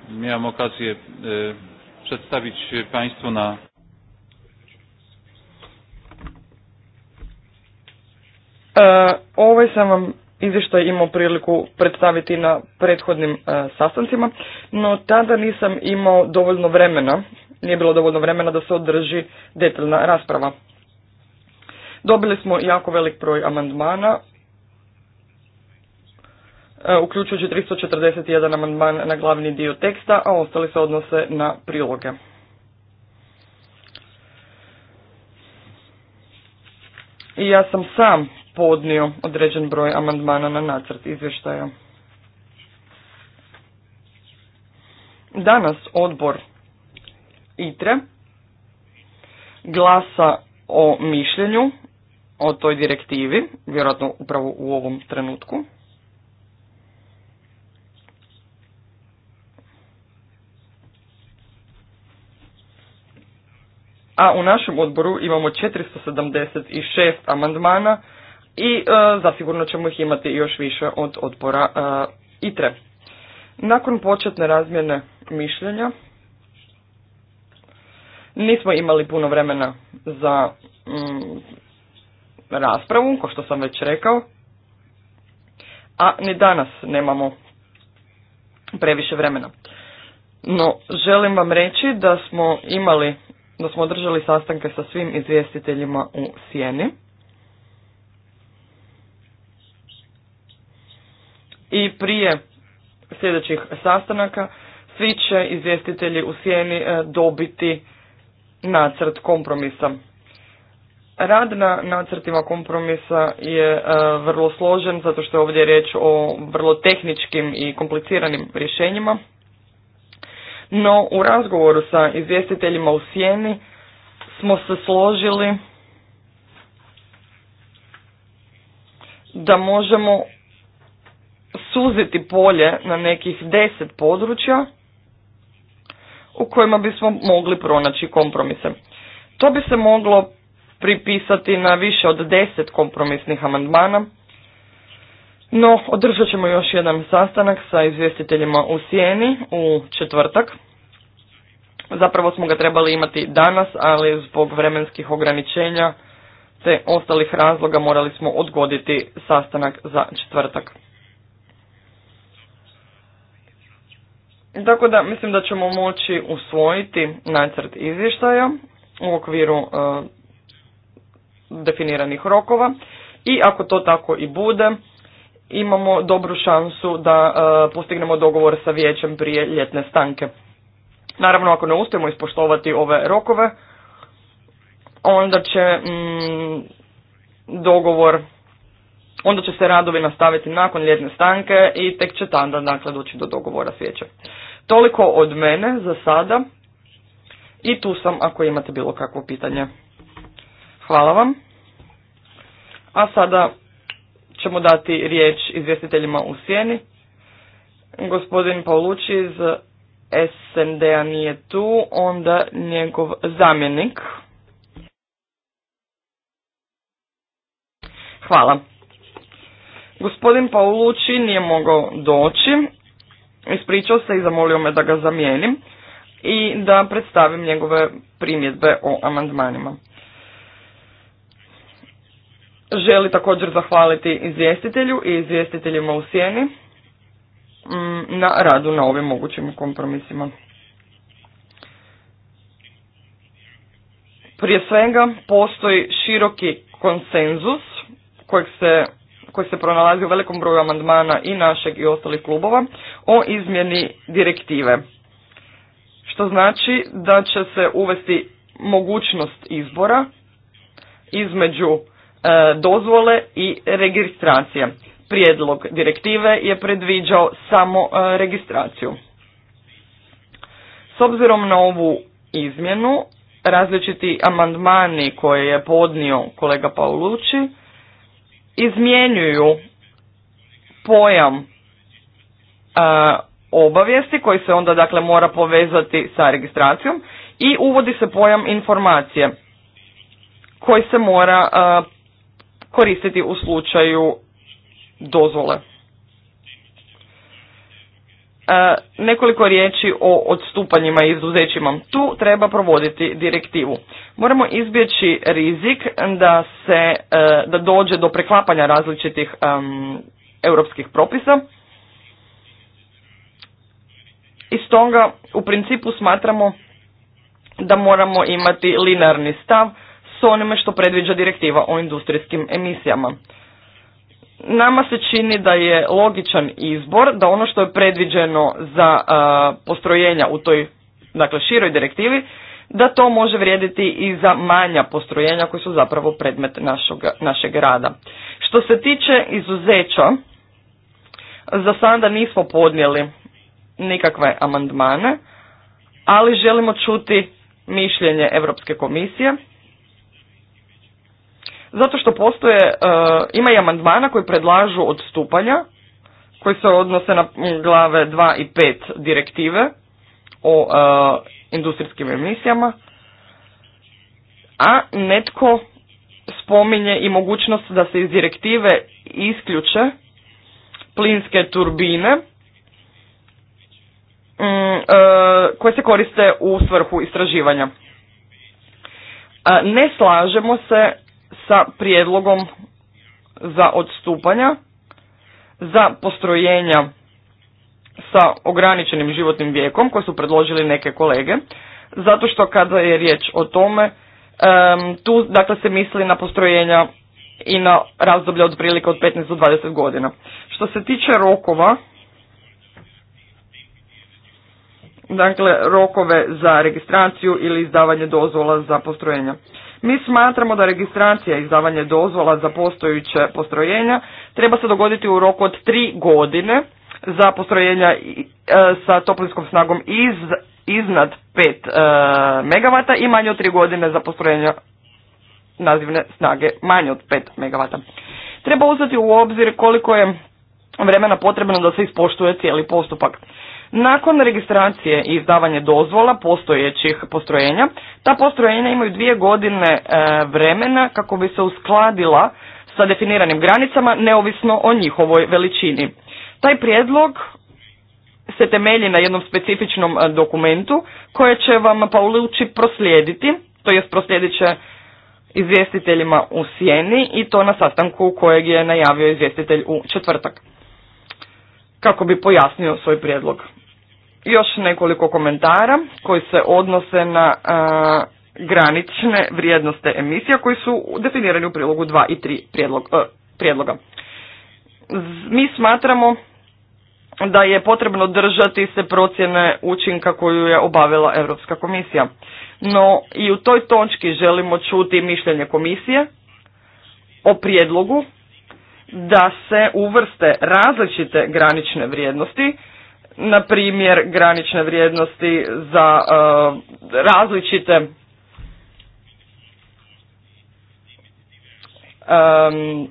miałem okazję e, przedstawić Państwu na e, Ovoj sam vam izvještaj imao priliku predstaviti na prethodnim e, sastancima, no tada nisam imao dovoljno vremena, nije bilo dovoljno vremena da se održi detaljna rasprava. Dobili smo jako velik broj amandmana, e, uključujući 341 amandman na glavni dio teksta, a ostali se odnose na priloge. I ja sam sam podnio određen broj amandmana na nacrt izvještaja. Danas odbor ITRE glasa o mišljenju o toj direktivi, vjerojatno upravo u ovom trenutku. A u našem odboru imamo 476 amandmana i e, zasigurno ćemo ih imati još više od i e, ITRE. Nakon početne razmjene mišljenja nismo imali puno vremena za mm, raspravu, kao što sam već rekao, a ni danas nemamo previše vremena. No, želim vam reći da smo imali, da smo održali sastanke sa svim izvjestiteljima u sjeni. i prije sljedećih sastanaka svi će izvjestitelji u sjeni e, dobiti nacrt kompromisa. Rad na nacrtima kompromisa je e, vrlo složen zato što je ovdje riječ o vrlo tehničkim i kompliciranim rješenjima. No u razgovoru sa izvjestiteljima u sjeni smo se složili da možemo suziti polje na nekih deset područja u kojima bismo mogli pronaći kompromise. To bi se moglo pripisati na više od deset kompromisnih amandmana, no održat ćemo još jedan sastanak sa izvjestiteljima u Sijeni u četvrtak. Zapravo smo ga trebali imati danas, ali zbog vremenskih ograničenja te ostalih razloga morali smo odgoditi sastanak za četvrtak. Tako da mislim da ćemo moći usvojiti nacrt izvještaja u okviru e, definiranih rokova i ako to tako i bude, imamo dobru šansu da e, postignemo dogovor sa vijećem prije ljetne stanke. Naravno, ako ne uspijemo ispoštovati ove rokove, onda će mm, dogovor Onda će se radovi nastaviti nakon ljetne stanke i tek će tanda dakle, doći do dogovora svjeća. Toliko od mene za sada i tu sam ako imate bilo kakvo pitanje. Hvala vam. A sada ćemo dati riječ izvjestiteljima u sjeni. Gospodin Paulući iz SND-a nije tu, onda njegov zamjenik. Hvala. Gospodin Paulući nije mogao doći, ispričao se i zamolio me da ga zamijenim i da predstavim njegove primjedbe o amandmanima. Želi također zahvaliti izvjestitelju i izvjestiteljima u sjeni mm, na radu na ovim mogućim kompromisima. Prije svega postoji široki konsenzus kojeg se koji se pronalazi u velikom broju amandmana i našeg i ostalih klubova o izmjeni direktive. Što znači da će se uvesti mogućnost izbora između e, dozvole i registracije. Prijedlog direktive je predviđao samo e, registraciju. S obzirom na ovu izmjenu, različiti amandmani koje je podnio kolega Paulucci izmjenjuju pojam e, obavijesti koji se onda dakle mora povezati sa registracijom i uvodi se pojam informacije koji se mora e, koristiti u slučaju dozvole. E, nekoliko riječi o odstupanjima i izuzećima. Tu treba provoditi direktivu. Moramo izbjeći rizik da se e, da dođe do preklapanja različitih europskih propisa. I stoga u principu smatramo da moramo imati linearni stav s onime što predviđa direktiva o industrijskim emisijama nama se čini da je logičan izbor da ono što je predviđeno za e, postrojenja u toj dakle široj direktivi da to može vrijediti i za manja postrojenja koji su zapravo predmet našog, našeg rada. Što se tiče izuzeća, za sada nismo podnijeli nikakve amandmane, ali želimo čuti mišljenje Europske komisije zato što postoje, e, ima i amandmana koji predlažu odstupanja, koji se odnose na glave 2 i 5 direktive o e, industrijskim emisijama, a netko spominje i mogućnost da se iz direktive isključe plinske turbine mm, e, koje se koriste u svrhu istraživanja. Ne slažemo se sa prijedlogom za odstupanja za postrojenja sa ograničenim životnim vijekom koje su predložili neke kolege zato što kada je riječ o tome tu dakle se misli na postrojenja i na razdoblje otprilike od 15 do 20 godina. Što se tiče rokova, dakle rokove za registraciju ili izdavanje dozvola za postrojenja. Mi smatramo da registracija i izdavanje dozvola za postojuće postrojenja treba se dogoditi u roku od tri godine za postrojenja e, sa toplinskom snagom iz, iznad 5 e, MW i manje od tri godine za postrojenja nazivne snage manje od 5 MW. Treba uzeti u obzir koliko je vremena potrebno da se ispoštuje cijeli postupak. Nakon registracije i izdavanja dozvola postojećih postrojenja, ta postrojenja imaju dvije godine e, vremena kako bi se uskladila sa definiranim granicama neovisno o njihovoj veličini. Taj prijedlog se temelji na jednom specifičnom e, dokumentu koje će vam Paulući proslijediti, to jest proslijedit će izvjestiteljima u Sjeni i to na sastanku kojeg je najavio izvjestitelj u četvrtak, kako bi pojasnio svoj prijedlog još nekoliko komentara koji se odnose na e, granične vrijednosti emisija koji su definirani u prilogu 2 i 3 prijedlog, e, prijedloga. Mi smatramo da je potrebno držati se procjene učinka koju je obavila Europska komisija. No i u toj točki želimo čuti mišljenje komisije o prijedlogu da se uvrste različite granične vrijednosti na primjer granične vrijednosti za e, različite um,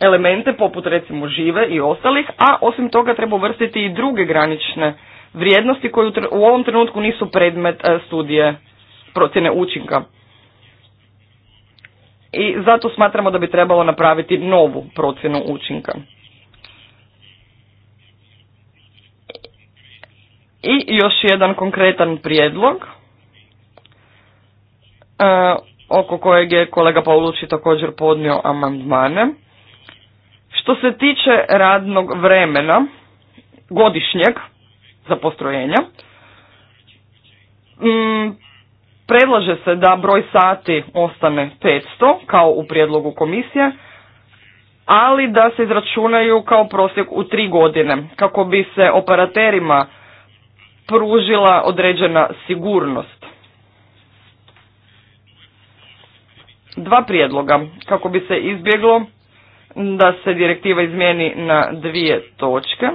elemente poput recimo žive i ostalih, a osim toga treba uvrstiti i druge granične vrijednosti koje u ovom trenutku nisu predmet e, studije procjene učinka. I zato smatramo da bi trebalo napraviti novu procjenu učinka. I još jedan konkretan prijedlog e, oko kojeg je kolega Pauluči također podnio amandmane. Što se tiče radnog vremena, godišnjeg za postrojenja, mm, predlaže se da broj sati ostane 500 kao u prijedlogu komisije, ali da se izračunaju kao prosjek u tri godine kako bi se operaterima pružila određena sigurnost. Dva prijedloga kako bi se izbjeglo da se direktiva izmijeni na dvije točke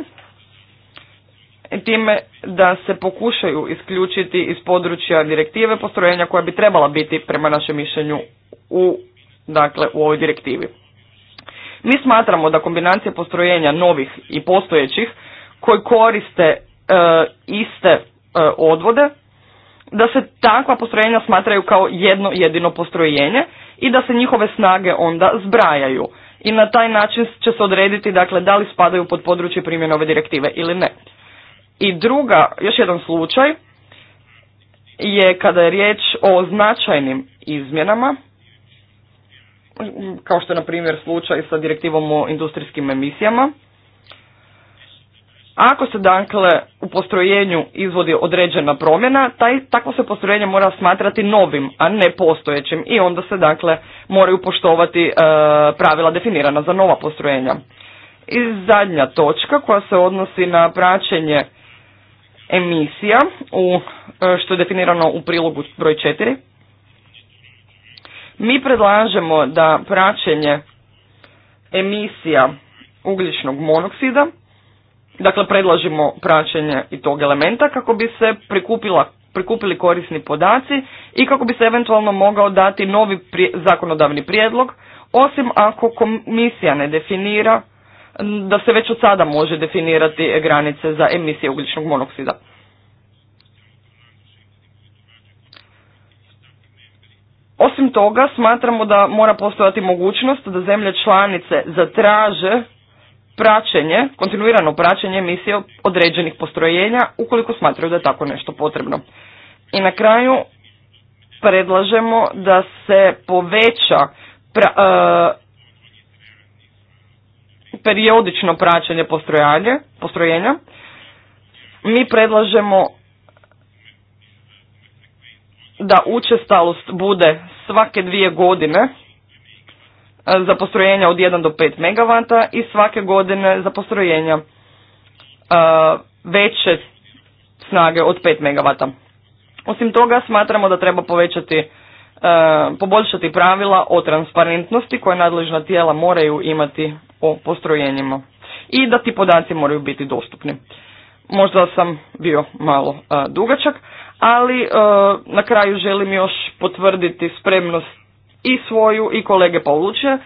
time da se pokušaju isključiti iz područja direktive postrojenja koja bi trebala biti prema našem mišljenju u, dakle, u ovoj direktivi. Mi smatramo da kombinacija postrojenja novih i postojećih koji koriste E, iste e, odvode, da se takva postrojenja smatraju kao jedno jedino postrojenje i da se njihove snage onda zbrajaju. I na taj način će se odrediti dakle, da li spadaju pod područje primjene ove direktive ili ne. I druga, još jedan slučaj, je kada je riječ o značajnim izmjenama, kao što je na primjer slučaj sa direktivom o industrijskim emisijama, ako se dakle u postrojenju izvodi određena promjena, taj, takvo se postrojenje mora smatrati novim, a ne postojećim i onda se dakle moraju poštovati e, pravila definirana za nova postrojenja. I zadnja točka koja se odnosi na praćenje emisija u, e, što je definirano u prilogu broj 4. Mi predlažemo da praćenje emisija ugljičnog monoksida Dakle, predlažimo praćenje i tog elementa kako bi se prikupila, prikupili korisni podaci i kako bi se eventualno mogao dati novi zakonodavni prijedlog, osim ako komisija ne definira da se već od sada može definirati granice za emisije ugljičnog monoksida. Osim toga, smatramo da mora postojati mogućnost da zemlje članice zatraže praćenje, kontinuirano praćenje emisije određenih postrojenja ukoliko smatraju da je tako nešto potrebno. I na kraju predlažemo da se poveća e, periodično praćenje postrojenja. Mi predlažemo da učestalost bude svake dvije godine E, za postrojenja od 1 do 5 MW i svake godine za postrojenja e, veće snage od 5 MW. Osim toga smatramo da treba povećati e, poboljšati pravila o transparentnosti koje nadležna tijela moraju imati o postrojenjima i da ti podaci moraju biti dostupni. Možda sam bio malo dugačak, ali na kraju želim još potvrditi spremnost i svoju i kolege Pauluće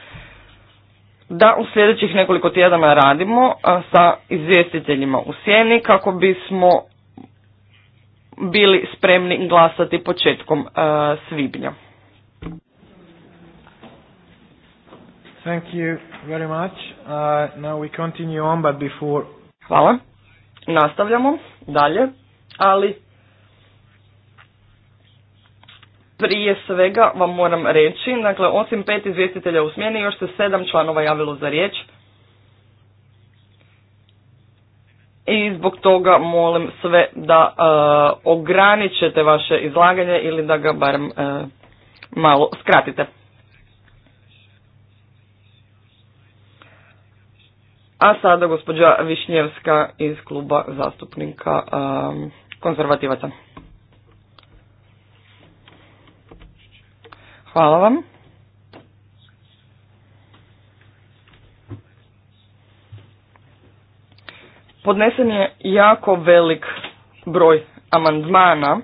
da u sljedećih nekoliko tjedana radimo sa izvjestiteljima u sjeni kako bismo bili spremni glasati početkom svibnja. Thank you uh, continue Hvala. Nastavljamo dalje, ali prije svega vam moram reći, dakle osim pet izvjestitelja u smjeni još se sedam članova javilo za riječ. I zbog toga molim sve da uh, e, ograničete vaše izlaganje ili da ga barem e, malo skratite. A sada gospođa Višnjevska iz kluba zastupnika e, konzervativaca. Hvala vam. Podnesen je jako velik broj amandmana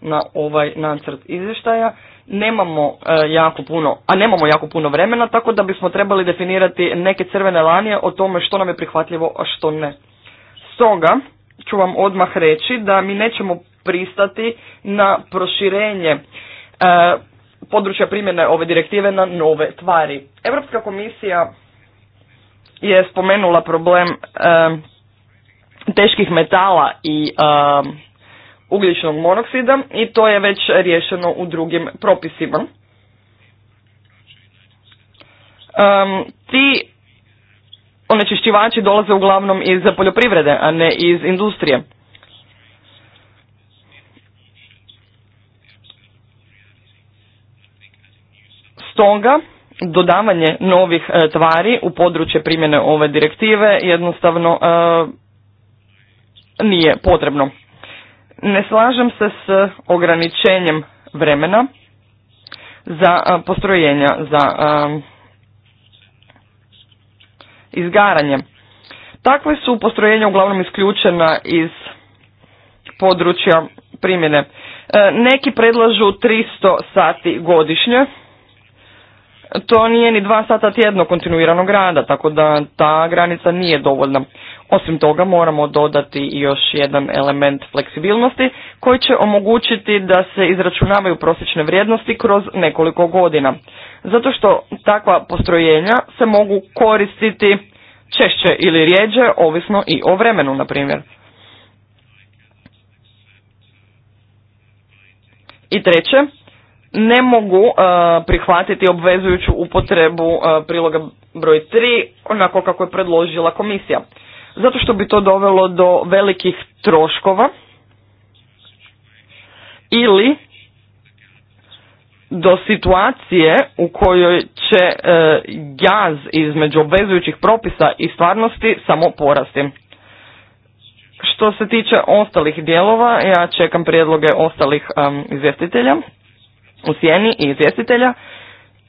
na ovaj nacrt izvještaja. Nemamo e, jako puno, a nemamo jako puno vremena, tako da bismo trebali definirati neke crvene lanije o tome što nam je prihvatljivo, a što ne. Stoga ću vam odmah reći da mi nećemo pristati na proširenje e, područja primjene ove direktive na nove tvari. Europska komisija je spomenula problem teških metala i ugljičnog monoksida i to je već riješeno u drugim propisima. E, ti onečišćivači dolaze uglavnom iz poljoprivrede, a ne iz industrije. Stoga, dodavanje novih e, tvari u područje primjene ove direktive jednostavno e, nije potrebno. Ne slažem se s ograničenjem vremena za e, postrojenja za izgaranje. Takve su postrojenja uglavnom isključena iz područja primjene. Neki predlažu 300 sati godišnje to nije ni dva sata tjedno kontinuiranog rada, tako da ta granica nije dovoljna. Osim toga moramo dodati još jedan element fleksibilnosti koji će omogućiti da se izračunavaju prosječne vrijednosti kroz nekoliko godina. Zato što takva postrojenja se mogu koristiti češće ili rijeđe, ovisno i o vremenu, na primjer. I treće, ne mogu e, prihvatiti obvezujuću upotrebu e, priloga broj 3 onako kako je predložila komisija. Zato što bi to dovelo do velikih troškova ili do situacije u kojoj će e, jaz između obvezujućih propisa i stvarnosti samo porasti. Što se tiče ostalih dijelova, ja čekam prijedloge ostalih izvjestitelja u sjeni i izvjestitelja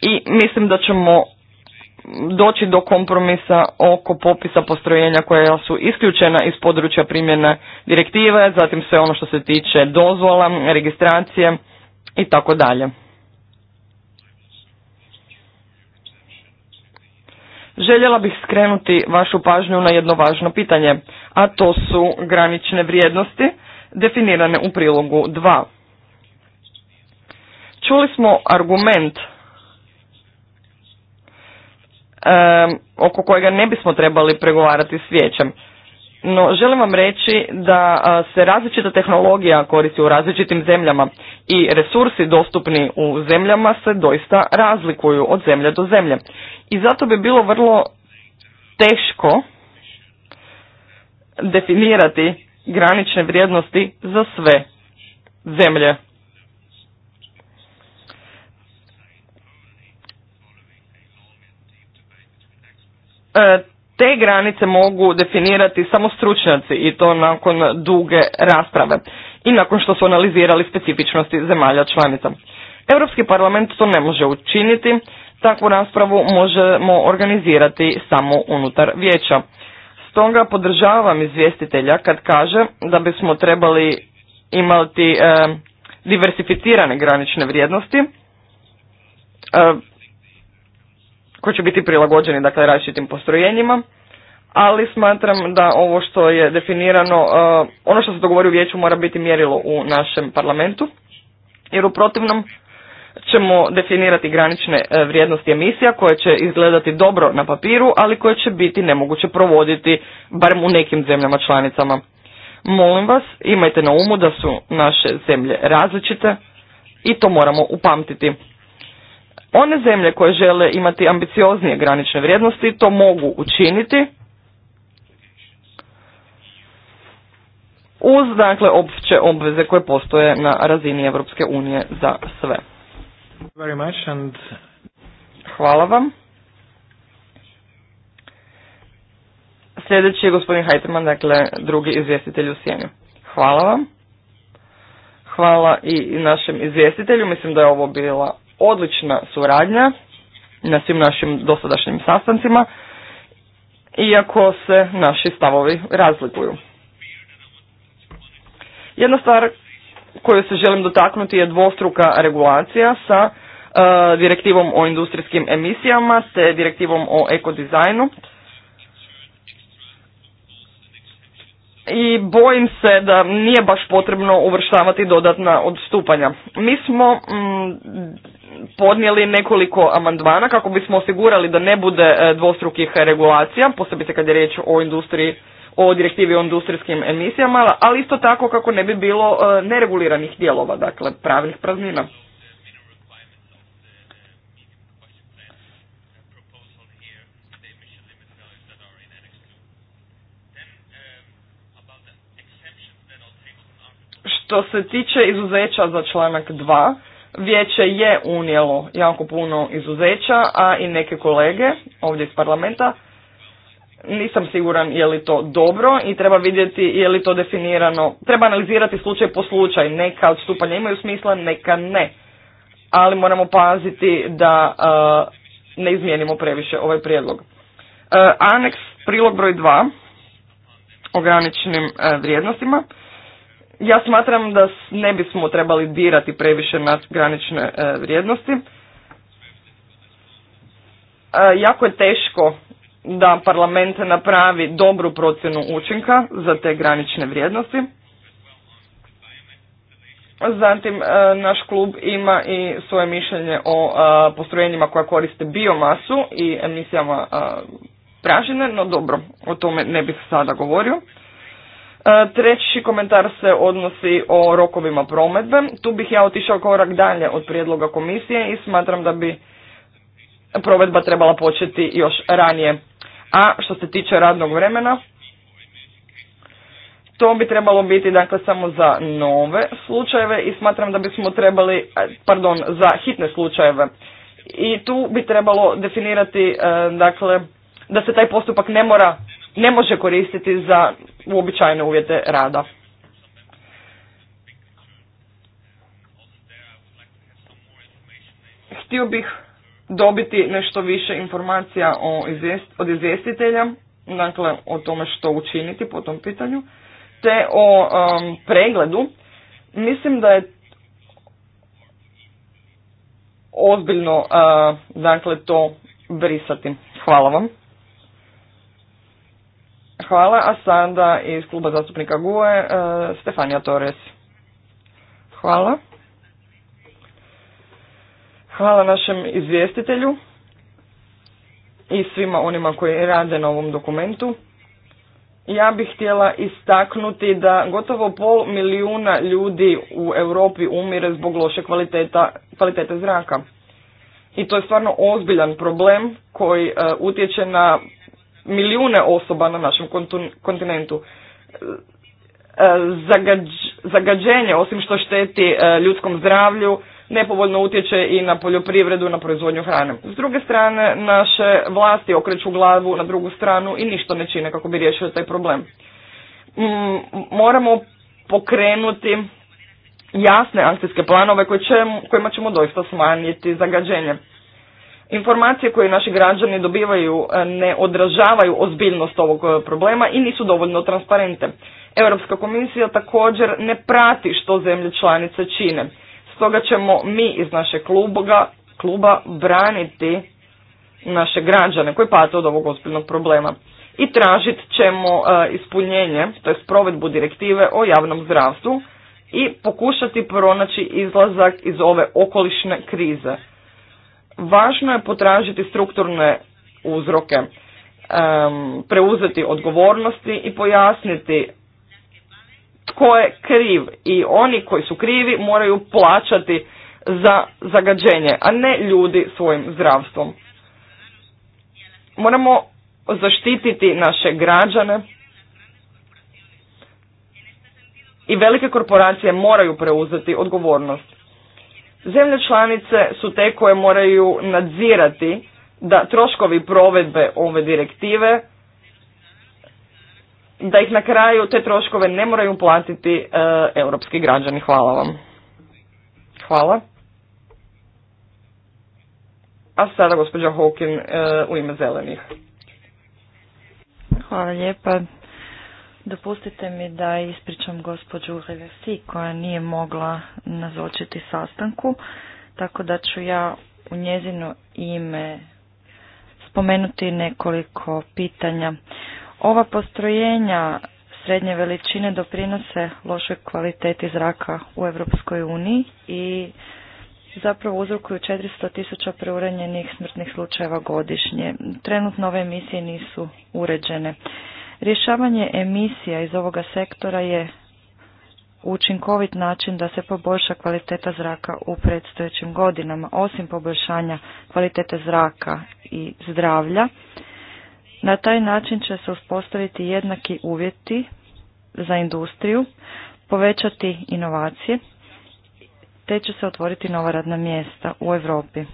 i mislim da ćemo doći do kompromisa oko popisa postrojenja koja su isključena iz područja primjene direktive, zatim sve ono što se tiče dozvola, registracije i tako dalje. Željela bih skrenuti vašu pažnju na jedno važno pitanje, a to su granične vrijednosti definirane u prilogu 2. Čuli smo argument oko kojega ne bismo trebali pregovarati s vijećem. No, želim vam reći da se različita tehnologija koristi u različitim zemljama i resursi dostupni u zemljama se doista razlikuju od zemlje do zemlje. I zato bi bilo vrlo teško definirati granične vrijednosti za sve zemlje E, te granice mogu definirati samo stručnjaci i to nakon duge rasprave i nakon što su analizirali specifičnosti zemalja članica. Europski parlament to ne može učiniti, takvu raspravu možemo organizirati samo unutar vijeća. Stoga podržavam izvjestitelja kad kaže da bismo trebali imati e, diversificirane granične vrijednosti, e, koji će biti prilagođeni dakle različitim postrojenjima, ali smatram da ovo što je definirano, e, ono što se dogovori u vijeću mora biti mjerilo u našem parlamentu, jer u protivnom ćemo definirati granične e, vrijednosti emisija koje će izgledati dobro na papiru, ali koje će biti nemoguće provoditi barem u nekim zemljama članicama. Molim vas, imajte na umu da su naše zemlje različite i to moramo upamtiti. One zemlje koje žele imati ambicioznije granične vrijednosti to mogu učiniti uz dakle opće obveze koje postoje na razini Europske unije za sve. Hvala vam. Sljedeći je gospodin Heiterman, dakle drugi izvjestitelj u Sjenu. Hvala vam. Hvala i našem izvjestitelju. Mislim da je ovo bila odlična suradnja na svim našim dosadašnjim sastancima, iako se naši stavovi razlikuju. Jedna stvar koju se želim dotaknuti je dvostruka regulacija sa e, direktivom o industrijskim emisijama te direktivom o ekodizajnu i bojim se da nije baš potrebno uvrštavati dodatna odstupanja. Mi smo mm, podnijeli nekoliko amandmana kako bismo osigurali da ne bude e, dvostrukih regulacija, posebice kad je riječ o industriji o direktivi o industrijskim emisijama, ali isto tako kako ne bi bilo e, nereguliranih dijelova, dakle pravnih praznina. Što se tiče izuzeća za članak 2, vijeće je unijelo jako puno izuzeća, a i neke kolege ovdje iz parlamenta. Nisam siguran je li to dobro i treba vidjeti je li to definirano. Treba analizirati slučaj po slučaj. Neka odstupanja imaju smisla, neka ne. Ali moramo paziti da e, ne izmijenimo previše ovaj prijedlog. Uh, aneks prilog broj 2 o graničnim e, vrijednostima ja smatram da ne bismo trebali dirati previše na granične e, vrijednosti. E, jako je teško da parlament napravi dobru procjenu učinka za te granične vrijednosti. Zatim, e, naš klub ima i svoje mišljenje o postrojenjima koja koriste biomasu i emisijama pražine, no dobro, o tome ne bih sada govorio. Treći komentar se odnosi o rokovima prometbe. Tu bih ja otišao korak dalje od prijedloga komisije i smatram da bi provedba trebala početi još ranije. A što se tiče radnog vremena, to bi trebalo biti dakle samo za nove slučajeve i smatram da bismo trebali, e, pardon, za hitne slučajeve. I tu bi trebalo definirati e, dakle da se taj postupak ne mora, ne može koristiti za uobičajene uvjete rada. Htio bih dobiti nešto više informacija o od izvjestitelja, dakle o tome što učiniti po tom pitanju, te o um, pregledu. Mislim da je ozbiljno uh, dakle to brisati. Hvala vam. Hvala, a sada iz kluba zastupnika GUE, e, Stefania Torres. Hvala. Hvala našem izvjestitelju i svima onima koji rade na ovom dokumentu. Ja bih htjela istaknuti da gotovo pol milijuna ljudi u Europi umire zbog loše kvaliteta, kvalitete zraka. I to je stvarno ozbiljan problem koji e, utječe na milijune osoba na našem kontinentu. E, zagađenje, osim što šteti e, ljudskom zdravlju, nepovoljno utječe i na poljoprivredu, na proizvodnju hrane. S druge strane, naše vlasti okreću glavu na drugu stranu i ništa ne čine kako bi riješio taj problem. Mm, moramo pokrenuti jasne akcijske planove kojima ćemo doista smanjiti zagađenje. Informacije koje naši građani dobivaju e, ne odražavaju ozbiljnost ovog e, problema i nisu dovoljno transparente. Europska komisija također ne prati što zemlje članice čine. Stoga ćemo mi iz naše kluba, kluba braniti naše građane koji pate od ovog ozbiljnog problema i tražit ćemo e, ispunjenje, to je provedbu direktive o javnom zdravstvu i pokušati pronaći izlazak iz ove okolišne krize. Važno je potražiti strukturne uzroke, preuzeti odgovornosti i pojasniti tko je kriv i oni koji su krivi moraju plaćati za zagađenje, a ne ljudi svojim zdravstvom. Moramo zaštititi naše građane i velike korporacije moraju preuzeti odgovornost. Zemlje članice su te koje moraju nadzirati da troškovi provedbe ove direktive, da ih na kraju te troškove ne moraju platiti e, europski građani. Hvala vam. Hvala. A sada gospođa Hawking e, u ime zelenih. Hvala lijepa. Dopustite mi da ispričam gospođu Reversi koja nije mogla nazočiti sastanku, tako da ću ja u njezino ime spomenuti nekoliko pitanja. Ova postrojenja srednje veličine doprinose lošoj kvaliteti zraka u Europskoj uniji i zapravo uzrokuju 400 tisuća preuranjenih smrtnih slučajeva godišnje. Trenutno ove emisije nisu uređene. Rješavanje emisija iz ovoga sektora je učinkovit način da se poboljša kvaliteta zraka u predstojećim godinama. Osim poboljšanja kvalitete zraka i zdravlja, na taj način će se uspostaviti jednaki uvjeti za industriju, povećati inovacije, te će se otvoriti nova radna mjesta u Europi.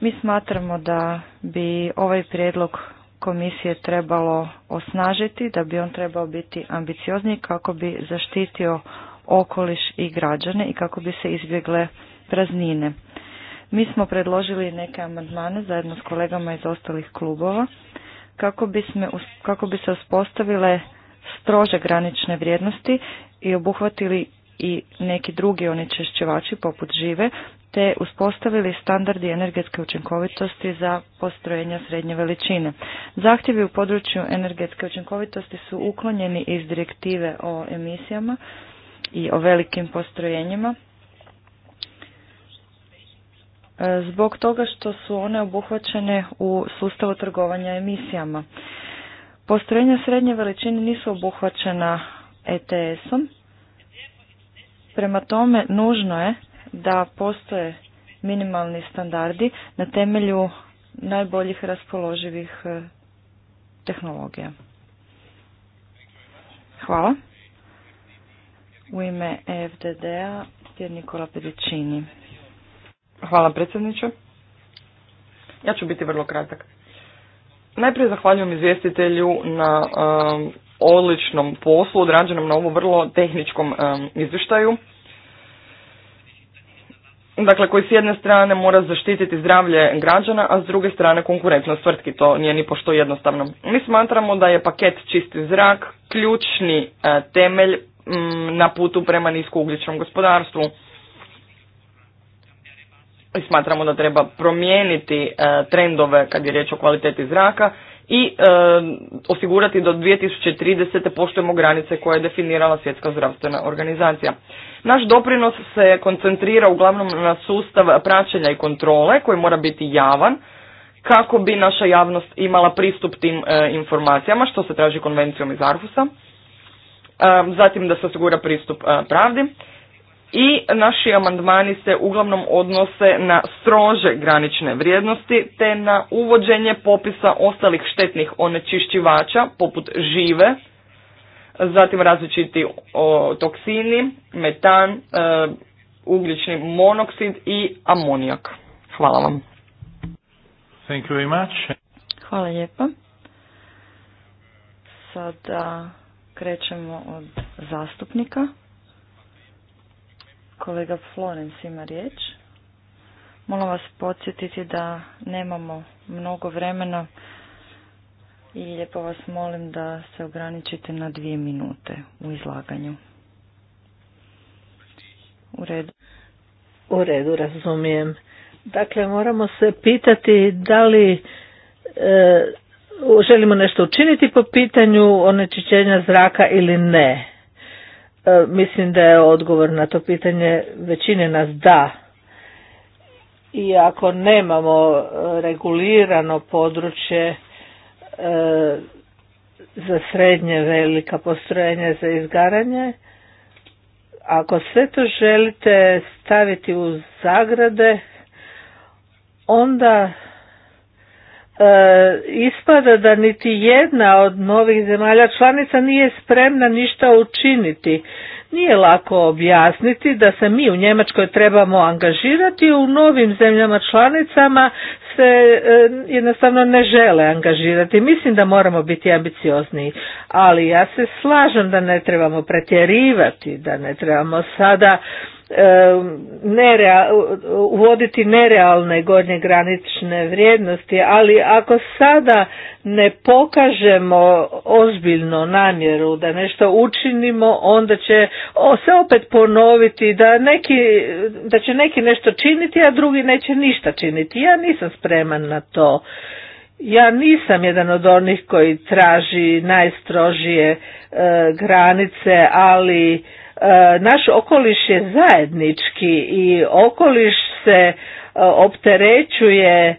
Mi smatramo da bi ovaj prijedlog komisije trebalo osnažiti, da bi on trebao biti ambiciozniji kako bi zaštitio okoliš i građane i kako bi se izbjegle praznine. Mi smo predložili neke amandmane zajedno s kolegama iz ostalih klubova kako bi, kako bi se uspostavile strože granične vrijednosti i obuhvatili i neki drugi onečišćivači poput žive, te uspostavili standardi energetske učinkovitosti za postrojenja srednje veličine. Zahtjevi u području energetske učinkovitosti su uklonjeni iz direktive o emisijama i o velikim postrojenjima e, zbog toga što su one obuhvaćene u sustavu trgovanja emisijama. Postrojenja srednje veličine nisu obuhvaćena ETS-om, prema tome nužno je da postoje minimalni standardi na temelju najboljih raspoloživih e, tehnologija. Hvala. U ime EFDD-a Nikola Pedicini. Hvala predsjedniče. Ja ću biti vrlo kratak. Najprije zahvaljujem izvjestitelju na e, odličnom poslu odrađenom na ovom vrlo tehničkom e, izvještaju dakle koji s jedne strane mora zaštititi zdravlje građana, a s druge strane konkurentnost tvrtki. To nije ni pošto jednostavno. Mi smatramo da je paket čisti zrak ključni e, temelj mm, na putu prema niskougljičnom gospodarstvu. I smatramo da treba promijeniti e, trendove kad je riječ o kvaliteti zraka i e, osigurati do 2030. poštujemo granice koje je definirala Svjetska zdravstvena organizacija. Naš doprinos se koncentrira uglavnom na sustav praćenja i kontrole koji mora biti javan kako bi naša javnost imala pristup tim e, informacijama što se traži konvencijom iz Arfusa, e, zatim da se osigura pristup e, pravdi i naši amandmani se uglavnom odnose na strože granične vrijednosti te na uvođenje popisa ostalih štetnih onečišćivača poput žive, zatim različiti o, toksini, metan, e, ugljični monoksid i amonijak. Hvala vam. Thank you very much. Hvala lijepa. Sada krećemo od zastupnika. Kolega Florence ima riječ. Molim vas podsjetiti da nemamo mnogo vremena i lijepo vas molim da se ograničite na dvije minute u izlaganju. U redu. U redu, razumijem. Dakle, moramo se pitati da li e, želimo nešto učiniti po pitanju onečišćenja zraka ili ne. E, mislim da je odgovor na to pitanje većine nas da. I ako nemamo regulirano područje E, za srednje velika postrojenja za izgaranje. Ako sve to želite staviti u zagrade, onda e, ispada da niti jedna od novih zemalja članica nije spremna ništa učiniti. Nije lako objasniti da se mi u Njemačkoj trebamo angažirati u novim zemljama članicama se e, jednostavno ne žele angažirati. Mislim da moramo biti ambiciozniji, ali ja se slažem da ne trebamo pretjerivati, da ne trebamo sada uvoditi nerealne gornje granične vrijednosti, ali ako sada ne pokažemo ozbiljno namjeru da nešto učinimo, onda će se opet ponoviti da, neki, da će neki nešto činiti, a drugi neće ništa činiti. Ja nisam spreman na to. Ja nisam jedan od onih koji traži najstrožije e, granice, ali E, naš okoliš je zajednički i okoliš se e, opterećuje e,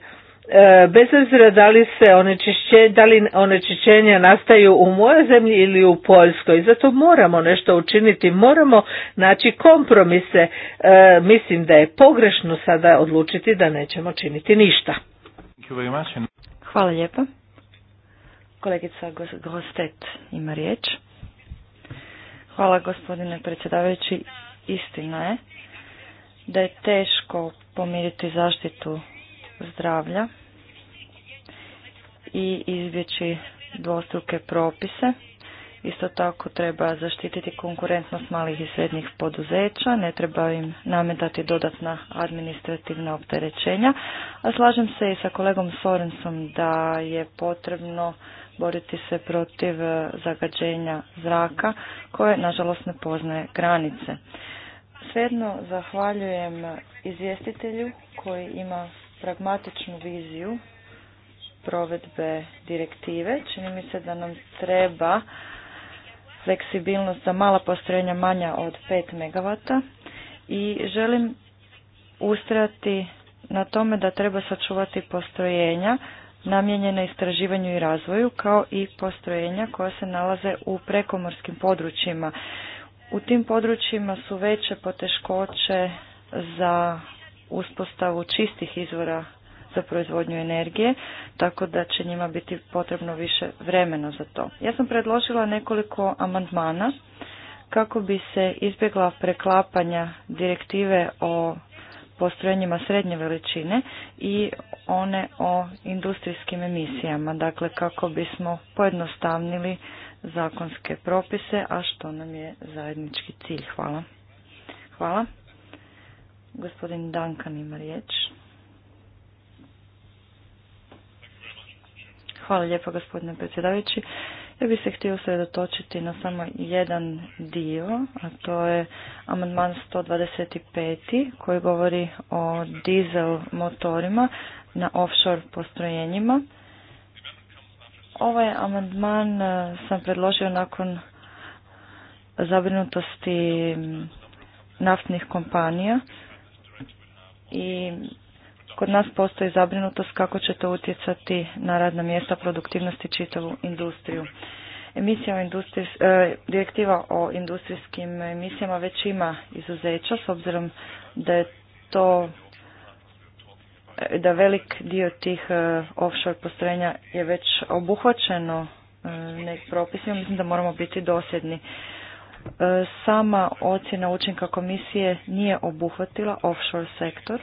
bez obzira da li se onečišćenja, da li onečišćenja nastaju u mojoj zemlji ili u Poljskoj. Zato moramo nešto učiniti, moramo naći kompromise. mislim da je pogrešno sada odlučiti da nećemo činiti ništa. Hvala lijepa. Kolegica Gostet ima riječ. Hvala gospodine predsjedavajući. Istina je da je teško pomiriti zaštitu zdravlja i izbjeći dvostruke propise. Isto tako treba zaštititi konkurentnost malih i srednjih poduzeća, ne treba im nametati dodatna administrativna opterećenja, a slažem se i sa kolegom Sorensom da je potrebno boriti se protiv e, zagađenja zraka koje nažalost ne poznaje granice. Svejedno zahvaljujem izvjestitelju koji ima pragmatičnu viziju provedbe direktive. Čini mi se da nam treba fleksibilnost za mala postrojenja manja od 5 MW i želim ustrati na tome da treba sačuvati postrojenja namijenjena istraživanju i razvoju kao i postrojenja koja se nalaze u prekomorskim područjima. U tim područjima su veće poteškoće za uspostavu čistih izvora za proizvodnju energije, tako da će njima biti potrebno više vremena za to. Ja sam predložila nekoliko amandmana kako bi se izbjegla preklapanja direktive o postrojenjima srednje veličine i one o industrijskim emisijama, dakle kako bismo pojednostavnili zakonske propise, a što nam je zajednički cilj. Hvala. Hvala. Gospodin Dankan ima riječ. Hvala lijepo, gospodine predsjedavajući. Ja bih se htio sredotočiti na samo jedan dio, a to je amandman 125. koji govori o dizel motorima na offshore postrojenjima. Ovaj amandman e, sam predložio nakon zabrinutosti naftnih kompanija i Kod nas postoji zabrinutost kako će to utjecati na radna mjesta produktivnosti čitavu industriju. Emisija e, direktiva o industrijskim emisijama već ima izuzeća s obzirom da je to e, da velik dio tih e, offshore postrojenja je već obuhvaćeno nek propisima, mislim da moramo biti dosljedni. Sama ocjena učinka komisije nije obuhvatila offshore sektor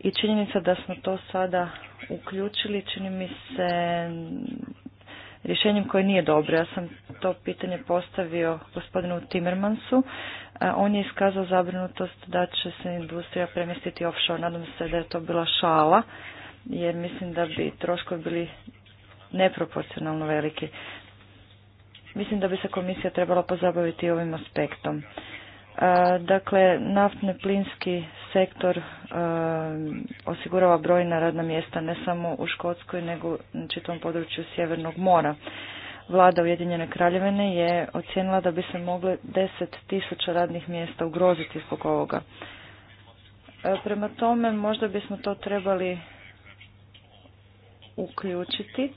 i činjenica da smo to sada uključili čini mi se rješenjem koje nije dobro. Ja sam to pitanje postavio gospodinu Timmermansu. E, on je iskazao zabrinutost da će se industrija premjestiti offshore. Nadam se da je to bila šala, jer mislim da bi troškovi bili neproporcionalno veliki. Mislim da bi se komisija trebala pozabaviti ovim aspektom. E, dakle, naftne plinski sektor e, osigurava brojna radna mjesta ne samo u Škotskoj nego na čitom području Sjevernog mora. Vlada Ujedinjene kraljevine je ocijenila da bi se mogle 10.000 radnih mjesta ugroziti zbog ovoga. E, prema tome, možda bismo to trebali uključiti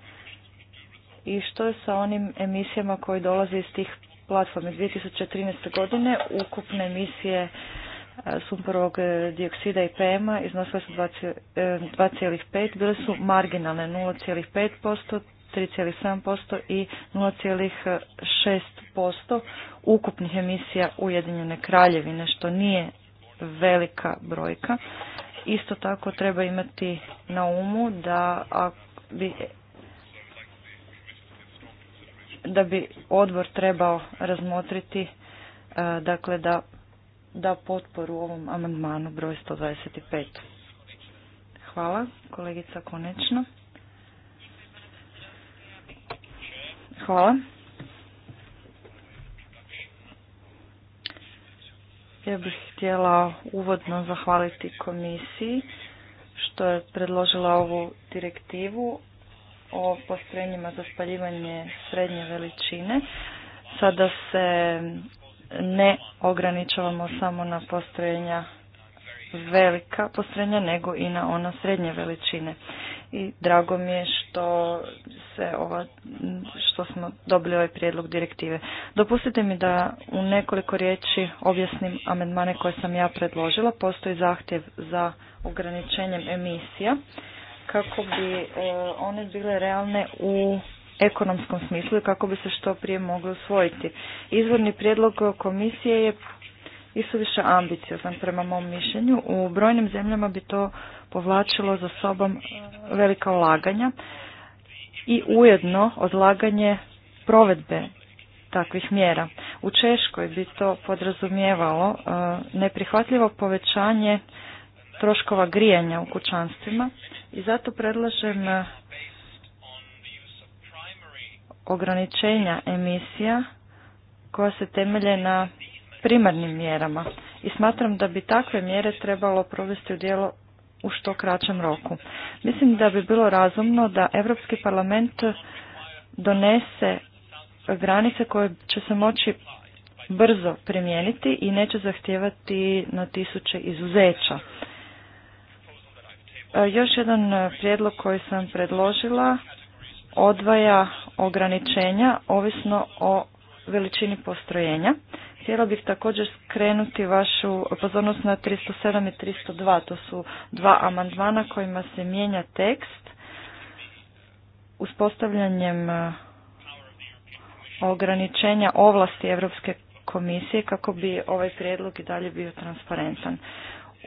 i što je sa onim emisijama koji dolaze iz tih platforme 2013. godine ukupne emisije e, sumporovog e, dioksida i PM-a iznosile su 2,5, e, bile su marginalne 0,5%, 3,7% i 0,6% ukupnih emisija Ujedinjene kraljevine, što nije velika brojka. Isto tako treba imati na umu da bi da bi odbor trebao razmotriti e, dakle da da potporu ovom amandmanu broj 125. Hvala, kolegica Konečno. Hvala. Ja bih htjela uvodno zahvaliti komisiji što je predložila ovu direktivu, o postrojenjima za spaljivanje srednje veličine. Sada se ne ograničavamo samo na postrojenja velika postrojenja, nego i na ona srednje veličine. I drago mi je što, se ova, što smo dobili ovaj prijedlog direktive. Dopustite mi da u nekoliko riječi objasnim amendmane koje sam ja predložila. Postoji zahtjev za ograničenjem emisija kako bi e, one bile realne u ekonomskom smislu i kako bi se što prije mogle usvojiti. Izvorni prijedlog komisije je isuviše ambiciozan prema mom mišljenju. U brojnim zemljama bi to povlačilo za sobom e, velika ulaganja i ujedno odlaganje provedbe takvih mjera. U Češkoj bi to podrazumijevalo e, neprihvatljivo povećanje troškova grijanja u kućanstvima i zato predlažem e, ograničenja emisija koja se temelje na primarnim mjerama i smatram da bi takve mjere trebalo provesti u djelo u što kraćem roku. Mislim da bi bilo razumno da Europski parlament donese granice koje će se moći brzo primijeniti i neće zahtijevati na tisuće izuzeća. E, još jedan e, prijedlog koji sam predložila odvaja ograničenja ovisno o veličini postrojenja. Htjela bih također skrenuti vašu pozornost na 307 i 302. To su dva amandmana kojima se mijenja tekst uspostavljanjem e, ograničenja ovlasti Europske komisije kako bi ovaj prijedlog i dalje bio transparentan.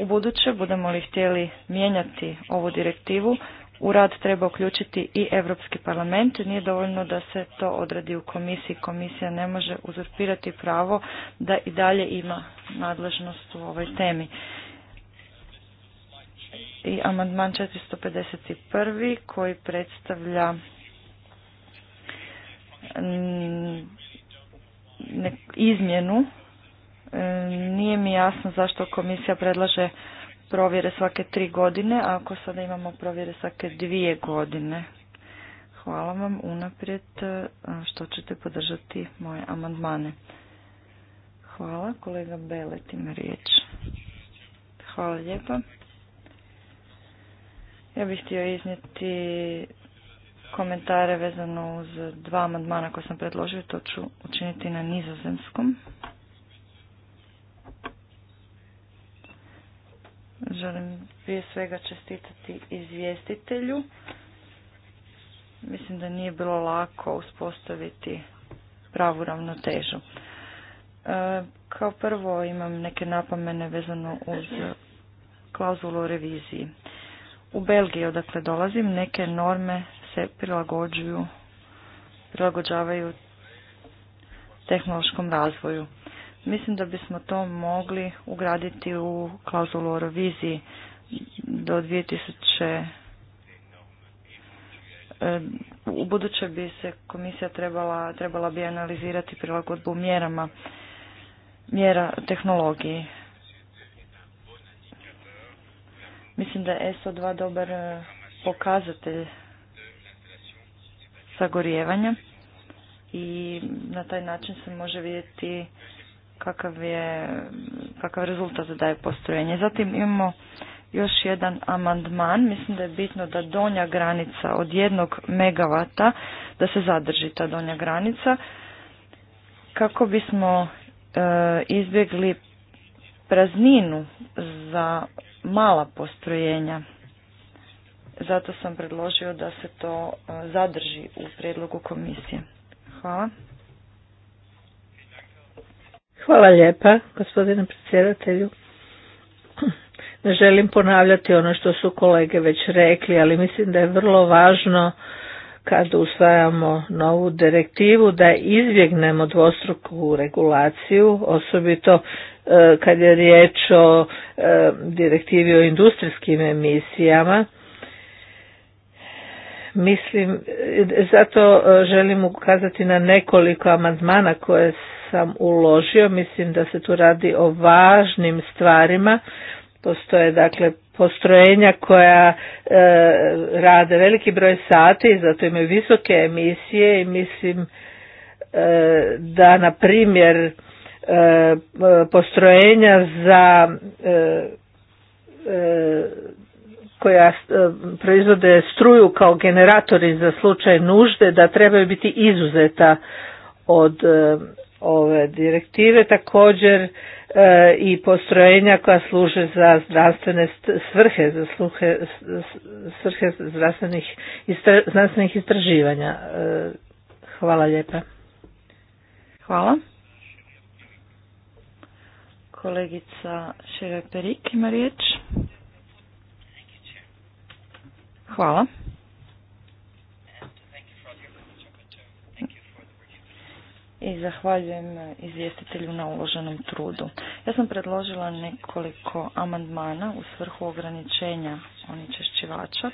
U buduće budemo li htjeli mijenjati ovu direktivu, u rad treba uključiti i Europski parlament. Nije dovoljno da se to odradi u komisiji. Komisija ne može uzurpirati pravo da i dalje ima nadležnost u ovoj temi. I amandman 451. koji predstavlja mm, izmjenu E, nije mi jasno zašto komisija predlaže provjere svake tri godine, ako sada imamo provjere svake dvije godine. Hvala vam unaprijed e, što ćete podržati moje amandmane. Hvala, kolega Belet ima riječ. Hvala lijepa. Ja bih htio iznijeti komentare vezano uz dva amandmana koje sam predložio, to ću učiniti na nizozemskom. Želim prije svega čestitati izvjestitelju. Mislim da nije bilo lako uspostaviti pravu ravnotežu. E, kao prvo imam neke napomene vezano uz klauzulu o reviziji. U Belgiji odakle dolazim neke norme se prilagođuju, prilagođavaju tehnološkom razvoju. Mislim da bismo to mogli ugraditi u klauzulu o reviziji do 2000 e, u buduće bi se komisija trebala, trebala bi analizirati prilagodbu mjerama mjera tehnologiji. Mislim da je SO2 dobar e, pokazatelj sagorijevanja i na taj način se može vidjeti kakav je kakav rezultat daje postrojenje. Zatim imamo još jedan amandman. Mislim da je bitno da donja granica od jednog megavata, da se zadrži ta donja granica, kako bismo e, izbjegli prazninu za mala postrojenja. Zato sam predložio da se to e, zadrži u predlogu komisije. Hvala. Hvala lijepa, gospodine predsjedatelju. Ne želim ponavljati ono što su kolege već rekli, ali mislim da je vrlo važno kad usvajamo novu direktivu da izbjegnemo dvostruku regulaciju, osobito e, kad je riječ o e, direktivi o industrijskim emisijama. Mislim, e, zato želim ukazati na nekoliko amandmana koje sam uložio. Mislim da se tu radi o važnim stvarima. Postoje dakle postrojenja koja e, rade veliki broj sati, zato imaju visoke emisije i mislim e, da na primjer e, postrojenja za koja proizvode struju kao generatori za slučaj nužde da trebaju biti izuzeta od ove direktive također e, i postrojenja koja služe za zdravstvene svrhe, za sluhe, svrhe zdravstvenih istra, znanstvenih istraživanja. E, hvala lijepa. Hvala. Kolegica Perik ima riječ. Hvala. i zahvaljujem izvjestitelju na uloženom trudu. Ja sam predložila nekoliko amandmana u svrhu ograničenja onečišćivača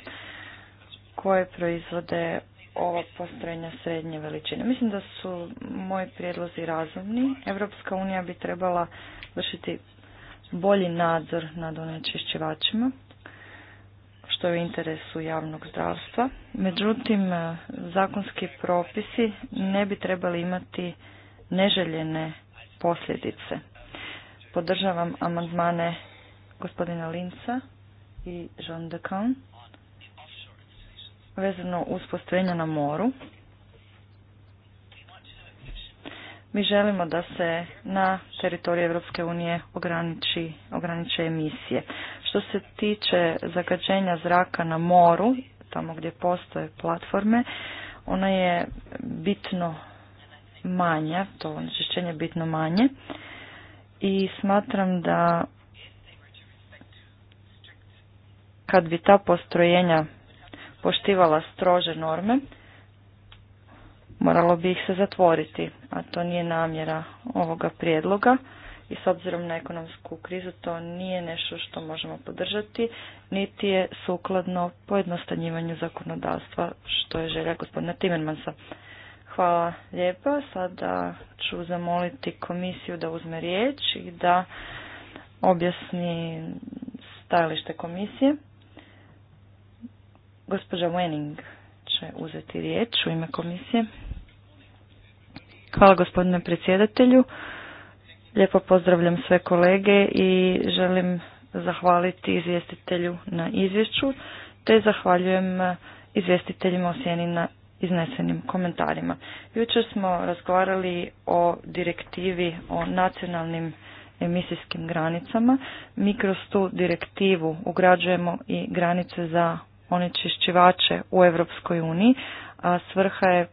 koje proizvode ova postrojenja srednje veličine. Mislim da su moji prijedlozi razumni. Europska unija bi trebala vršiti bolji nadzor nad onečišćivačima što je u interesu javnog zdravstva. Međutim, e, zakonski propisi ne bi trebali imati neželjene posljedice. Podržavam amandmane gospodina Linca i Jean de Caen vezano uz postojenja na moru. Mi želimo da se na teritoriju Europske unije ograniče emisije. Što se tiče zagađenja zraka na moru, tamo gdje postoje platforme, ona je bitno manja, to onečišćenje je bitno manje i smatram da kad bi ta postrojenja poštivala strože norme, moralo bi ih se zatvoriti, a to nije namjera ovoga prijedloga i s obzirom na ekonomsku krizu to nije nešto što možemo podržati, niti je sukladno pojednostanjivanju zakonodavstva što je želja gospodina Timmermansa. Hvala lijepa. Sada ću zamoliti komisiju da uzme riječ i da objasni stajalište komisije. Gospođa Wenning će uzeti riječ u ime komisije. Hvala gospodine predsjedatelju. Lijepo pozdravljam sve kolege i želim zahvaliti izvjestitelju na izvješću te zahvaljujem e, izvjestiteljima o sjeni na iznesenim komentarima. Jučer smo razgovarali o direktivi o nacionalnim emisijskim granicama. Mi kroz tu direktivu ugrađujemo i granice za onečišćivače u Europskoj uniji, a svrha je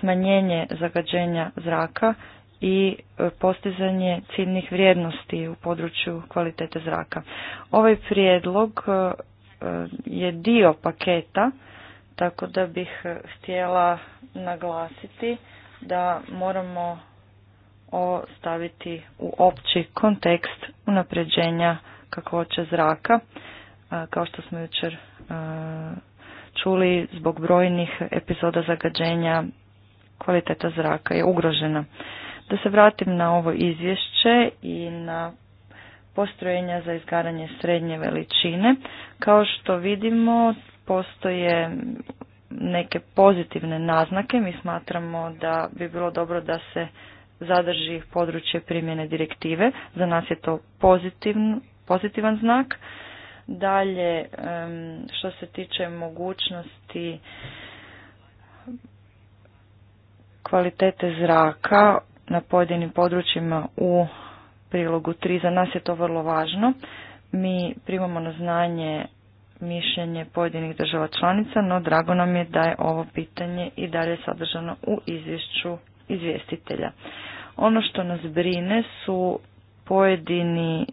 smanjenje zagađenja zraka i postizanje ciljnih vrijednosti u području kvalitete zraka. Ovaj prijedlog e, je dio paketa, tako da bih htjela naglasiti da moramo ovo staviti u opći kontekst unapređenja kakvoće zraka, e, kao što smo jučer e, čuli zbog brojnih epizoda zagađenja kvaliteta zraka je ugrožena. Da se vratim na ovo izvješće i na postrojenja za izgaranje srednje veličine. Kao što vidimo, postoje neke pozitivne naznake. Mi smatramo da bi bilo dobro da se zadrži područje primjene direktive. Za nas je to pozitivan znak. Dalje, što se tiče mogućnosti kvalitete zraka na pojedinim područjima u prilogu 3. Za nas je to vrlo važno. Mi primamo na znanje mišljenje pojedinih država članica, no drago nam je da je ovo pitanje i dalje sadržano u izvješću izvjestitelja. Ono što nas brine su pojedini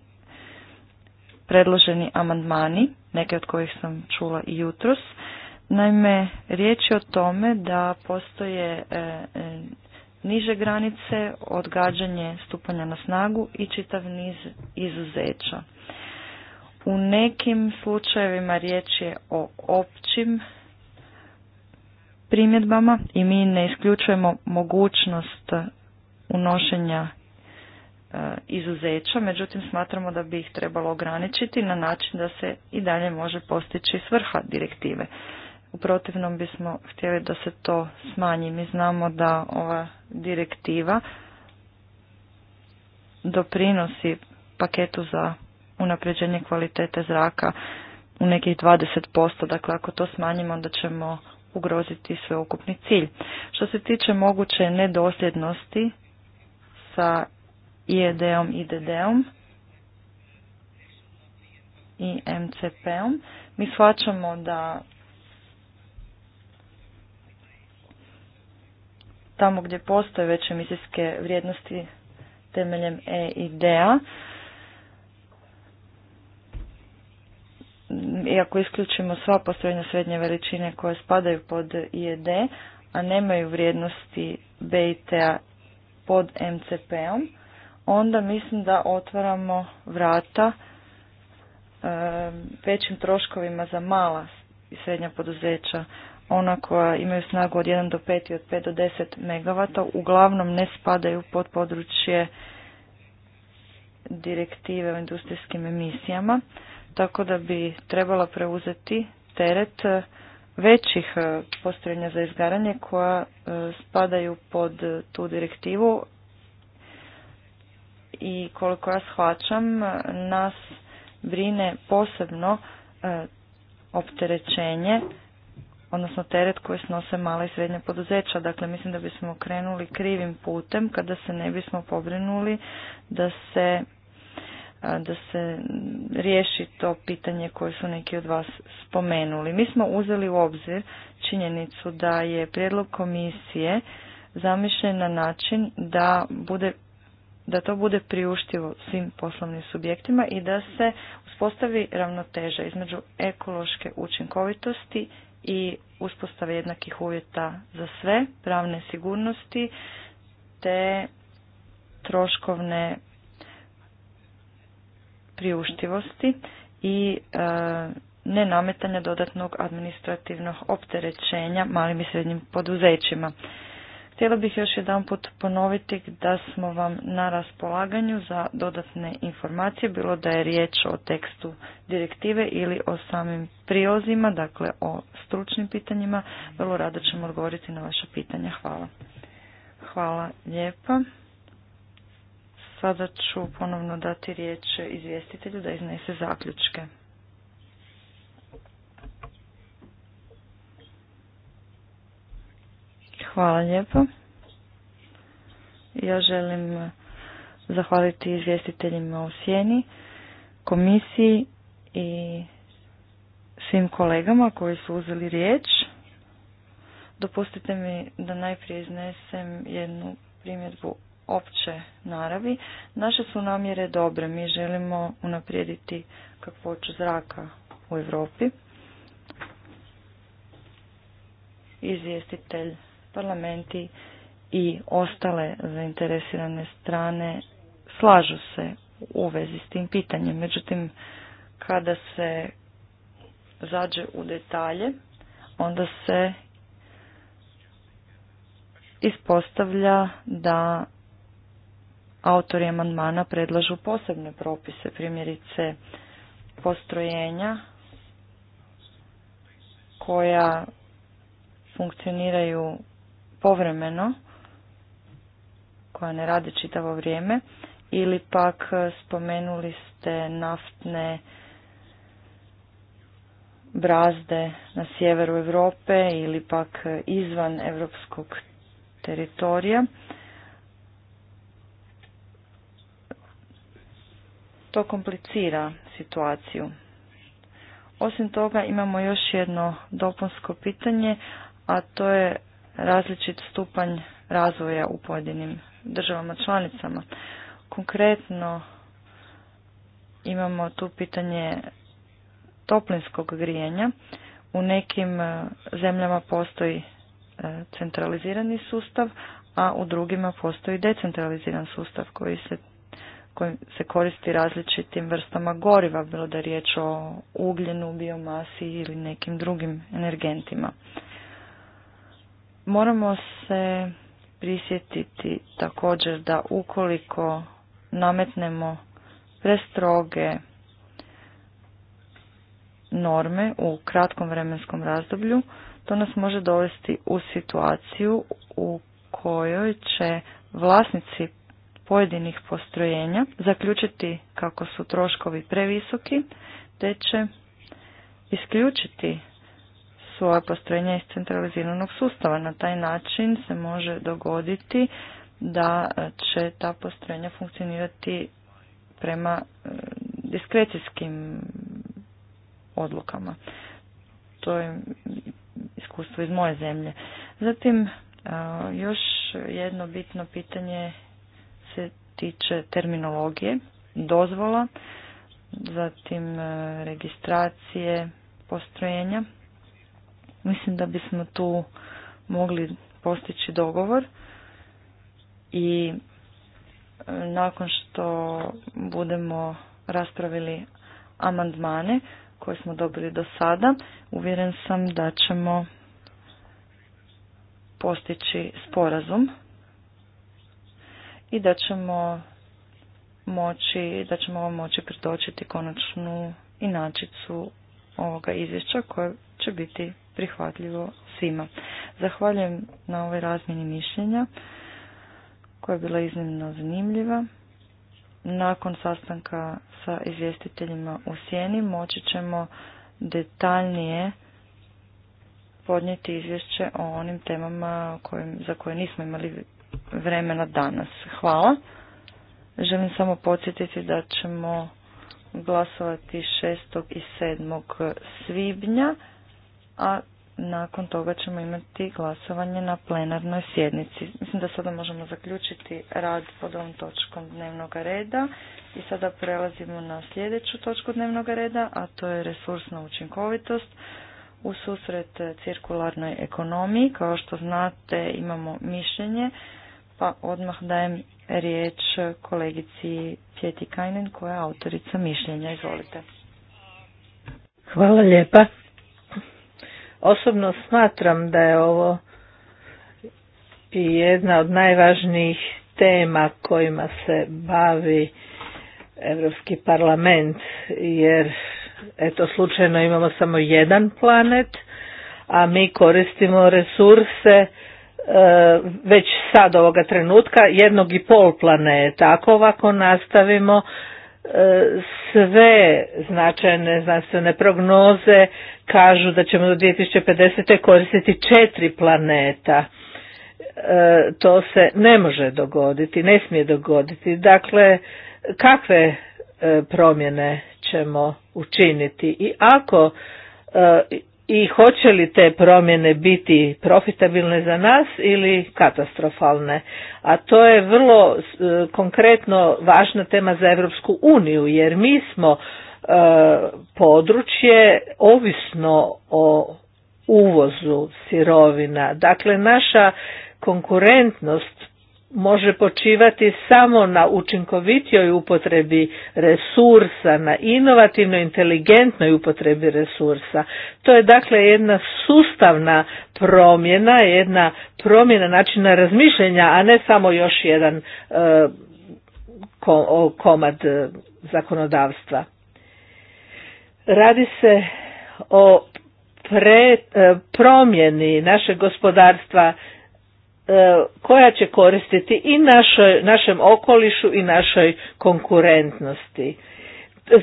predloženi amandmani, neke od kojih sam čula i jutros. Naime, riječ je o tome da postoje e, e, niže granice, odgađanje stupanja na snagu i čitav niz izuzeća. U nekim slučajevima riječ je o općim primjedbama i mi ne isključujemo mogućnost unošenja e, izuzeća, međutim smatramo da bi ih trebalo ograničiti na način da se i dalje može postići svrha direktive. U protivnom bismo htjeli da se to smanji. Mi znamo da ova direktiva doprinosi paketu za unapređenje kvalitete zraka u nekih 20%. Dakle, ako to smanjimo, onda ćemo ugroziti sveukupni cilj. Što se tiče moguće nedosljednosti sa IED-om, dd om i e MCP-om, mi shvaćamo da tamo gdje postoje veće emisijske vrijednosti temeljem E d a I ako isključimo sva postojenja srednje veličine koje spadaju pod IE-D, a nemaju vrijednosti B t a pod MCP-om, onda mislim da otvaramo vrata ehm, većim troškovima za mala i srednja poduzeća ona koja imaju snagu od 1 do 5 i od 5 do 10 MW uglavnom ne spadaju pod područje direktive o industrijskim emisijama, tako da bi trebala preuzeti teret e, većih e, postrojenja za izgaranje koja e, spadaju pod tu direktivu i koliko ja shvaćam nas brine posebno opterećenje odnosno teret koji snose mala i srednja poduzeća. Dakle, mislim da bismo krenuli krivim putem kada se ne bismo pobrinuli da se da se riješi to pitanje koje su neki od vas spomenuli. Mi smo uzeli u obzir činjenicu da je prijedlog komisije zamišljen na način da bude da to bude priuštivo svim poslovnim subjektima i da se uspostavi ravnoteža između ekološke učinkovitosti i uspostave jednakih uvjeta za sve, pravne sigurnosti te troškovne priuštivosti i e, nenametanja dodatnog administrativnog opterećenja malim i srednjim poduzećima. Htjela bih još jedanput ponoviti da smo vam na raspolaganju za dodatne informacije, bilo da je riječ o tekstu direktive ili o samim priozima, dakle o stručnim pitanjima. Vrlo rado ćemo odgovoriti na vaša pitanja. Hvala. Hvala lijepa. Sada ću ponovno dati riječ izvjestitelju da iznese zaključke. Hvala lijepo. Ja želim zahvaliti izvjestiteljima u Sjeni, komisiji i svim kolegama koji su uzeli riječ. Dopustite mi da najprije iznesem jednu primjedbu opće naravi. Naše su namjere dobre. Mi želimo unaprijediti kakvoću zraka u Europi. Izvjestitelj parlamenti i ostale zainteresirane strane slažu se u vezi s tim pitanjem. Međutim, kada se zađe u detalje, onda se ispostavlja da autori amandmana predlažu posebne propise, primjerice postrojenja koja funkcioniraju povremeno, koja ne radi čitavo vrijeme, ili pak e, spomenuli ste naftne brazde na sjeveru Europe ili pak e, izvan europskog teritorija. To komplicira situaciju. Osim toga imamo još jedno dopunsko pitanje, a to je različit stupanj razvoja u pojedinim državama članicama. Konkretno imamo tu pitanje toplinskog grijenja. U nekim e, zemljama postoji e, centralizirani sustav, a u drugima postoji decentraliziran sustav koji se, koji se koristi različitim vrstama goriva, bilo da je riječ o ugljenu, biomasi ili nekim drugim energentima. Moramo se prisjetiti također da ukoliko nametnemo prestroge norme u kratkom vremenskom razdoblju, to nas može dovesti u situaciju u kojoj će vlasnici pojedinih postrojenja zaključiti kako su troškovi previsoki, te će isključiti svoje postrojenja iz centraliziranog sustava. Na taj način se može dogoditi da e, će ta postrojenja funkcionirati prema e, diskrecijskim odlukama. To je iskustvo iz moje zemlje. Zatim, e, još jedno bitno pitanje se tiče terminologije, dozvola, zatim registracije postrojenja Mislim da bismo tu mogli postići dogovor i e, nakon što budemo raspravili amandmane koje smo dobili do sada, uvjeren sam da ćemo postići sporazum i da ćemo moći, da ćemo moći pritočiti konačnu inačicu ovoga izvješća koje će biti prihvatljivo svima. Zahvaljujem na ovoj razmjeni mišljenja koja je bila iznimno zanimljiva. Nakon sastanka sa izvjestiteljima u Sjeni moći ćemo detaljnije podnijeti izvješće o onim temama za koje nismo imali vremena danas. Hvala. Želim samo podsjetiti da ćemo glasovati 6. i 7. svibnja a nakon toga ćemo imati glasovanje na plenarnoj sjednici. Mislim da sada možemo zaključiti rad pod ovom točkom dnevnog reda i sada prelazimo na sljedeću točku dnevnog reda, a to je resursna učinkovitost u susret cirkularnoj ekonomiji. Kao što znate imamo mišljenje, pa odmah dajem riječ kolegici Pjeti Kajnen koja je autorica mišljenja. Izvolite. Hvala lijepa. Osobno smatram da je ovo i jedna od najvažnijih tema kojima se bavi Europski parlament jer eto slučajno imamo samo jedan planet, a mi koristimo resurse e, već sad ovoga trenutka jednog i pol planeta. Ako ovako nastavimo sve značajne znanstvene prognoze kažu da ćemo do 2050. koristiti četiri planeta. E, to se ne može dogoditi, ne smije dogoditi. Dakle, kakve e, promjene ćemo učiniti i ako e, i hoće li te promjene biti profitabilne za nas ili katastrofalne. A to je vrlo e, konkretno važna tema za Europsku uniju jer mi smo e, područje ovisno o uvozu sirovina. Dakle, naša konkurentnost može počivati samo na učinkovitijoj upotrebi resursa, na inovativnoj, inteligentnoj upotrebi resursa. To je dakle jedna sustavna promjena, jedna promjena načina razmišljanja, a ne samo još jedan e, komad e, zakonodavstva. Radi se o pre, e, promjeni našeg gospodarstva E, koja će koristiti i našoj, našem okolišu i našoj konkurentnosti.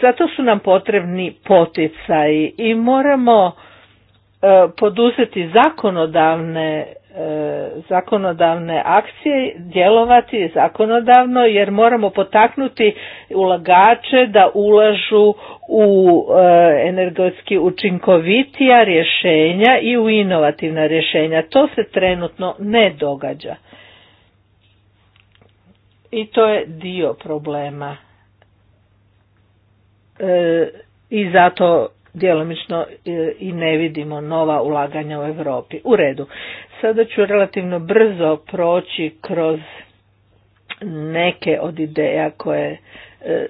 Zato su nam potrebni poticaji i moramo e, poduzeti zakonodavne E, zakonodavne akcije djelovati zakonodavno jer moramo potaknuti ulagače da ulažu u e, energetski učinkovitija rješenja i u inovativna rješenja. To se trenutno ne događa. I to je dio problema. E, I zato djelomično e, i ne vidimo nova ulaganja u Europi. U redu. Sada ću relativno brzo proći kroz neke od ideja koje e,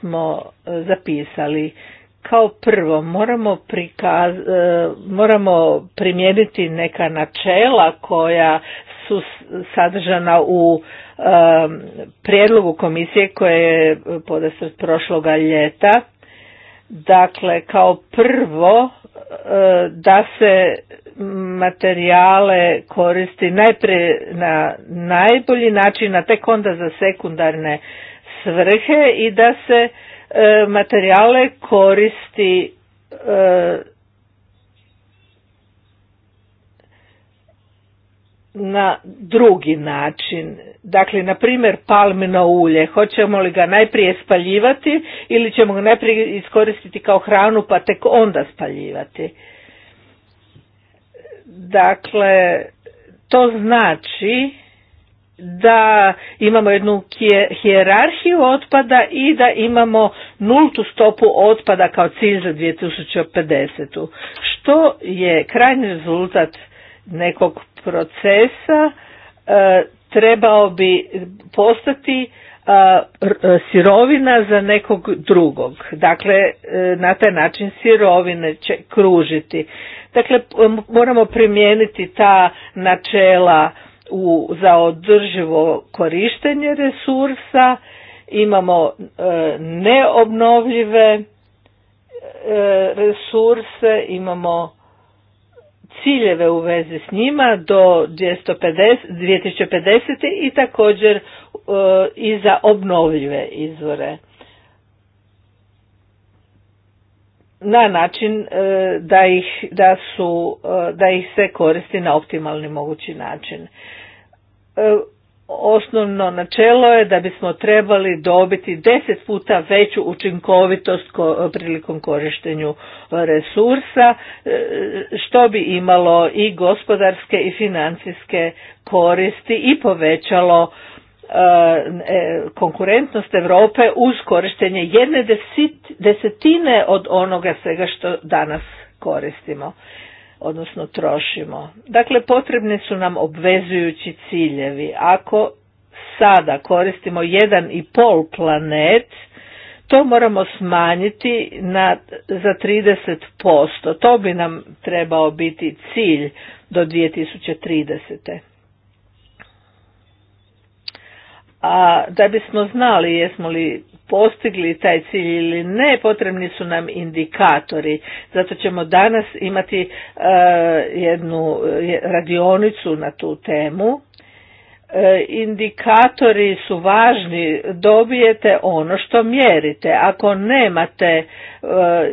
smo e, zapisali. Kao prvo moramo, prikaz, moramo primijeniti neka načela koja su sadržana u prijedlogu komisije koje je od prošloga ljeta Dakle, kao prvo e, da se materijale koristi najprije na najbolji način, a tek onda za sekundarne svrhe i da se e, materijale koristi e, na drugi način Dakle, na primjer palmino ulje, hoćemo li ga najprije spaljivati ili ćemo ga najprije iskoristiti kao hranu pa tek onda spaljivati. Dakle, to znači da imamo jednu hijerarhiju otpada i da imamo nultu stopu otpada kao cilj za 2050. Što je krajnji rezultat nekog procesa, e, trebao bi postati sirovina za nekog drugog. Dakle, e, na taj način sirovine će kružiti. Dakle, moramo primijeniti ta načela u, za održivo korištenje resursa, imamo e, neobnovljive e, resurse, imamo ciljeve u vezi s njima do 250, 2050. i također e, i za obnovljive izvore. na način e, da ih, da, su, e, da ih se koristi na optimalni mogući način osnovno načelo je da bismo trebali dobiti deset puta veću učinkovitost prilikom korištenju e, resursa, e, što bi imalo i gospodarske i financijske koristi i povećalo e, konkurentnost Europe uz korištenje jedne desetine od onoga svega što danas koristimo odnosno trošimo. Dakle, potrebni su nam obvezujući ciljevi. Ako sada koristimo jedan i pol planet, to moramo smanjiti na, za 30%. To bi nam trebao biti cilj do 2030. A da bismo znali jesmo li postigli taj cilj ili ne, potrebni su nam indikatori. Zato ćemo danas imati e, jednu e, radionicu na tu temu. E, indikatori su važni, dobijete ono što mjerite. Ako nemate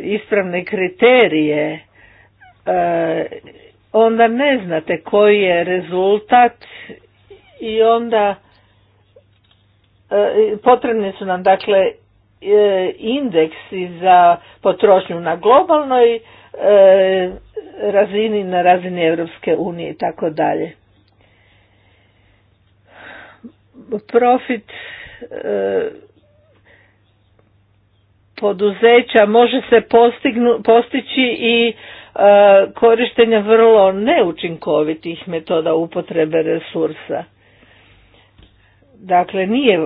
ispravne kriterije, onda ne znate koji je rezultat i onda E, potrebni su nam dakle e, indeksi za potrošnju na globalnoj e, razini, na razini Europske unije i tako dalje. Profit poduzeća može se postignu, postići i korištenja vrlo neučinkovitih metoda upotrebe resursa. Dakle, nije e,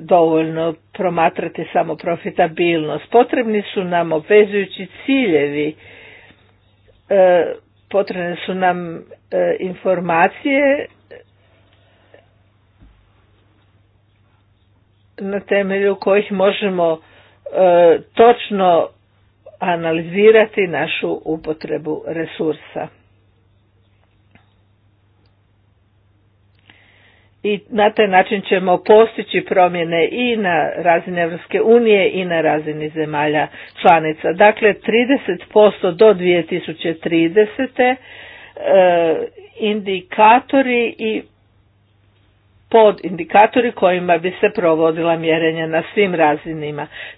dovoljno promatrati samo profitabilnost. Potrebni su nam obvezujući ciljevi, e, potrebne su nam e, informacije na temelju kojih možemo točno analizirati našu upotrebu resursa. i na taj način ćemo postići promjene i na razini Europske unije i na razini zemalja članica. Dakle, 30% do 2030. E, indikatori i pod indikatori kojima bi se provodila mjerenja na svim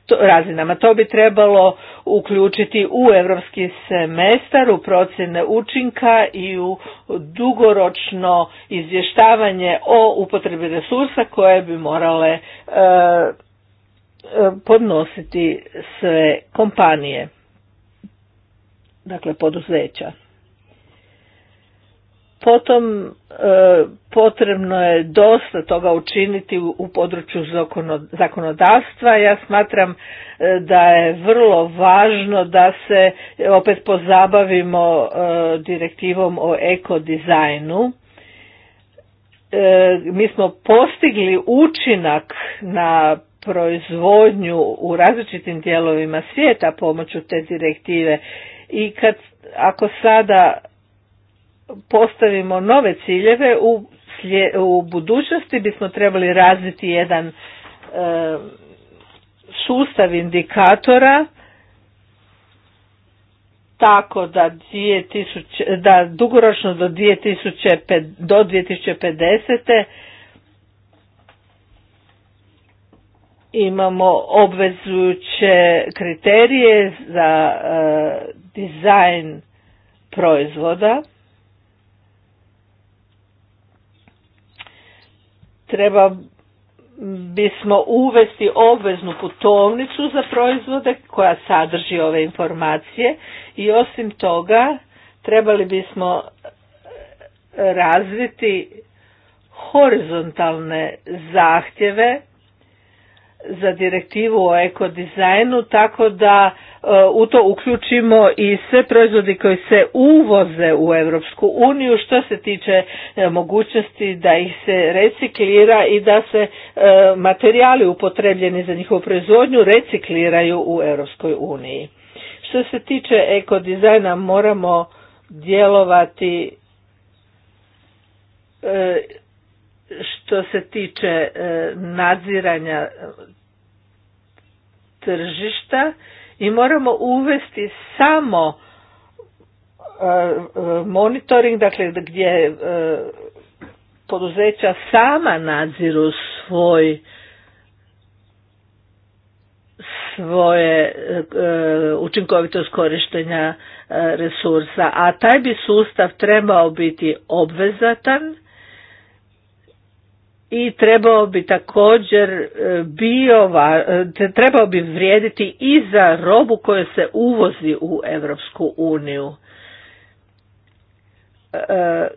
to, razinama. To bi trebalo uključiti u europski semestar, u procjene učinka i u dugoročno izvještavanje o upotrebi resursa koje bi morale e, e, podnositi sve kompanije, dakle poduzeća. Potom e, potrebno je dosta toga učiniti u području zakonodavstva. Ja smatram e, da je vrlo važno da se opet pozabavimo e, direktivom o ekodizajnu. Mi smo postigli učinak na proizvodnju u različitim dijelovima svijeta pomoću te direktive i kad ako sada postavimo nove ciljeve u, slje, u budućnosti bismo trebali razviti jedan e, sustav indikatora tako da 2000, da dugoročno do 2050, do 2050 imamo obvezujuće kriterije za e, dizajn proizvoda treba bismo uvesti obveznu putovnicu za proizvode koja sadrži ove informacije i osim toga trebali bismo razviti horizontalne zahtjeve za direktivu o ekodizajnu tako da e, u to uključimo i sve proizvodi koji se uvoze u Europsku uniju što se tiče e, mogućnosti da ih se reciklira i da se e, materijali upotrebljeni za njihovu proizvodnju recikliraju u Europskoj uniji. Što se tiče ekodizajna moramo djelovati što se tiče e, nadziranja e, tržišta i moramo uvesti samo e, monitoring, dakle gdje poduzeća sama nadziru svoj svoje e, učinkovitost korištenja resursa, a taj bi sustav trebao biti obvezatan i trebao bi također e, bio, e, trebao bi vrijediti i za robu koja se uvozi u Europsku uniju. E,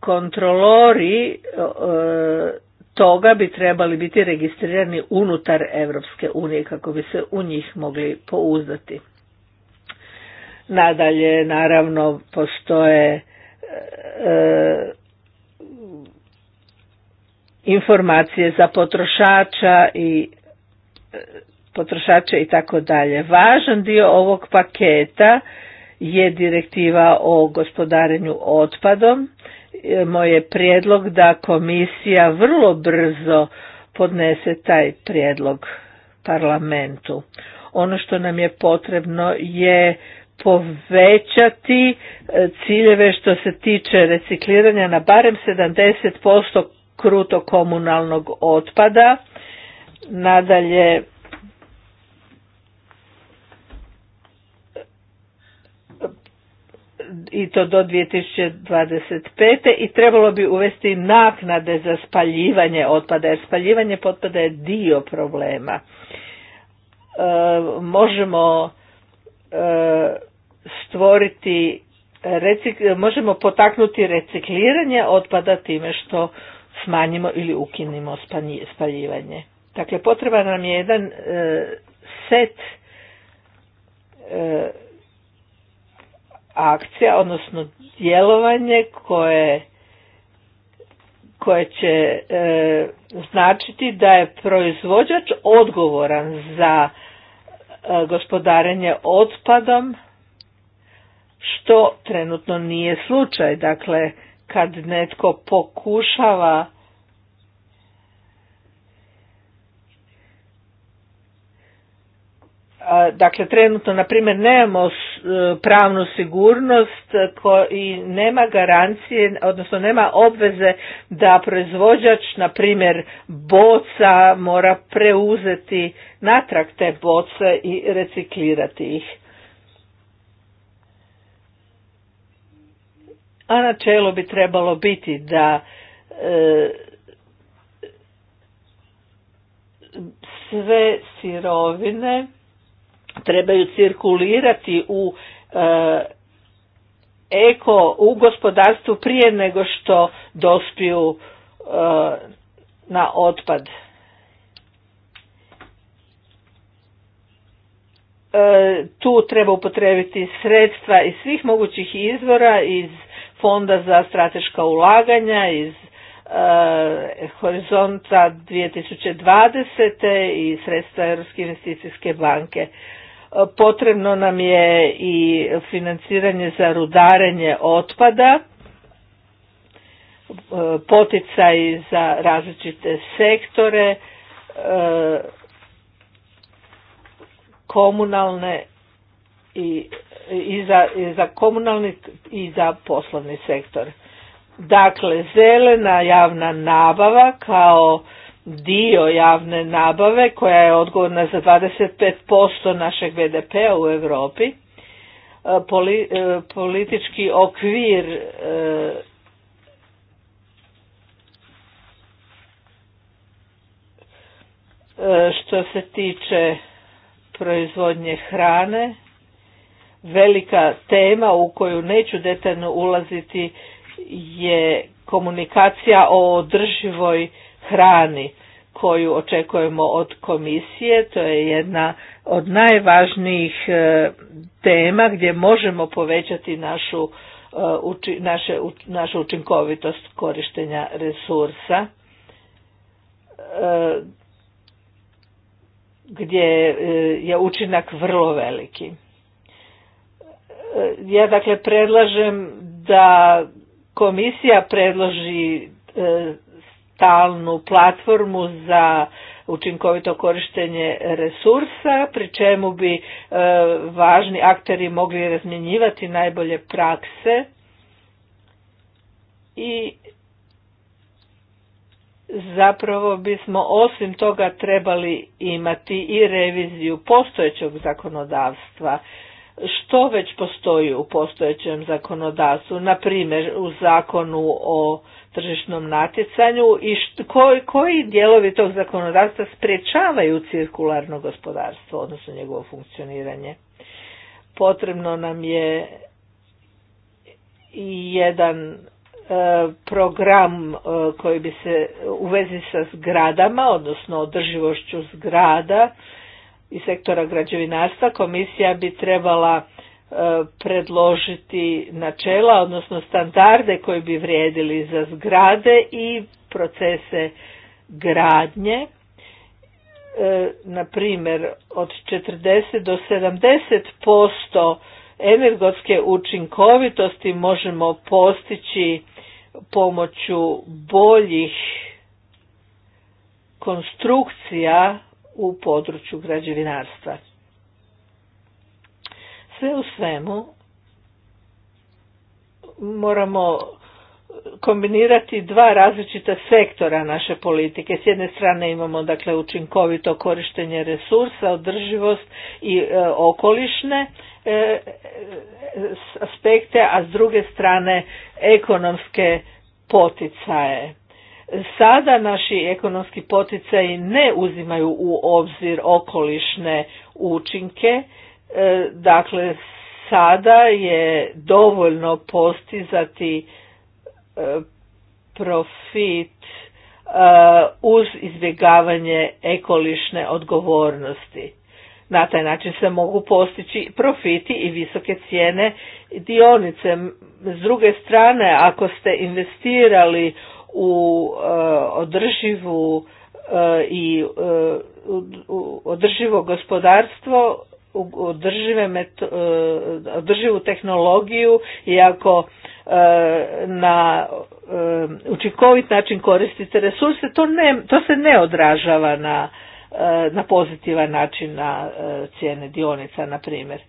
kontrolori toga bi trebali biti registrirani unutar Europske unije kako bi se u njih mogli pouzdati. Nadalje, naravno, postoje informacije za potrošača i e, potrošače i tako dalje. Važan dio ovog paketa je direktiva o gospodarenju otpadom. E, moj je prijedlog da komisija vrlo brzo podnese taj prijedlog parlamentu. Ono što nam je potrebno je povećati e, ciljeve što se tiče recikliranja na barem 70% kruto komunalnog otpada. Nadalje, i to do 2025. i trebalo bi uvesti naknade za spaljivanje otpada, jer spaljivanje otpada je dio problema. E, možemo e, stvoriti, možemo potaknuti recikliranje otpada time što smanjimo ili ukinimo spaljivanje. Dakle, potreban nam je jedan e, set e, akcija, odnosno djelovanje koje koje će e, značiti da je proizvođač odgovoran za gospodarenje otpadom što trenutno nije slučaj. Dakle, kad netko pokušava Dakle, trenutno, na primjer, nemamo e, pravnu sigurnost e, i nema garancije, odnosno nema obveze da proizvođač, na primjer, boca mora preuzeti natrag te boce i reciklirati ih. a načelo bi trebalo biti da e, sve sirovine trebaju cirkulirati u e, eko u gospodarstvu prije nego što dospiju e, na otpad. tu treba upotrebiti sredstva iz svih mogućih izvora, iz fonda za strateška ulaganja iz eh, horizonta 2020. i sredstva Europske investicijske banke. Eh, potrebno nam je i financiranje za rudarenje otpada, eh, poticaj za različite sektore, komunalne i, i, za, za komunalni i za poslovni sektor. Dakle, zelena javna nabava kao dio javne nabave koja je odgovorna za 25% našeg bdp u Europi, e, e, politički okvir e, što se tiče proizvodnje hrane velika tema u koju neću detaljno ulaziti je komunikacija o održivoj hrani koju očekujemo od komisije. To je jedna od najvažnijih e, tema gdje možemo povećati našu, e, naše, našu učinkovitost korištenja resursa e, gdje je učinak vrlo veliki ja dakle predlažem da komisija predloži e, stalnu platformu za učinkovito korištenje resursa, pri čemu bi e, važni akteri mogli razmjenjivati najbolje prakse i zapravo bismo osim toga trebali imati i reviziju postojećeg zakonodavstva što već postoji u postojećem zakonodavstvu, na primjer u zakonu o tržišnom natjecanju i koji, koji dijelovi tog zakonodavstva sprječavaju cirkularno gospodarstvo, odnosno njegovo funkcioniranje. Potrebno nam je i jedan e, program e, koji bi se u vezi sa zgradama, odnosno održivošću zgrada, i sektora građevinarstva komisija bi trebala e, predložiti načela, odnosno standarde koji bi vrijedili za zgrade i procese gradnje. E, na primjer, od 40 do 70 posto energetske učinkovitosti možemo postići pomoću boljih konstrukcija u području građevinarstva. Sve u svemu moramo kombinirati dva različita sektora naše politike. S jedne strane imamo dakle učinkovito korištenje resursa, održivost i e, okolišne e, e, aspekte, a s druge strane ekonomske poticaje sada naši ekonomski poticaji ne uzimaju u obzir okolišne učinke, e, dakle sada je dovoljno postizati e, profit e, uz izbjegavanje ekolišne odgovornosti. Na taj način se mogu postići profiti i visoke cijene dionice. S druge strane, ako ste investirali u e, održivu e, i e, održivo gospodarstvo, održive meto, održivu tehnologiju i ako na učinkovit način koristite resurse, to, ne, to se ne odražava na, na pozitivan način na cijene dionica, na primjer.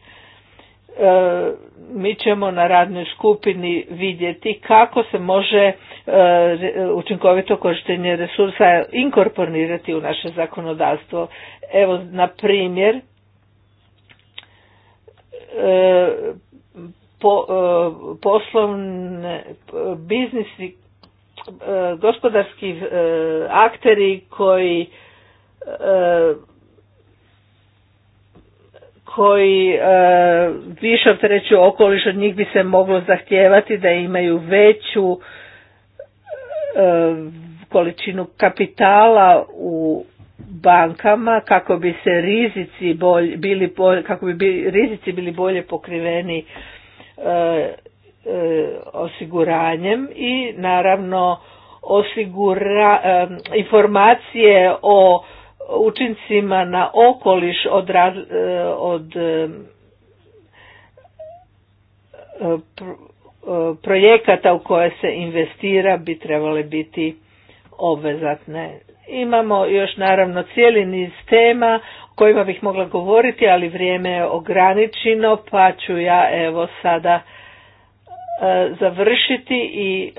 E, mi ćemo na radnoj skupini vidjeti kako se može e, učinkovito korištenje resursa inkorporirati u naše zakonodavstvo. Evo, na primjer, e, po, poslovne, biznisi, gospodarski akteri koji koji e, više opterećuju okoliš, od njih bi se moglo zahtijevati da imaju veću e, količinu kapitala u bankama kako bi se rizici bili kako bi rizici bili bolje pokriveni e, e osiguranjem i naravno osigura, e, informacije o učincima na okoliš od, e, od e, e, projekata u koje se investira bi trebale biti obvezatne. Imamo još naravno cijeli niz tema kojima bih mogla govoriti, ali vrijeme je ograničeno, pa ću ja evo sada završiti i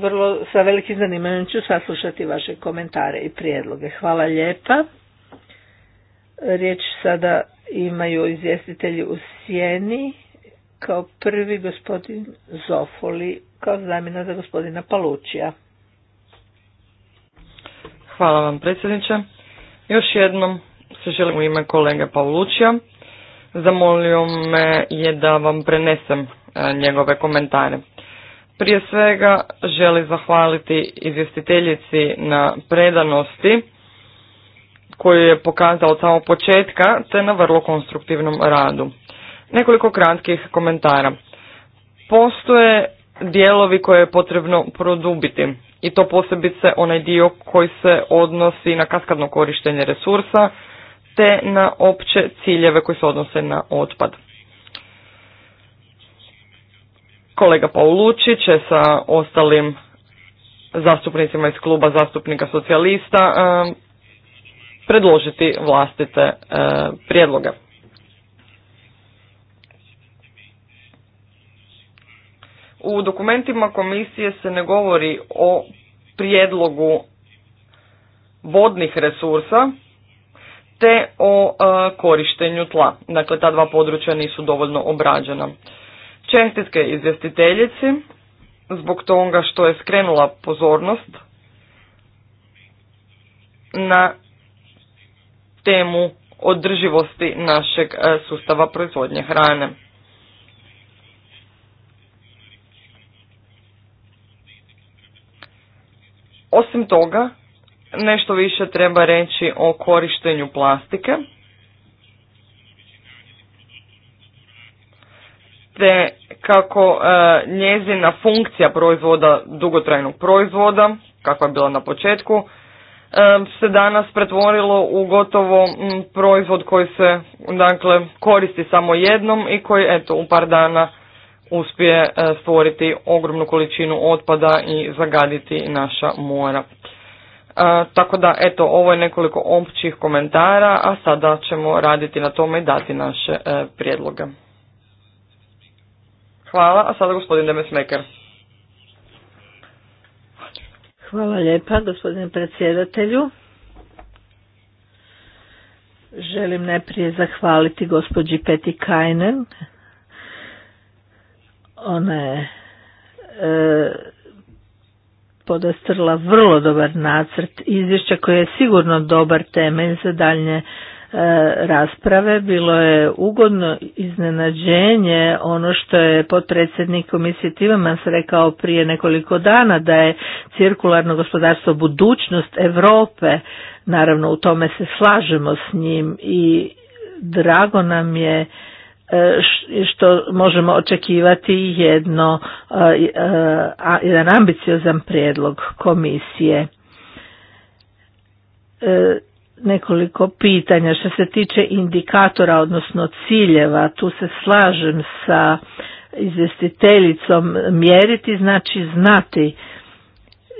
vrlo sa velikim zanimanjem ću saslušati vaše komentare i prijedloge. Hvala lijepa. Riječ sada imaju izvjestitelji u sjeni. Kao prvi gospodin Zofoli, kao zamjena za gospodina Palučija. Hvala vam predsjedniče. Još jednom se želim u ime kolega Paulučija. Zamolio me je da vam prenesem e, njegove komentare. Prije svega želi zahvaliti izvjestiteljici na predanosti koju je pokazao od samog početka te na vrlo konstruktivnom radu. Nekoliko kratkih komentara. Postoje dijelovi koje je potrebno produbiti i to posebice onaj dio koji se odnosi na kaskadno korištenje resursa te na opće ciljeve koji se odnose na otpad. Kolega Paulučić će sa ostalim zastupnicima iz kluba zastupnika socijalista e, predložiti vlastite e, prijedloge. U dokumentima komisije se ne govori o prijedlogu vodnih resursa te o e, korištenju tla. Dakle, ta dva područja nisu dovoljno obrađena. Čestitke izvjestiteljici zbog toga što je skrenula pozornost na temu održivosti našeg e, sustava proizvodnje hrane. Osim toga, nešto više treba reći o korištenju plastike te kako e, njezina funkcija proizvoda dugotrajnog proizvoda, kakva je bila na početku, e, se danas pretvorilo u gotovo proizvod koji se dakle koristi samo jednom i koji eto u par dana uspije e, stvoriti ogromnu količinu otpada i zagaditi naša mora. Tako da eto ovo je nekoliko općih komentara, a sada ćemo raditi na tome i dati naše prijedloge. Hvala, a sada gospodin Demesmeker. Hvala lijepa gospodine predsjedatelju. Želim najprije zahvaliti gospođi Peti Kajnen. Ona je e, podastrla vrlo dobar nacrt izvješća koji je sigurno dobar temelj za daljnje E, rasprave. Bilo je ugodno iznenađenje ono što je potpredsjednik komisije Timmermans rekao prije nekoliko dana da je cirkularno gospodarstvo budućnost Europe. Naravno u tome se slažemo s njim i drago nam je e, što možemo očekivati jedno, e, jedan ambiciozan prijedlog komisije nekoliko pitanja. Što se tiče indikatora, odnosno ciljeva, tu se slažem sa izvestiteljicom. mjeriti, znači znati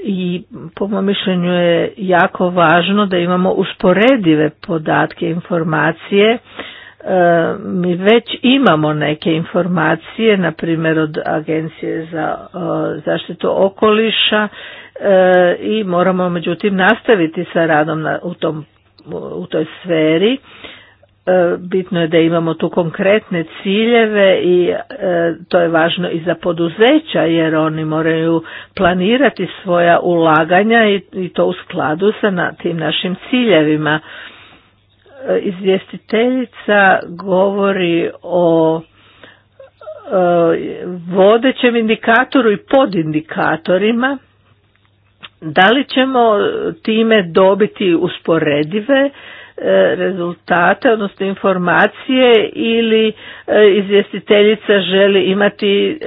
i po mom mišljenju je jako važno da imamo usporedive podatke, informacije. E, mi već imamo neke informacije, na primjer od Agencije za e, zaštitu okoliša e, i moramo međutim nastaviti sa radom u tom u toj sferi. E, bitno je da imamo tu konkretne ciljeve i e, to je važno i za poduzeća jer oni moraju planirati svoja ulaganja i to u skladu sa tim našim ciljevima. E, izvjestiteljica govori o vodećem indikatoru i podindikatorima da li ćemo e, time dobiti usporedive e, rezultate, odnosno informacije ili e, izvjestiteljica želi imati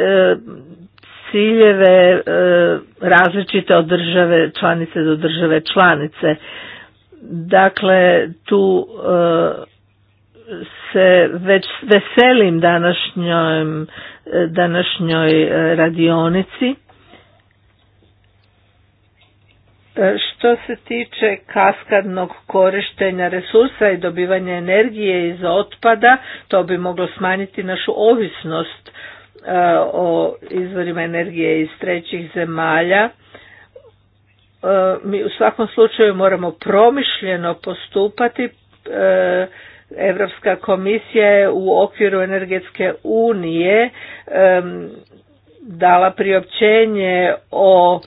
ciljeve različite od države članice do države članice. Dakle, tu se već veselim današnjoj, radionici E, što se tiče kaskadnog korištenja resursa i dobivanja energije iz otpada, to bi moglo smanjiti našu ovisnost e, o izvorima energije iz trećih zemalja. E, mi u svakom slučaju moramo promišljeno postupati. Europska komisija je u okviru energetske unije dala priopćenje o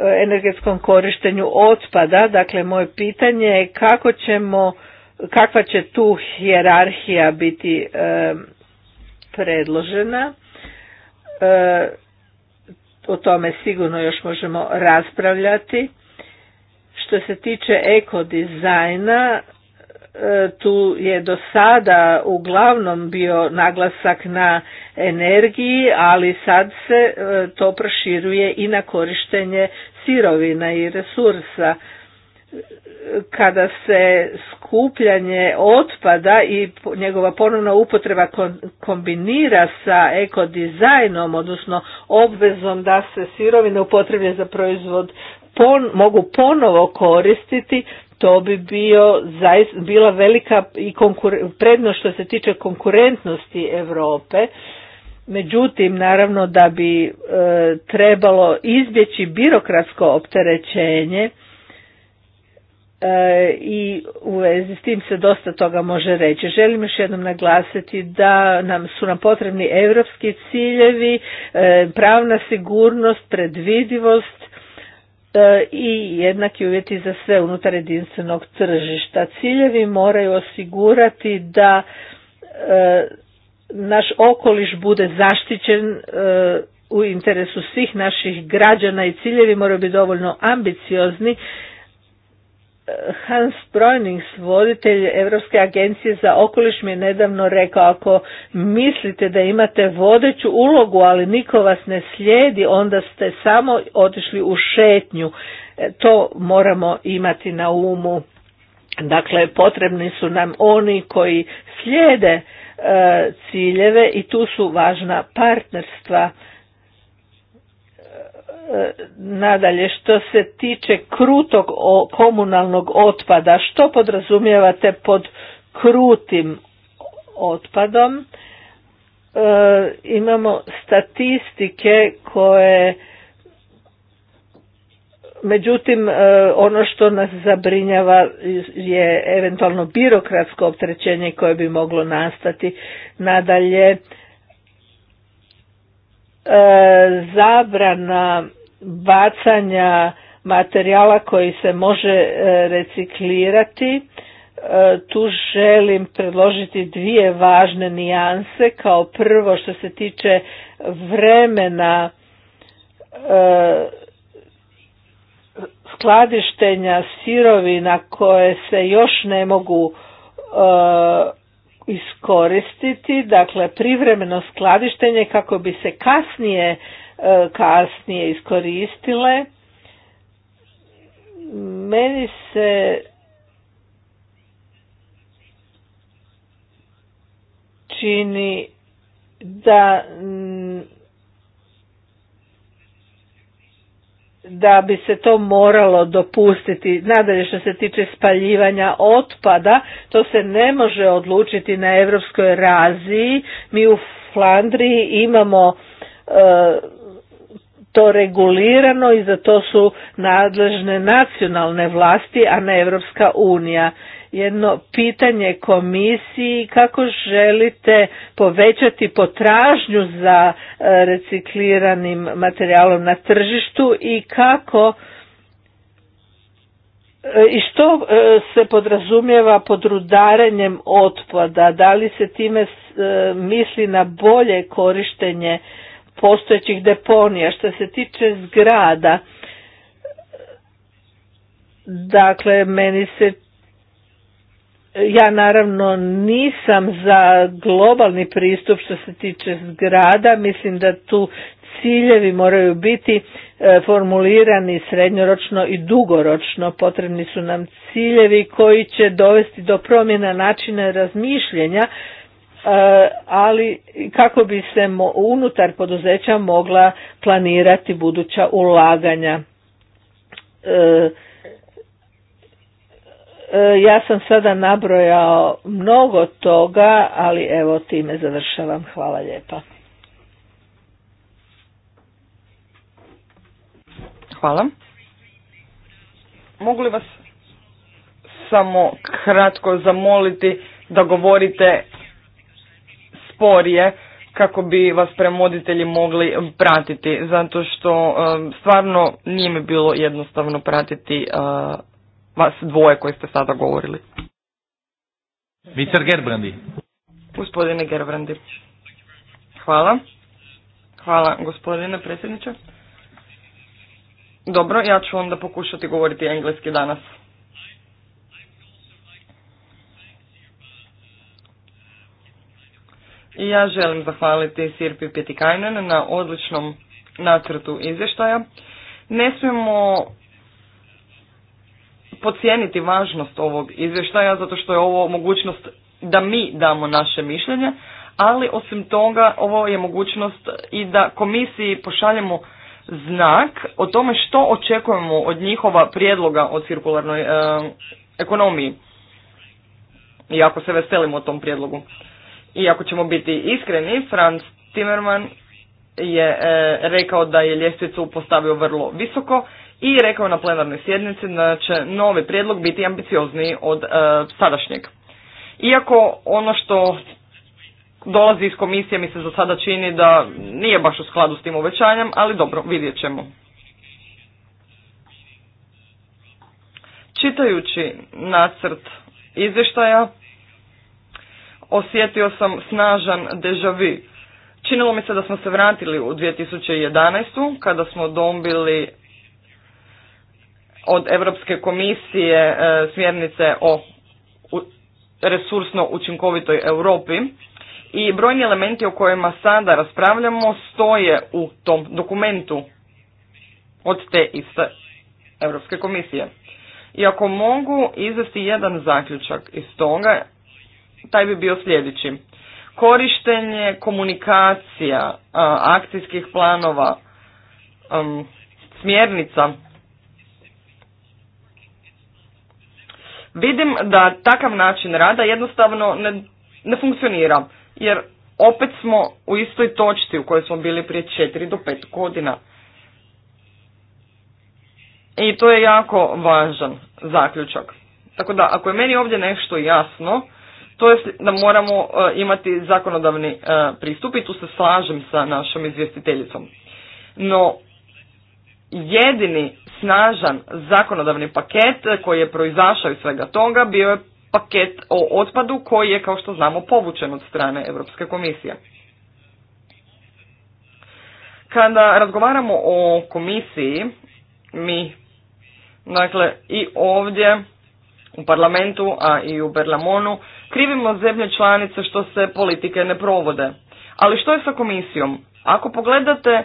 energetskom korištenju otpada. Dakle, moje pitanje je kako ćemo, kakva će tu hjerarhija biti predložena. o tome sigurno još možemo raspravljati. Što se tiče ekodizajna, E, tu je do sada uglavnom bio naglasak na energiji, ali sad se e, to proširuje i na korištenje sirovina i resursa. E, kada se skupljanje otpada i njegova ponovna upotreba kombinira sa ekodizajnom, odnosno obvezom da se sirovine upotreblje za proizvod mogu ponovo koristiti, to bi bio bila velika i prednost što se tiče konkurentnosti Europe. Međutim, naravno da bi e, trebalo izbjeći birokratsko opterećenje e, i u vezi s tim se dosta toga može reći. Želim još jednom naglasiti da nam su nam potrebni europski ciljevi, e, pravna sigurnost, predvidivost E, i jednaki uvjeti za sve unutar jedinstvenog tržišta. Ciljevi moraju osigurati da e, naš okoliš bude zaštićen e, u interesu svih naših građana i ciljevi moraju biti dovoljno ambiciozni Hans Brojnings, voditelj Europske agencije za okoliš mi je nedavno rekao ako mislite da imate vodeću ulogu, ali niko vas ne slijedi, onda ste samo otišli u šetnju. E, to moramo imati na umu. Dakle, potrebni su nam oni koji slijede e, ciljeve i tu su važna partnerstva Nadalje, što se tiče krutog komunalnog otpada, što podrazumijevate pod krutim otpadom? E, imamo statistike koje međutim e, ono što nas zabrinjava je eventualno birokratsko opterećenje koje bi moglo nastati nadalje E, zabrana bacanja materijala koji se može e, reciklirati. E, tu želim predložiti dvije važne nijanse. Kao prvo što se tiče vremena skladištenja sirovina koje se još ne mogu iskoristiti, dakle privremeno skladištenje kako bi se kasnije e, kasnije iskoristile. Meni se čini da da bi se to moralo dopustiti. Nadalje što se tiče spaljivanja otpada, to se ne može odlučiti na europskoj raziji. Mi u Flandriji imamo e, to regulirano i za to su nadležne nacionalne vlasti, a ne Europska unija jedno pitanje komisiji kako želite povećati potražnju za e, recikliranim materijalom na tržištu i kako e, i što e, se podrazumijeva pod rudarenjem otpada? Da li se time misli na bolje korištenje postojećih deponija? Što se tiče zgrada, dakle, meni se ja naravno nisam za globalni pristup što se tiče zgrada, mislim da tu ciljevi moraju biti e, formulirani srednjoročno i dugoročno. Potrebni su nam ciljevi koji će dovesti do promjena načina razmišljenja, e, ali kako bi se unutar poduzeća mogla planirati buduća ulaganja. E, E, ja sam sada nabrojao mnogo toga, ali evo time završavam. Hvala lijepa. Hvala. Mogu li vas samo kratko zamoliti da govorite sporije kako bi vas premoditelji mogli pratiti, zato što e, stvarno nije mi bilo jednostavno pratiti e, vas dvoje koji ste sada govorili. Vicer Gerbrandi. Gospodine Gerbrandi. Hvala. Hvala gospodine predsjedniče. Dobro, ja ću onda pokušati govoriti engleski danas. I ja želim zahvaliti Sirpi Pjetikajnen na odličnom nacrtu izvještaja. Ne smijemo podcijeniti važnost ovog izvještaja zato što je ovo mogućnost da mi damo naše mišljenje, ali osim toga ovo je mogućnost i da komisiji pošaljemo znak o tome što očekujemo od njihova prijedloga o cirkularnoj e, ekonomiji. Iako se veselimo o tom prijedlogu. Iako ćemo biti iskreni, Franz Timmerman je e, rekao da je ljestvicu postavio vrlo visoko i rekao na plenarnoj sjednici da će novi prijedlog biti ambiciozniji od e, sadašnjeg. Iako ono što dolazi iz komisije mi se za sada čini da nije baš u skladu s tim uvećanjem, ali dobro, vidjet ćemo. Čitajući nacrt izvještaja, osjetio sam snažan vu. Činilo mi se da smo se vratili u 2011. kada smo dobili od Europske komisije e, smjernice o resursno učinkovitoj Europi i brojni elementi o kojima sada raspravljamo stoje u tom dokumentu od te iste Europske komisije. I ako mogu izvesti jedan zaključak iz toga, taj bi bio sljedeći. Korištenje komunikacija, akcijskih planova, smjernica Vidim da takav način rada jednostavno ne, ne funkcionira, jer opet smo u istoj točci u kojoj smo bili prije 4 do 5 godina. I to je jako važan zaključak. Tako da, ako je meni ovdje nešto jasno, to je da moramo e, imati zakonodavni e, pristup i tu se slažem sa našom izvjestiteljicom. No, jedini snažan zakonodavni paket koji je proizašao iz svega toga bio je paket o otpadu koji je, kao što znamo, povučen od strane Europske komisije. Kada razgovaramo o komisiji, mi, dakle, i ovdje u parlamentu, a i u Berlamonu, krivimo zemlje članice što se politike ne provode. Ali što je sa komisijom? Ako pogledate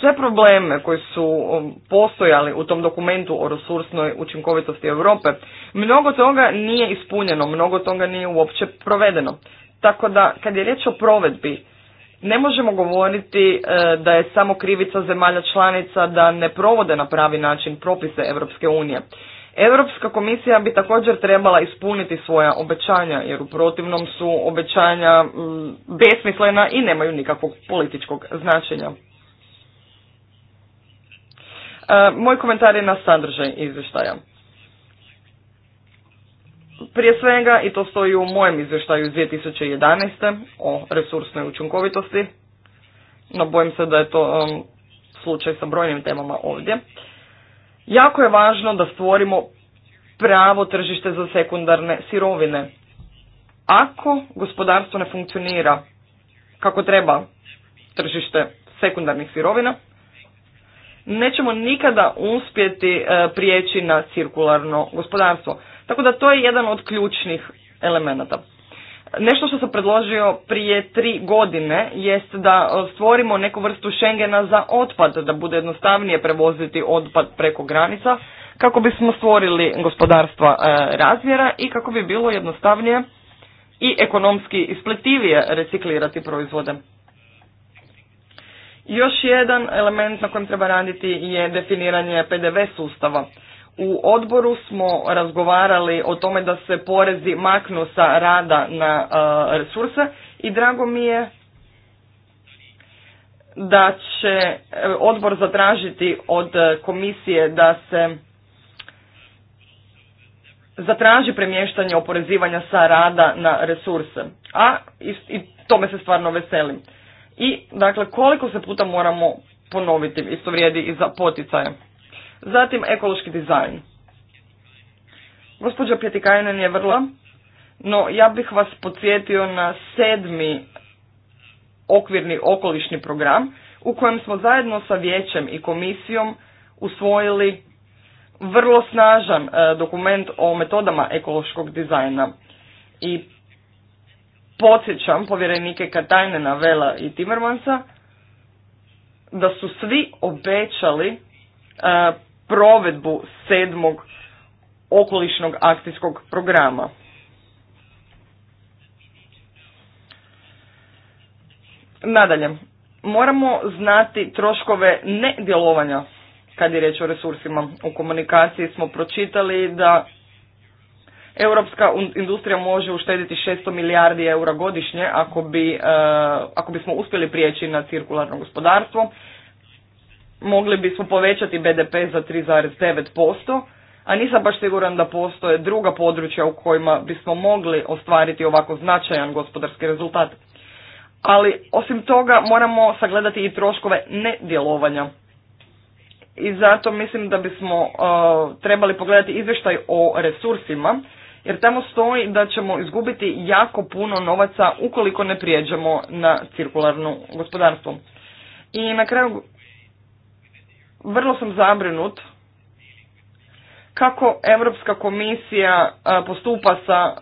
sve probleme koji su um, postojali u tom dokumentu o resursnoj učinkovitosti Europe, mnogo toga nije ispunjeno, mnogo toga nije uopće provedeno. Tako da, kad je riječ o provedbi, ne možemo govoriti e, da je samo krivica zemalja članica da ne provode na pravi način propise Europske unije. Europska komisija bi također trebala ispuniti svoja obećanja, jer u protivnom su obećanja mm, besmislena i nemaju nikakvog političkog značenja. E, moj komentar je na sadržaj izvještaja. Prije svega, i to stoji u mojem izvještaju iz 2011. o resursnoj učinkovitosti, no bojim se da je to um, slučaj sa brojnim temama ovdje, jako je važno da stvorimo pravo tržište za sekundarne sirovine. Ako gospodarstvo ne funkcionira kako treba tržište sekundarnih sirovina, nećemo nikada uspjeti e, prijeći na cirkularno gospodarstvo. Tako da to je jedan od ključnih elemenata. Nešto što sam predložio prije tri godine jest da stvorimo neku vrstu Schengena za otpad, da bude jednostavnije prevoziti otpad preko granica, kako bismo stvorili gospodarstva e, razmjera i kako bi bilo jednostavnije i ekonomski ispletivije reciklirati proizvode. Još jedan element na kojem treba raditi je definiranje PDV sustava. U odboru smo razgovarali o tome da se porezi maknu sa rada na e, resurse i drago mi je da će e, odbor zatražiti od komisije da se zatraži premještanje oporezivanja sa rada na resurse. A i, i tome se stvarno veselim i dakle koliko se puta moramo ponoviti, isto vrijedi i za poticaje. Zatim ekološki dizajn. Gospođa Pjetikajnen je vrla, no ja bih vas podsjetio na sedmi okvirni okolišni program u kojem smo zajedno sa vijećem i komisijom usvojili vrlo snažan e, dokument o metodama ekološkog dizajna. I podsjećam povjerenike Katajnena, Vela i Timmermansa da su svi obećali e, provedbu sedmog okolišnog akcijskog programa. Nadalje, moramo znati troškove nedjelovanja kad je riječ o resursima. U komunikaciji smo pročitali da Europska industrija može uštediti 600 milijardi eura godišnje ako, bi, e, ako bismo uspjeli prijeći na cirkularno gospodarstvo. Mogli bismo povećati BDP za 3,9%, a nisam baš siguran da postoje druga područja u kojima bismo mogli ostvariti ovako značajan gospodarski rezultat. Ali osim toga moramo sagledati i troškove nedjelovanja. I zato mislim da bismo e, trebali pogledati izvještaj o resursima jer tamo stoji da ćemo izgubiti jako puno novaca ukoliko ne prijeđemo na cirkularnu gospodarstvo. I na kraju vrlo sam zabrinut kako Europska komisija e, postupa sa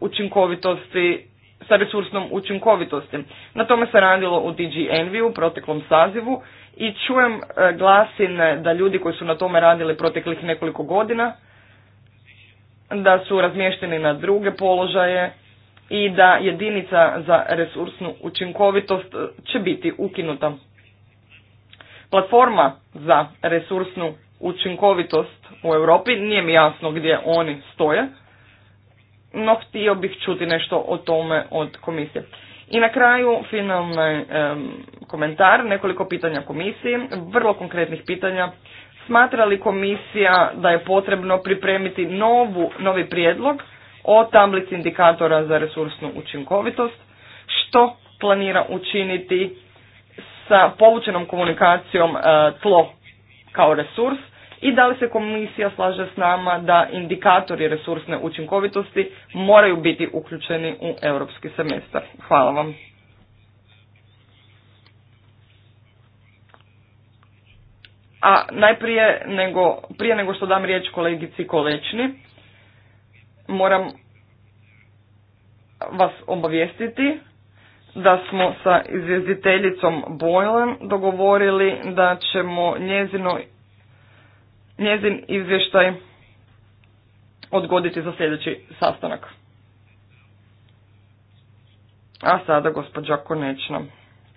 učinkovitosti, sa resursnom učinkovitosti. Na tome se radilo u DG Envy u proteklom sazivu i čujem e, glasine da ljudi koji su na tome radili proteklih nekoliko godina da su razmješteni na druge položaje i da jedinica za resursnu učinkovitost e, će biti ukinuta. Platforma za resursnu učinkovitost u Europi, nije mi jasno gdje oni stoje, no htio bih čuti nešto o tome od komisije. I na kraju finalni komentar, nekoliko pitanja komisiji, vrlo konkretnih pitanja smatra li komisija da je potrebno pripremiti novu, novi prijedlog o tablici indikatora za resursnu učinkovitost, što planira učiniti sa povučenom komunikacijom e, tlo kao resurs i da li se komisija slaže s nama da indikatori resursne učinkovitosti moraju biti uključeni u europski semestar. Hvala vam. A najprije, nego, prije nego što dam riječ kolegici Kolečni, moram vas obavijestiti da smo sa izvjestiteljicom Boylan dogovorili da ćemo njezino, njezin izvještaj odgoditi za sljedeći sastanak. A sada gospođa Konečna.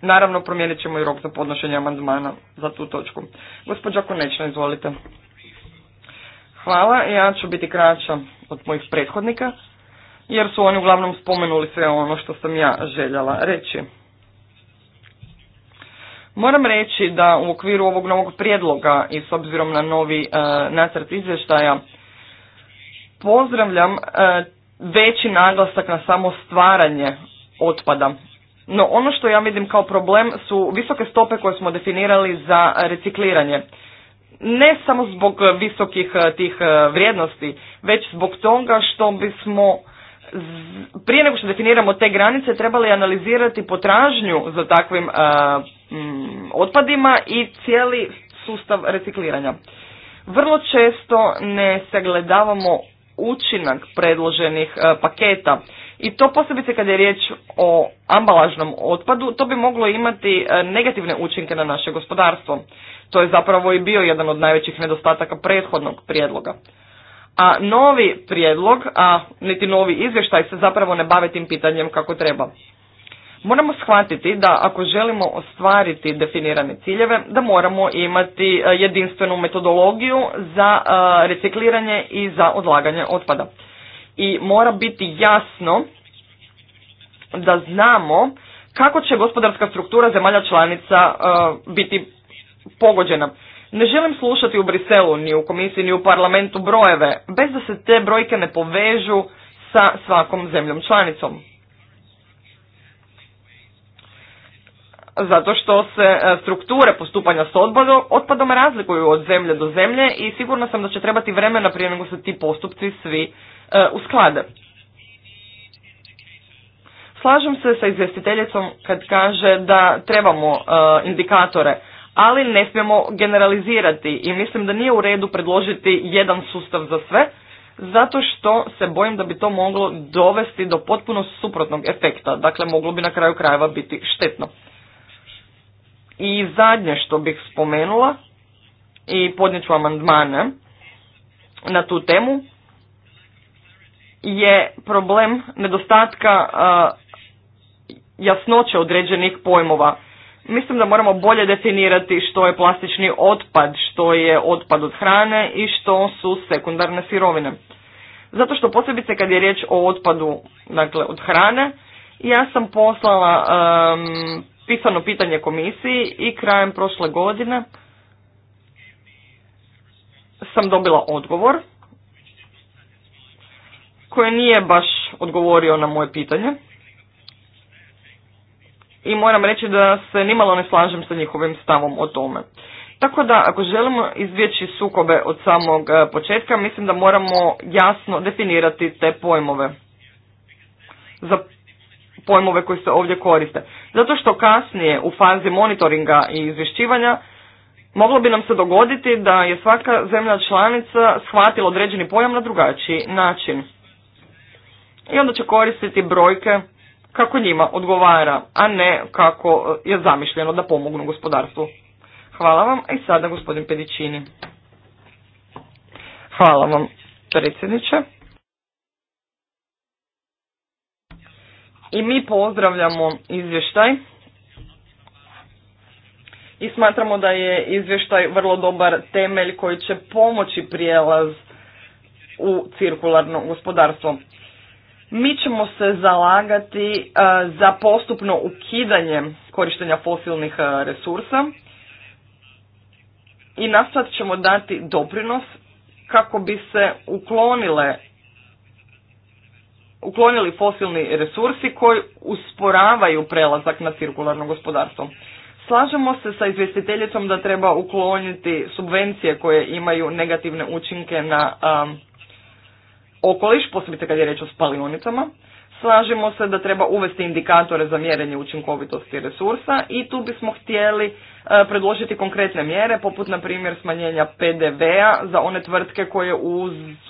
Naravno, promijenit ćemo i rok za podnošenje amandmana za tu točku. Gospođa Konečna, izvolite. Hvala, ja ću biti kraća od mojih prethodnika, jer su oni uglavnom spomenuli sve ono što sam ja željela reći. Moram reći da u okviru ovog novog prijedloga i s obzirom na novi e, nacrt izvještaja pozdravljam e, veći naglasak na samo stvaranje otpada no ono što ja vidim kao problem su visoke stope koje smo definirali za recikliranje. Ne samo zbog visokih eh, tih eh, vrijednosti, već zbog toga što bismo prije nego što definiramo te granice trebali analizirati potražnju za takvim eh, mm, otpadima i cijeli sustav recikliranja. Vrlo često ne sagledavamo učinak predloženih paketa i to posebice kada je riječ o ambalažnom otpadu, to bi moglo imati e, negativne učinke na naše gospodarstvo. To je zapravo i bio jedan od najvećih nedostataka prethodnog prijedloga. A novi prijedlog, a niti novi izvještaj se zapravo ne bave tim pitanjem kako treba. Moramo shvatiti da ako želimo ostvariti definirane ciljeve, da moramo imati e, jedinstvenu metodologiju za e, recikliranje i za odlaganje otpada i mora biti jasno da znamo kako će gospodarska struktura zemalja članica e, biti pogođena. Ne želim slušati u Briselu, ni u komisiji, ni u parlamentu brojeve, bez da se te brojke ne povežu sa svakom zemljom članicom. Zato što se e, strukture postupanja s otpadom razlikuju od zemlje do zemlje i sigurno sam da će trebati vremena prije nego se ti postupci svi E, usklade. Slažem se sa izvjestiteljicom kad kaže da trebamo e, indikatore, ali ne smijemo generalizirati i mislim da nije u redu predložiti jedan sustav za sve, zato što se bojim da bi to moglo dovesti do potpuno suprotnog efekta, dakle moglo bi na kraju krajeva biti štetno. I zadnje što bih spomenula i podnijet ću amandmane na tu temu je problem nedostatka jasnoće određenih pojmova. Mislim da moramo bolje definirati što je plastični otpad, što je otpad od hrane i što su sekundarne sirovine. Zato što posebice kad je riječ o otpadu dakle, od hrane, ja sam poslala pisano pitanje komisiji i krajem prošle godine sam dobila odgovor koji nije baš odgovorio na moje pitanje. I moram reći da se nimalo ne slažem sa njihovim stavom o tome. Tako da ako želimo izbjeći sukobe od samog e, početka, mislim da moramo jasno definirati te pojmove. Za pojmove koji se ovdje koriste. Zato što kasnije u fazi monitoringa i izvješćivanja moglo bi nam se dogoditi da je svaka zemlja članica shvatila određeni pojam na drugačiji način i onda će koristiti brojke kako njima odgovara, a ne kako eh, je zamišljeno da pomognu gospodarstvu. Hvala vam i sada gospodin Pedićini. Hvala vam predsjedniče. I mi pozdravljamo izvještaj i smatramo da je izvještaj vrlo dobar temelj koji će pomoći prijelaz u cirkularno gospodarstvo. Mi ćemo se zalagati e, za postupno ukidanje korištenja fosilnih e, resursa i sad ćemo dati doprinos kako bi se uklonile uklonili fosilni resursi koji usporavaju prelazak na cirkularno gospodarstvo. Slažemo se sa izvjestiteljicom da treba ukloniti subvencije koje imaju negativne učinke na e, okoliš, posebice kad je reč o spalionicama. Slažemo se da treba uvesti indikatore za mjerenje učinkovitosti resursa i tu bismo htjeli e, predložiti konkretne mjere, poput na primjer smanjenja PDV-a za one tvrtke koje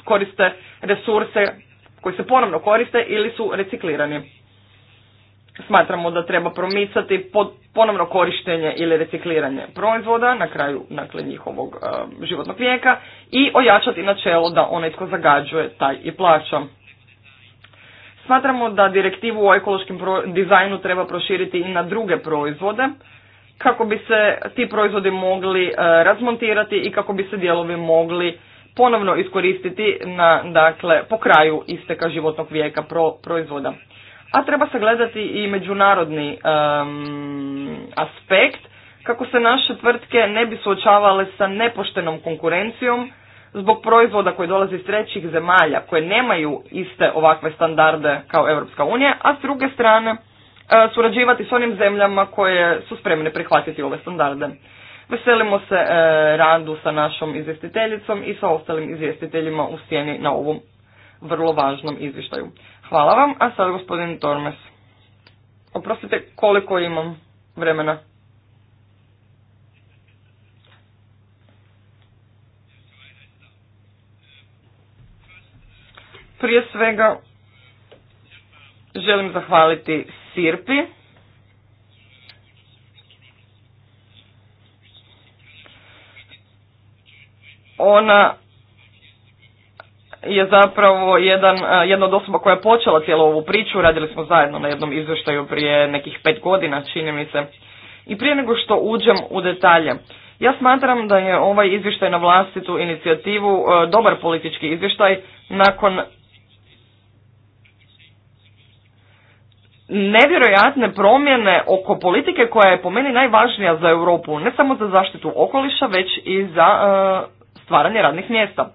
koriste resurse koji se ponovno koriste ili su reciklirani. Smatramo da treba promicati ponovno korištenje ili recikliranje proizvoda na kraju dakle, njihovog e, životnog vijeka i ojačati načelo da onaj tko zagađuje taj i plaća. Smatramo da direktivu o ekološkom dizajnu treba proširiti i na druge proizvode kako bi se ti proizvodi mogli e, razmontirati i kako bi se dijelovi mogli ponovno iskoristiti na, dakle, po kraju isteka životnog vijeka pro, proizvoda a treba se gledati i međunarodni aspekt kako se naše tvrtke ne bi suočavale sa nepoštenom konkurencijom zbog proizvoda koji dolazi iz trećih zemalja koje nemaju iste ovakve standarde kao Europska unija, a s druge strane e, surađivati s onim zemljama koje su spremne prihvatiti ove standarde. Veselimo se e, radu sa našom izvjestiteljicom i sa ostalim izvjestiteljima u sjeni na ovom vrlo važnom izvještaju. Hvala vam, a sad gospodin Tormes. Oprostite, koliko imam vremena? Prije svega želim zahvaliti Sirpi. Ona je zapravo jedan, jedna od osoba koja je počela cijelu ovu priču, radili smo zajedno na jednom izvještaju prije nekih pet godina, čini mi se. I prije nego što uđem u detalje, ja smatram da je ovaj izvještaj na vlastitu inicijativu dobar politički izvještaj nakon nevjerojatne promjene oko politike koja je po meni najvažnija za Europu, ne samo za zaštitu okoliša, već i za stvaranje radnih mjesta.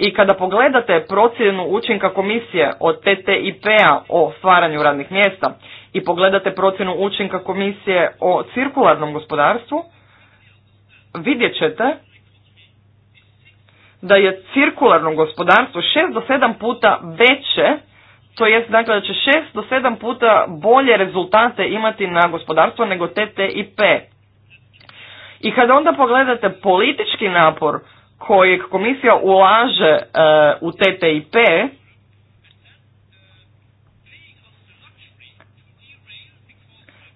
I kada pogledate procjenu učinka komisije od TTIP-a o stvaranju radnih mjesta i pogledate procjenu učinka komisije o cirkularnom gospodarstvu, vidjet ćete da je cirkularno gospodarstvo 6 do 7 puta veće, to jest dakle da će 6 do 7 puta bolje rezultate imati na gospodarstvo nego TTIP. I kada onda pogledate politički napor kojeg komisija ulaže e, u TTIP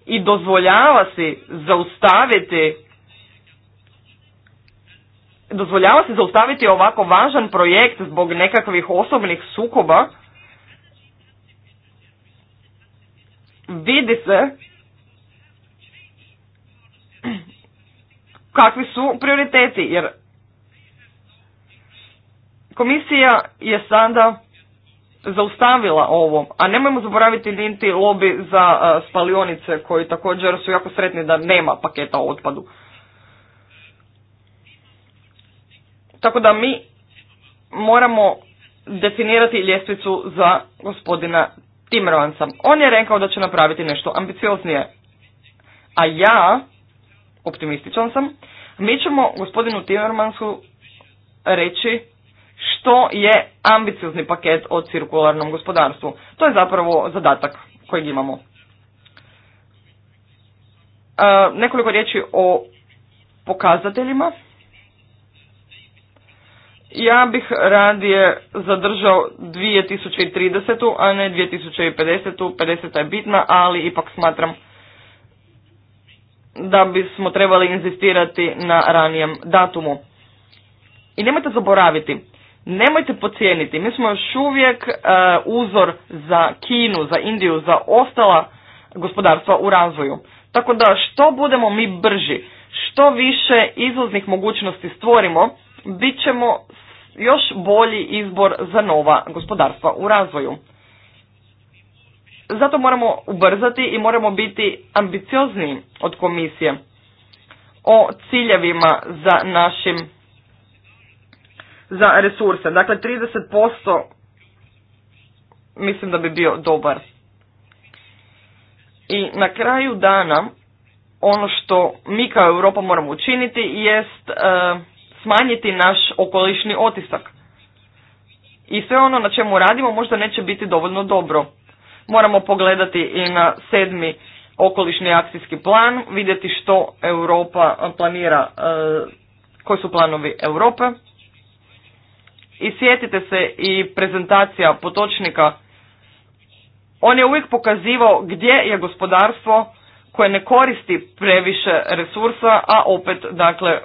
i dozvoljava si zaustaviti dozvoljava se zaustaviti ovako važan projekt zbog nekakvih osobnih sukoba, vidi se [clears throat] kakvi su prioriteti, jer Komisija je sada zaustavila ovo, a nemojmo zaboraviti niti lobi za spalionice koji također su jako sretni da nema paketa o otpadu. Tako da mi moramo definirati ljestvicu za gospodina Timmermansa. On je rekao da će napraviti nešto ambicioznije. A ja, optimističan sam, mi ćemo gospodinu Timmermansu reći što je ambiciozni paket o cirkularnom gospodarstvu. To je zapravo zadatak kojeg imamo. E, nekoliko riječi o pokazateljima. Ja bih radije zadržao 2030. a ne 2050. 50. je bitna, ali ipak smatram da bismo trebali inzistirati na ranijem datumu. I nemojte zaboraviti, Nemojte pocijeniti, mi smo još uvijek e, uzor za Kinu, za Indiju, za ostala gospodarstva u razvoju. Tako da što budemo mi brži, što više izvoznih mogućnosti stvorimo, bit ćemo još bolji izbor za nova gospodarstva u razvoju. Zato moramo ubrzati i moramo biti ambiciozniji od komisije o ciljevima za našim za resurse. Dakle, 30% mislim da bi bio dobar. I na kraju dana ono što mi kao Europa moramo učiniti jest e, smanjiti naš okolišni otisak. I sve ono na čemu radimo možda neće biti dovoljno dobro. Moramo pogledati i na sedmi okolišni akcijski plan, vidjeti što Europa planira, e, koji su planovi Europe i sjetite se i prezentacija potočnika, on je uvijek pokazivao gdje je gospodarstvo koje ne koristi previše resursa, a opet, dakle,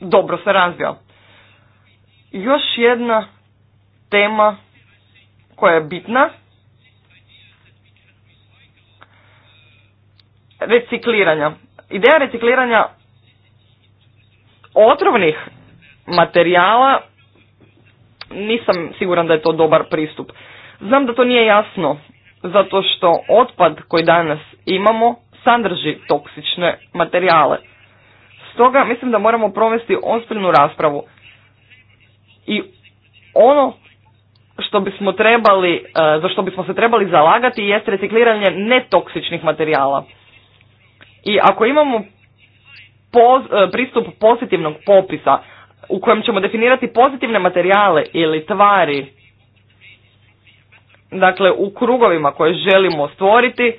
dobro se razvija. Još jedna tema koja je bitna, recikliranja. Ideja recikliranja otrovnih materijala, nisam siguran da je to dobar pristup. Znam da to nije jasno, zato što otpad koji danas imamo sadrži toksične materijale. Stoga mislim da moramo provesti ozbiljnu raspravu. I ono što bismo trebali, e, za što bismo se trebali zalagati jest recikliranje netoksičnih materijala. I ako imamo poz, e, pristup pozitivnog popisa, u kojem ćemo definirati pozitivne materijale ili tvari, dakle u krugovima koje želimo stvoriti,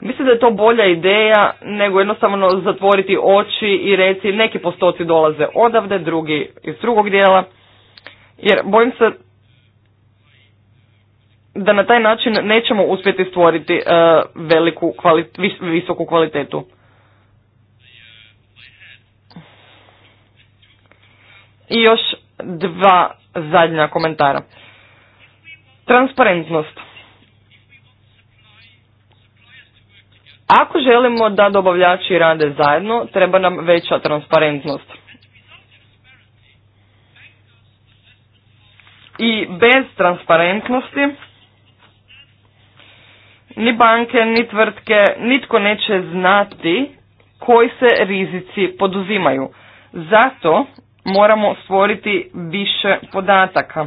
mislim da je to bolja ideja nego jednostavno zatvoriti oči i reci neki postoci dolaze odavde, drugi iz drugog dijela, jer bojim se da na taj način nećemo uspjeti stvoriti e, veliku visoku kvalitetu. I još dva zadnja komentara. Transparentnost. Ako želimo da dobavljači rade zajedno, treba nam veća transparentnost. I bez transparentnosti ni banke, ni tvrtke, nitko neće znati koji se rizici poduzimaju. Zato moramo stvoriti više podataka.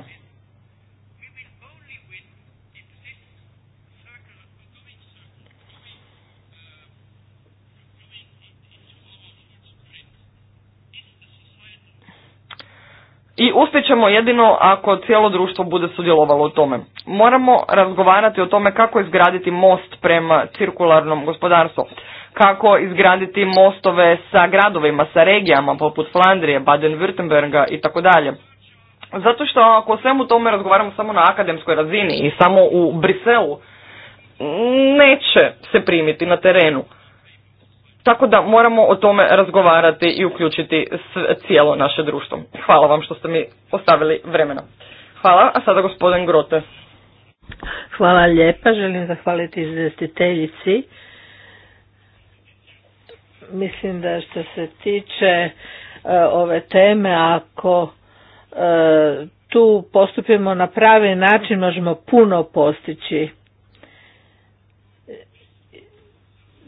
I ćemo jedino ako cijelo društvo bude sudjelovalo u tome. Moramo razgovarati o tome kako izgraditi most prema cirkularnom gospodarstvu kako izgraditi mostove sa gradovima, sa regijama poput Flandrije, Baden-Württemberga i tako dalje. Zato što ako o svemu tome razgovaramo samo na akademskoj razini i samo u Briselu, neće se primiti na terenu. Tako da moramo o tome razgovarati i uključiti cijelo naše društvo. Hvala vam što ste mi ostavili vremena. Hvala, a sada gospodin Grote. Hvala lijepa, želim zahvaliti izvestiteljici mislim da što se tiče e, ove teme, ako e, tu postupimo na pravi način, možemo puno postići.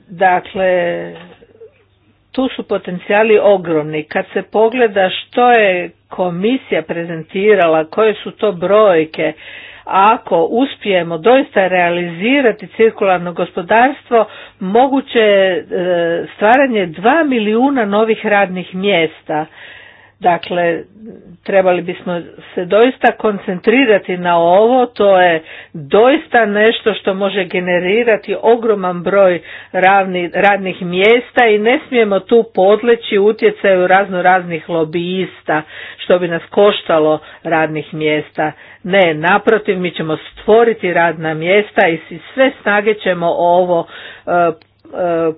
Dakle, tu su potencijali ogromni. Kad se pogleda što je komisija prezentirala, koje su to brojke, ako uspijemo doista realizirati cirkularno gospodarstvo, moguće je stvaranje 2 milijuna novih radnih mjesta. Dakle, trebali bismo se doista koncentrirati na ovo, to je doista nešto što može generirati ogroman broj radnih mjesta i ne smijemo tu podleći utjecaju razno raznih lobijista što bi nas koštalo radnih mjesta. Ne, naprotiv, mi ćemo stvoriti radna mjesta i sve snage ćemo ovo e,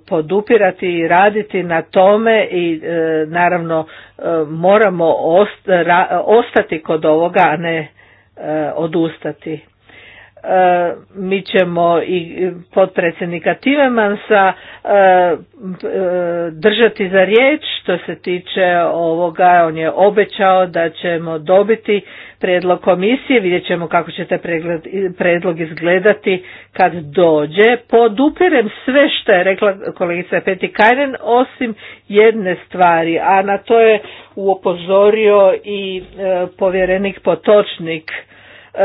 podupirati i raditi na tome i e, naravno e, moramo ostati kod ovoga, a ne e, odustati. Mi ćemo i potpredsjednika Timemansa držati za riječ što se tiče ovoga, on je obećao da ćemo dobiti prijedlog komisije, vidjet ćemo kako će taj prijedlog izgledati kad dođe. Podupirem sve što je rekla kolegica Peti Kajren, osim jedne stvari, a na to je upozorio i e, povjerenik Potočnik, e,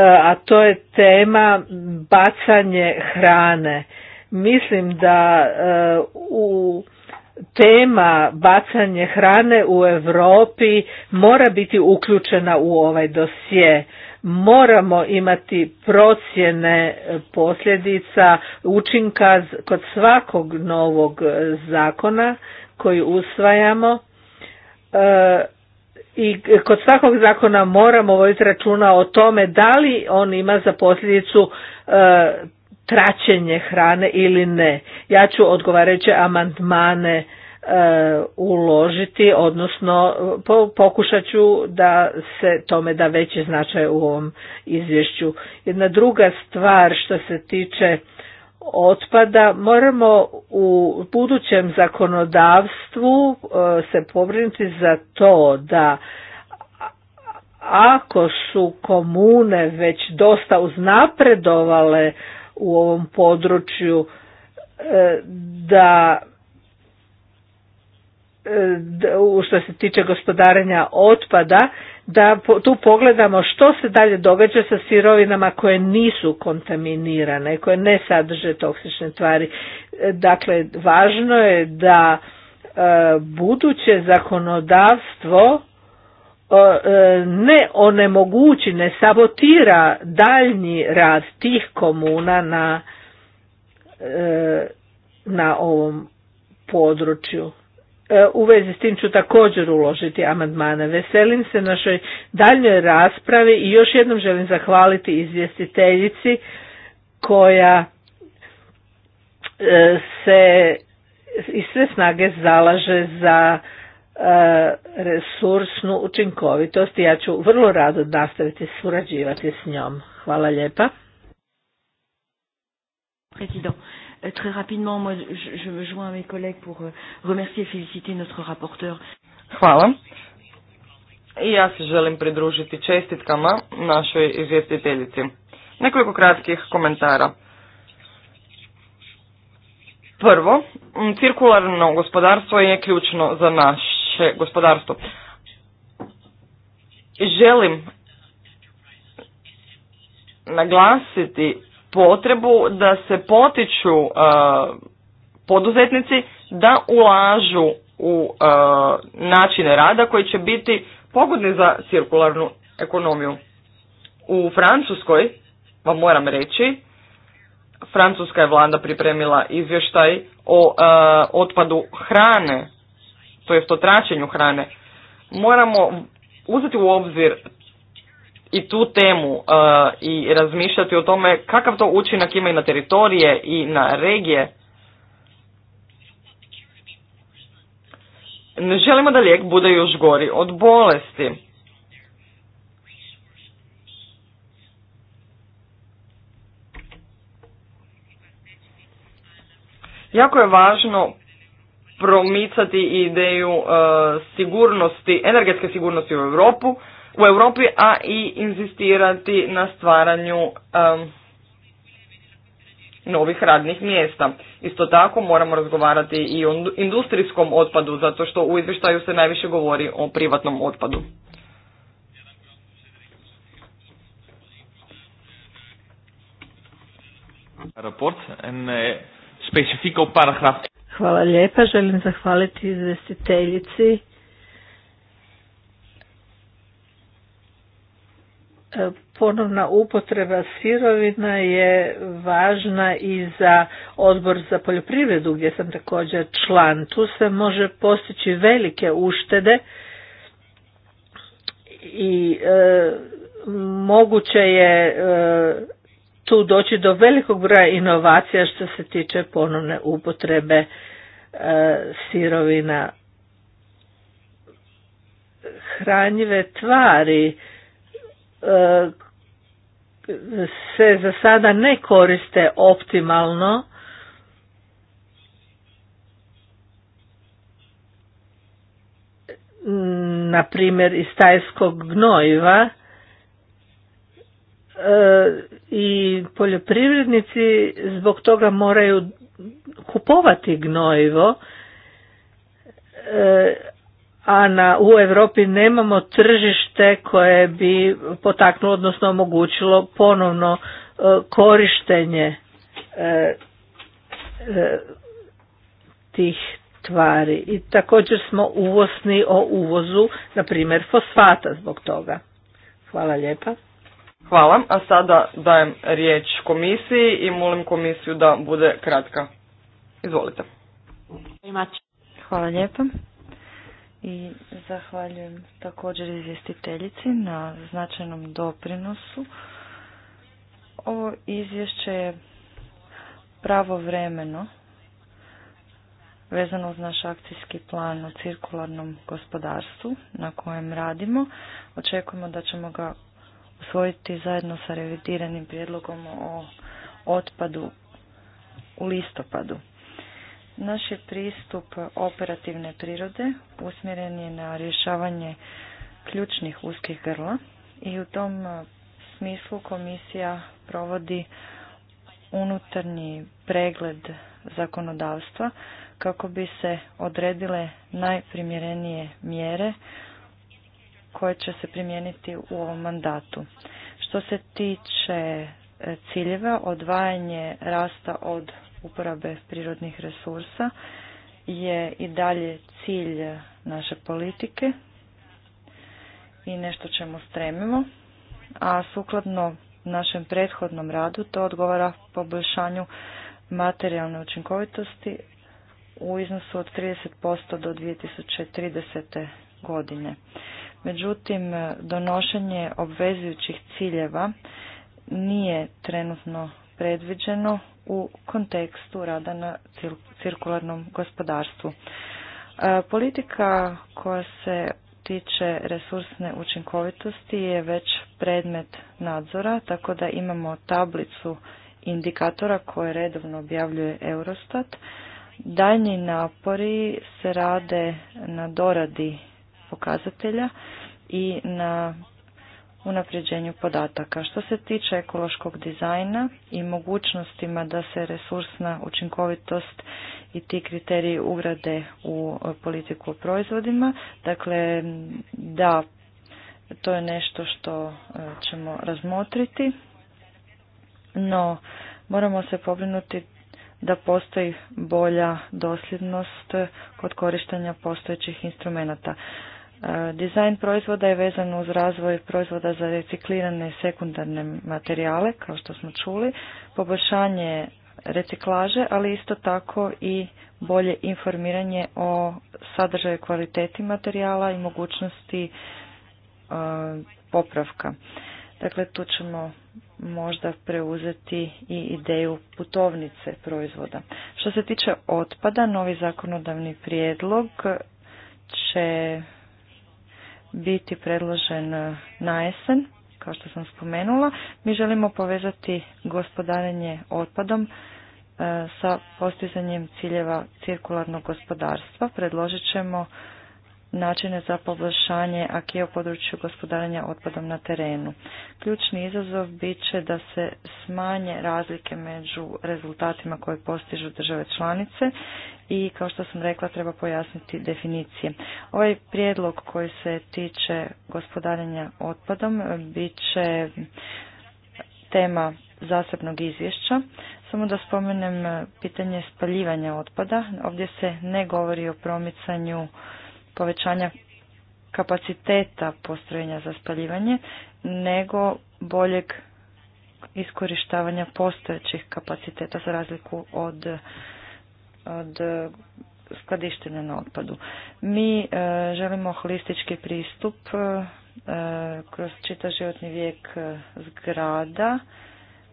a to je tema bacanje hrane. Mislim da e, u tema bacanje hrane u Europi mora biti uključena u ovaj dosje. Moramo imati procjene posljedica učinka kod svakog novog e, zakona koji usvajamo e, i kod svakog zakona moramo voditi računa o tome da li on ima za posljedicu e, traćenje hrane ili ne. Ja ću odgovarajuće amandmane e, uložiti, odnosno pokušat ću da se tome da veći značaj u ovom izvješću. Jedna druga stvar što se tiče otpada, moramo u budućem zakonodavstvu e, se pobrinuti za to da ako su komune već dosta uznapredovale u ovom području e, da e, što se tiče gospodarenja otpada, da tu pogledamo što se dalje događa sa sirovinama koje nisu kontaminirane, koje ne sadrže toksične tvari. E, dakle, važno je da buduće zakonodavstvo E, ne onemogući, ne sabotira daljnji rad tih komuna na, e, na ovom području. E, u vezi s tim ću također uložiti amandmane. Veselim se našoj daljnjoj raspravi i još jednom želim zahvaliti izvjestiteljici koja se i sve snage zalaže za E, resursnu učinkovitost i ja ću vrlo rado nastaviti surađivati s njom. Hvala lijepa. Président, e, très rapidement, moi je, me mes collègues pour euh, remercier notre rapporteur. Hvala. I ja se želim pridružiti čestitkama našoj izvjestiteljici. Nekoliko kratkih komentara. Prvo, cirkularno gospodarstvo je ključno za naš naše gospodarstvo. Želim naglasiti potrebu da se potiču uh, poduzetnici da ulažu u uh, načine rada koji će biti pogodni za cirkularnu ekonomiju. U Francuskoj, vam moram reći, Francuska je vlada pripremila izvještaj o uh, otpadu hrane to jest o traćenju hrane, moramo uzeti u obzir i tu temu uh, i razmišljati o tome kakav to učinak ima i na teritorije i na regije. Ne želimo da lijek bude još gori od bolesti. Jako je važno promicati ideju e, sigurnosti, energetske sigurnosti u Europu, u Europi, a i inzistirati na stvaranju e, novih radnih mjesta. Isto tako moramo razgovarati i o industrijskom otpadu, zato što u izvještaju se najviše govori o privatnom otpadu. raport en eh, Hvala lijepa. Želim zahvaliti izvestiteljici. E, ponovna upotreba sirovina je važna i za odbor za poljoprivredu gdje sam također član. Tu se može postići velike uštede i e, moguće je e, tu doći do velikog broja inovacija što se tiče ponovne upotrebe sirovina hranjive tvari e, se za sada ne koriste optimalno na primjer iz tajskog gnojiva e, i poljoprivrednici zbog toga moraju kupovati gnojivo, e, a na, u Europi nemamo tržište koje bi potaknulo, odnosno omogućilo ponovno e, korištenje e, tih tvari. I također smo uvosni o uvozu, na primjer, fosfata zbog toga. Hvala lijepa. Hvala, a sada dajem riječ komisiji i molim komisiju da bude kratka. Izvolite. Hvala lijepa. I zahvaljujem također izvjestiteljici na značajnom doprinosu. Ovo izvješće je pravovremeno vezano uz naš akcijski plan o cirkularnom gospodarstvu na kojem radimo. Očekujemo da ćemo ga usvojiti zajedno sa revidiranim prijedlogom o otpadu u listopadu. Naš je pristup operativne prirode usmjeren je na rješavanje ključnih uskih grla i u tom smislu komisija provodi unutarnji pregled zakonodavstva kako bi se odredile najprimjerenije mjere koje će se primijeniti u ovom mandatu. Što se tiče ciljeva, odvajanje rasta od uporabe prirodnih resursa je i dalje cilj naše politike i nešto čemu stremimo, a sukladno našem prethodnom radu to odgovara poboljšanju materijalne učinkovitosti u iznosu od 30% do 2030. godine. Međutim, donošenje obvezujućih ciljeva nije trenutno predviđeno u kontekstu rada na cirkularnom gospodarstvu. E, politika koja se tiče resursne učinkovitosti je već predmet nadzora, tako da imamo tablicu indikatora koje redovno objavljuje Eurostat. Daljnji napori se rade na doradi pokazatelja i na unapređenju podataka. Što se tiče ekološkog dizajna i mogućnostima da se resursna učinkovitost i ti kriteriji ugrade u e, politiku o proizvodima, dakle da to je nešto što e, ćemo razmotriti, no moramo se pobrinuti da postoji bolja dosljednost kod korištenja postojećih instrumenata. Dizajn proizvoda je vezan uz razvoj proizvoda za reciklirane sekundarne materijale, kao što smo čuli, poboljšanje reciklaže, ali isto tako i bolje informiranje o sadržaju kvaliteti materijala i mogućnosti e, popravka. Dakle, tu ćemo možda preuzeti i ideju putovnice proizvoda. Što se tiče otpada, novi zakonodavni prijedlog će biti predložen e, na jesen, kao što sam spomenula. Mi želimo povezati gospodarenje otpadom e, sa postizanjem ciljeva cirkularnog gospodarstva. Predložit ćemo načine za poboljšanje akije u području gospodaranja otpadom na terenu. Ključni izazov bit će da se smanje razlike među rezultatima koje postižu države članice i kao što sam rekla treba pojasniti definicije. Ovaj prijedlog koji se tiče gospodaranja otpadom bit će tema zasebnog izvješća. Samo da spomenem pitanje spaljivanja otpada. Ovdje se ne govori o promicanju povećanja kapaciteta postrojenja za spaljivanje, nego boljeg iskorištavanja postojećih kapaciteta za razliku od, od skladištenja na otpadu. Mi e, želimo holistički pristup e, kroz čitav životni vijek e, zgrada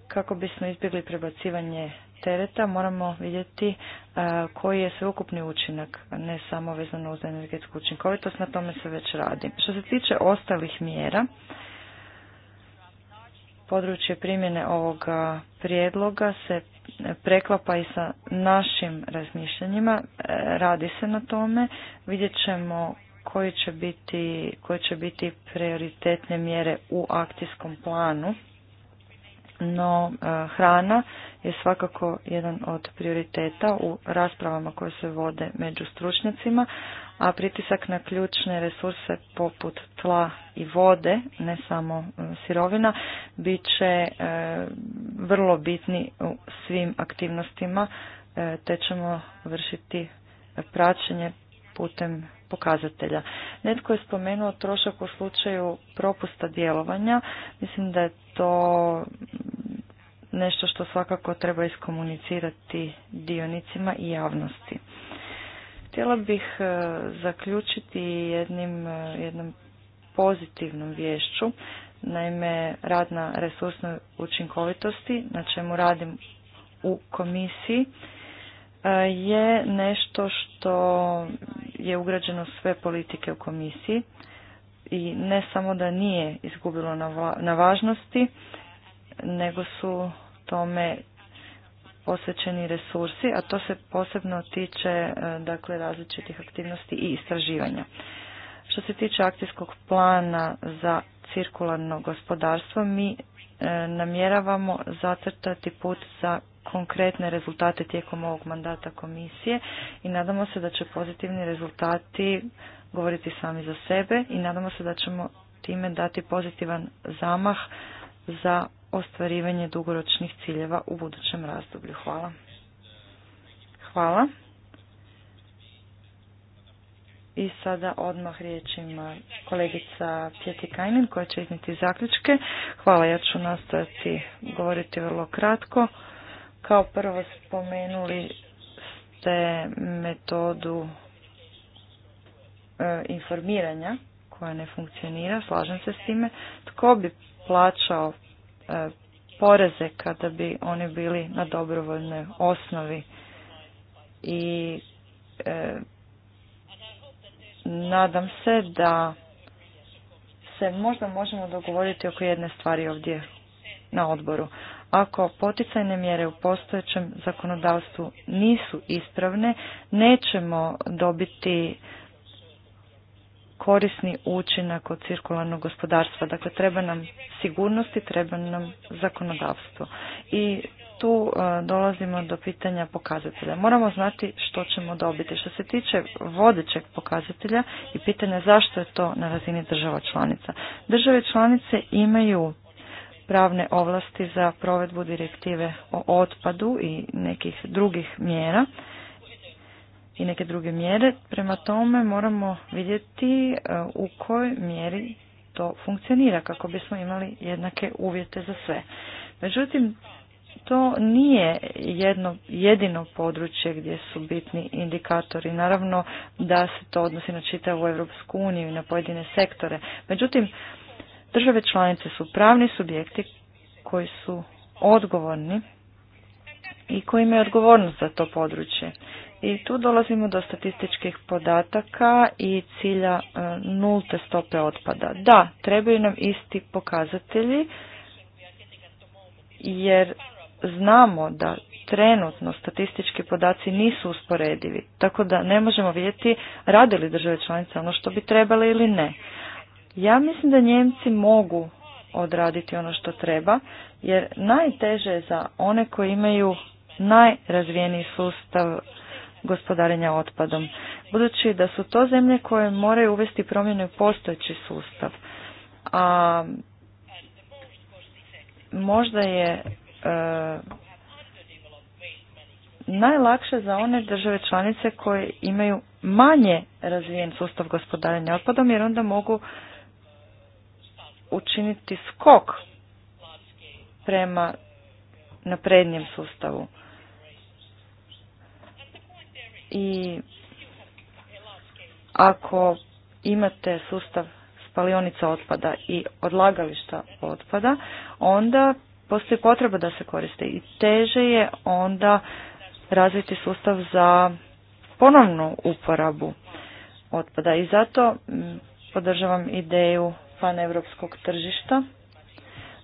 kako bismo izbjegli prebacivanje tereta moramo vidjeti e, koji je sveukupni učinak, ne samo vezano uz energetsku učinkovitost, na tome se već radi. Što se tiče ostalih mjera, područje primjene ovog e, prijedloga se preklapa i sa našim razmišljanjima. E, radi se na tome. Vidjet ćemo koje će biti, će biti prioritetne mjere u akcijskom planu no e, hrana je svakako jedan od prioriteta u raspravama koje se vode među stručnjacima, a pritisak na ključne resurse poput tla i vode, ne samo e, sirovina, bit će e, vrlo bitni u svim aktivnostima, te ćemo vršiti praćenje putem pokazatelja. Netko je spomenuo trošak u slučaju propusta djelovanja. Mislim da je to nešto što svakako treba iskomunicirati dionicima i javnosti. Htjela bih e, zaključiti jednim, e, jednom pozitivnom vješću, naime rad na resursnoj učinkovitosti, na čemu radim u komisiji, E, je nešto što je ugrađeno sve politike u komisiji i ne samo da nije izgubilo na važnosti, nego su tome posvećeni resursi, a to se posebno tiče e, dakle, različitih aktivnosti i istraživanja. Što se tiče akcijskog plana za cirkularno gospodarstvo, mi e, namjeravamo zacrtati put za konkretne rezultate tijekom ovog mandata komisije i nadamo se da će pozitivni rezultati govoriti sami za sebe i nadamo se da ćemo time dati pozitivan zamah za ostvarivanje dugoročnih ciljeva u budućem razdoblju. Hvala. Hvala. I sada odmah riječ ima kolegica Pjeti Kajnin koja će izniti zaključke. Hvala, ja ću nastaviti govoriti vrlo kratko. Kao prvo spomenuli ste metodu e, informiranja koja ne funkcionira, slažem se s time. Tko bi plaćao e, poreze kada bi oni bili na dobrovoljnoj osnovi i e, nadam se da se možda možemo dogovoriti oko jedne stvari ovdje na odboru, ako poticajne mjere u postojećem zakonodavstvu nisu ispravne, nećemo dobiti korisni učinak od cirkularnog gospodarstva. Dakle, treba nam sigurnosti, treba nam zakonodavstvo. I tu e, dolazimo do pitanja pokazatelja. Moramo znati što ćemo dobiti. Što se tiče vodećeg pokazatelja i pitanja zašto je to na razini država članica. Države članice imaju pravne ovlasti za provedbu direktive o otpadu i nekih drugih mjera i neke druge mjere. Prema tome moramo vidjeti e, u kojoj mjeri to funkcionira kako bismo imali jednake uvjete za sve. Međutim, to nije jedno jedino područje gdje su bitni indikatori. Naravno da se to odnosi na čitavu Europsku uniju i na pojedine sektore. Međutim, Države članice su pravni subjekti koji su odgovorni i koji imaju odgovornost za to područje. I tu dolazimo do statističkih podataka i cilja e, nulte stope otpada. Da, trebaju nam isti pokazatelji jer znamo da trenutno statistički podaci nisu usporedivi, tako da ne možemo vidjeti radili li države članice ono što bi trebale ili ne. Ja mislim da Njemci mogu odraditi ono što treba, jer najteže je za one koji imaju najrazvijeniji sustav gospodarenja otpadom, budući da su to zemlje koje moraju uvesti promjene u postojeći sustav. A možda je e, najlakše za one države članice koje imaju manje razvijen sustav gospodarenja otpadom jer onda mogu učiniti skok prema naprednjem sustavu. I ako imate sustav spalionica otpada i odlagališta otpada, onda postoji potreba da se koriste i teže je onda razviti sustav za ponovnu uporabu otpada i zato mm, podržavam ideju paneuropskog tržišta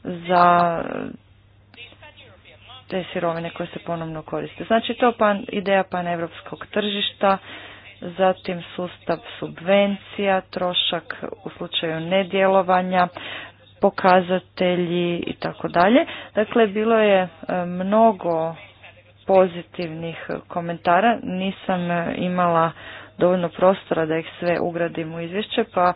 za te sirovine koje se ponovno koriste. Znači to pan, ideja paneuropskog tržišta, zatim sustav subvencija, trošak u slučaju nedjelovanja, pokazatelji i tako dalje. Dakle, bilo je e, mnogo pozitivnih komentara. Nisam imala dovoljno prostora da ih sve ugradim u izvješće, pa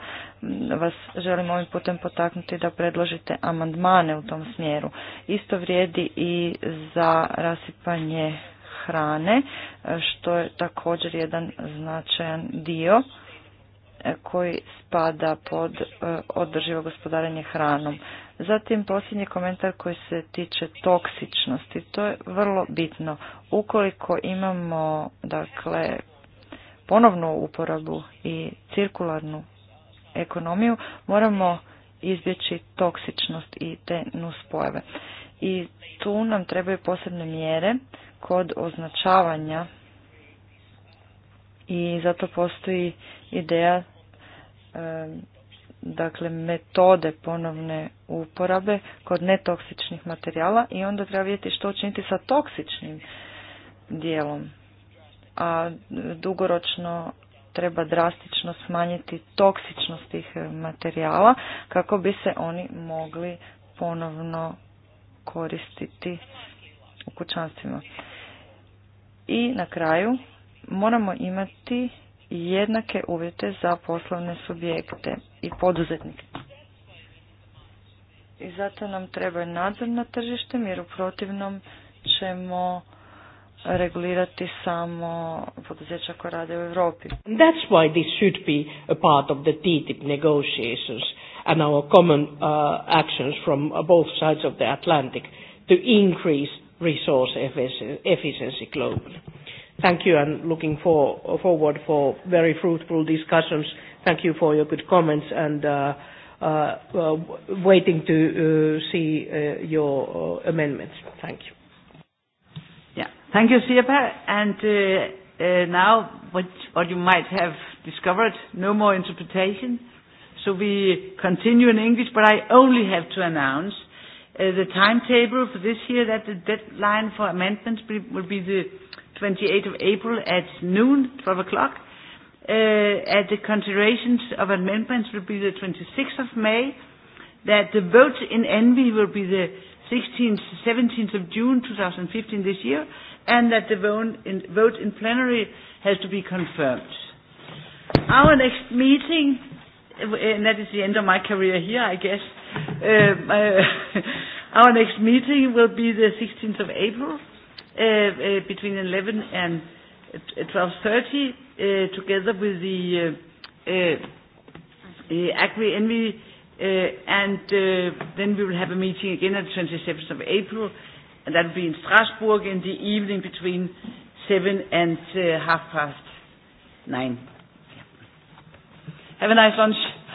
vas želim ovim putem potaknuti da predložite amandmane u tom smjeru. Isto vrijedi i za rasipanje hrane, e, što je također jedan značajan dio e, koji spada pod e, održivo gospodarenje hranom. Zatim posljednji komentar koji se tiče toksičnosti. To je vrlo bitno. Ukoliko imamo dakle ponovnu uporabu i cirkularnu ekonomiju, moramo izbjeći toksičnost i te nuspojave. I tu nam trebaju posebne mjere kod označavanja i zato postoji ideja dakle metode ponovne uporabe kod netoksičnih materijala i onda treba vidjeti što učiniti sa toksičnim dijelom a dugoročno treba drastično smanjiti toksičnost tih e, materijala kako bi se oni mogli ponovno koristiti u kućanstvima. I na kraju moramo imati jednake uvjete za poslovne subjekte i poduzetnike. I zato nam treba nadzor na tržištem jer u protivnom ćemo regulirati samo poduzeća koja rade u Europi. That's why this should be a part of the TTIP negotiations and our common uh, actions from both sides of the Atlantic to increase resource efficiency globally. Thank you and looking for, forward for very fruitful discussions. Thank you for your good comments and uh, uh, uh, waiting to uh, see uh, your uh, amendments. Thank you. Thank you, Sirpa. And uh, uh, now, what, what you might have discovered, no more interpretation. So we continue in English, but I only have to announce uh, the timetable for this year that the deadline for amendments be, will be the 28th of April at noon, 12 o'clock. Uh, at the considerations of amendments will be the 26th of May, that the votes in Envy will be the 16th, 17th of June 2015 this year, and that the vote in, vote in plenary has to be confirmed. Our next meeting, and that is the end of my career here, I guess. Um, uh, [laughs] our next meeting will be the 16th of April uh, uh, between 11 and 12.30 uh, together with the uh, uh, uh Agri-Envy uh, and uh, then we will have a meeting again on the 27th of April and that will be in Strasbourg in the evening between 7 and uh, half past 9. Have a nice lunch.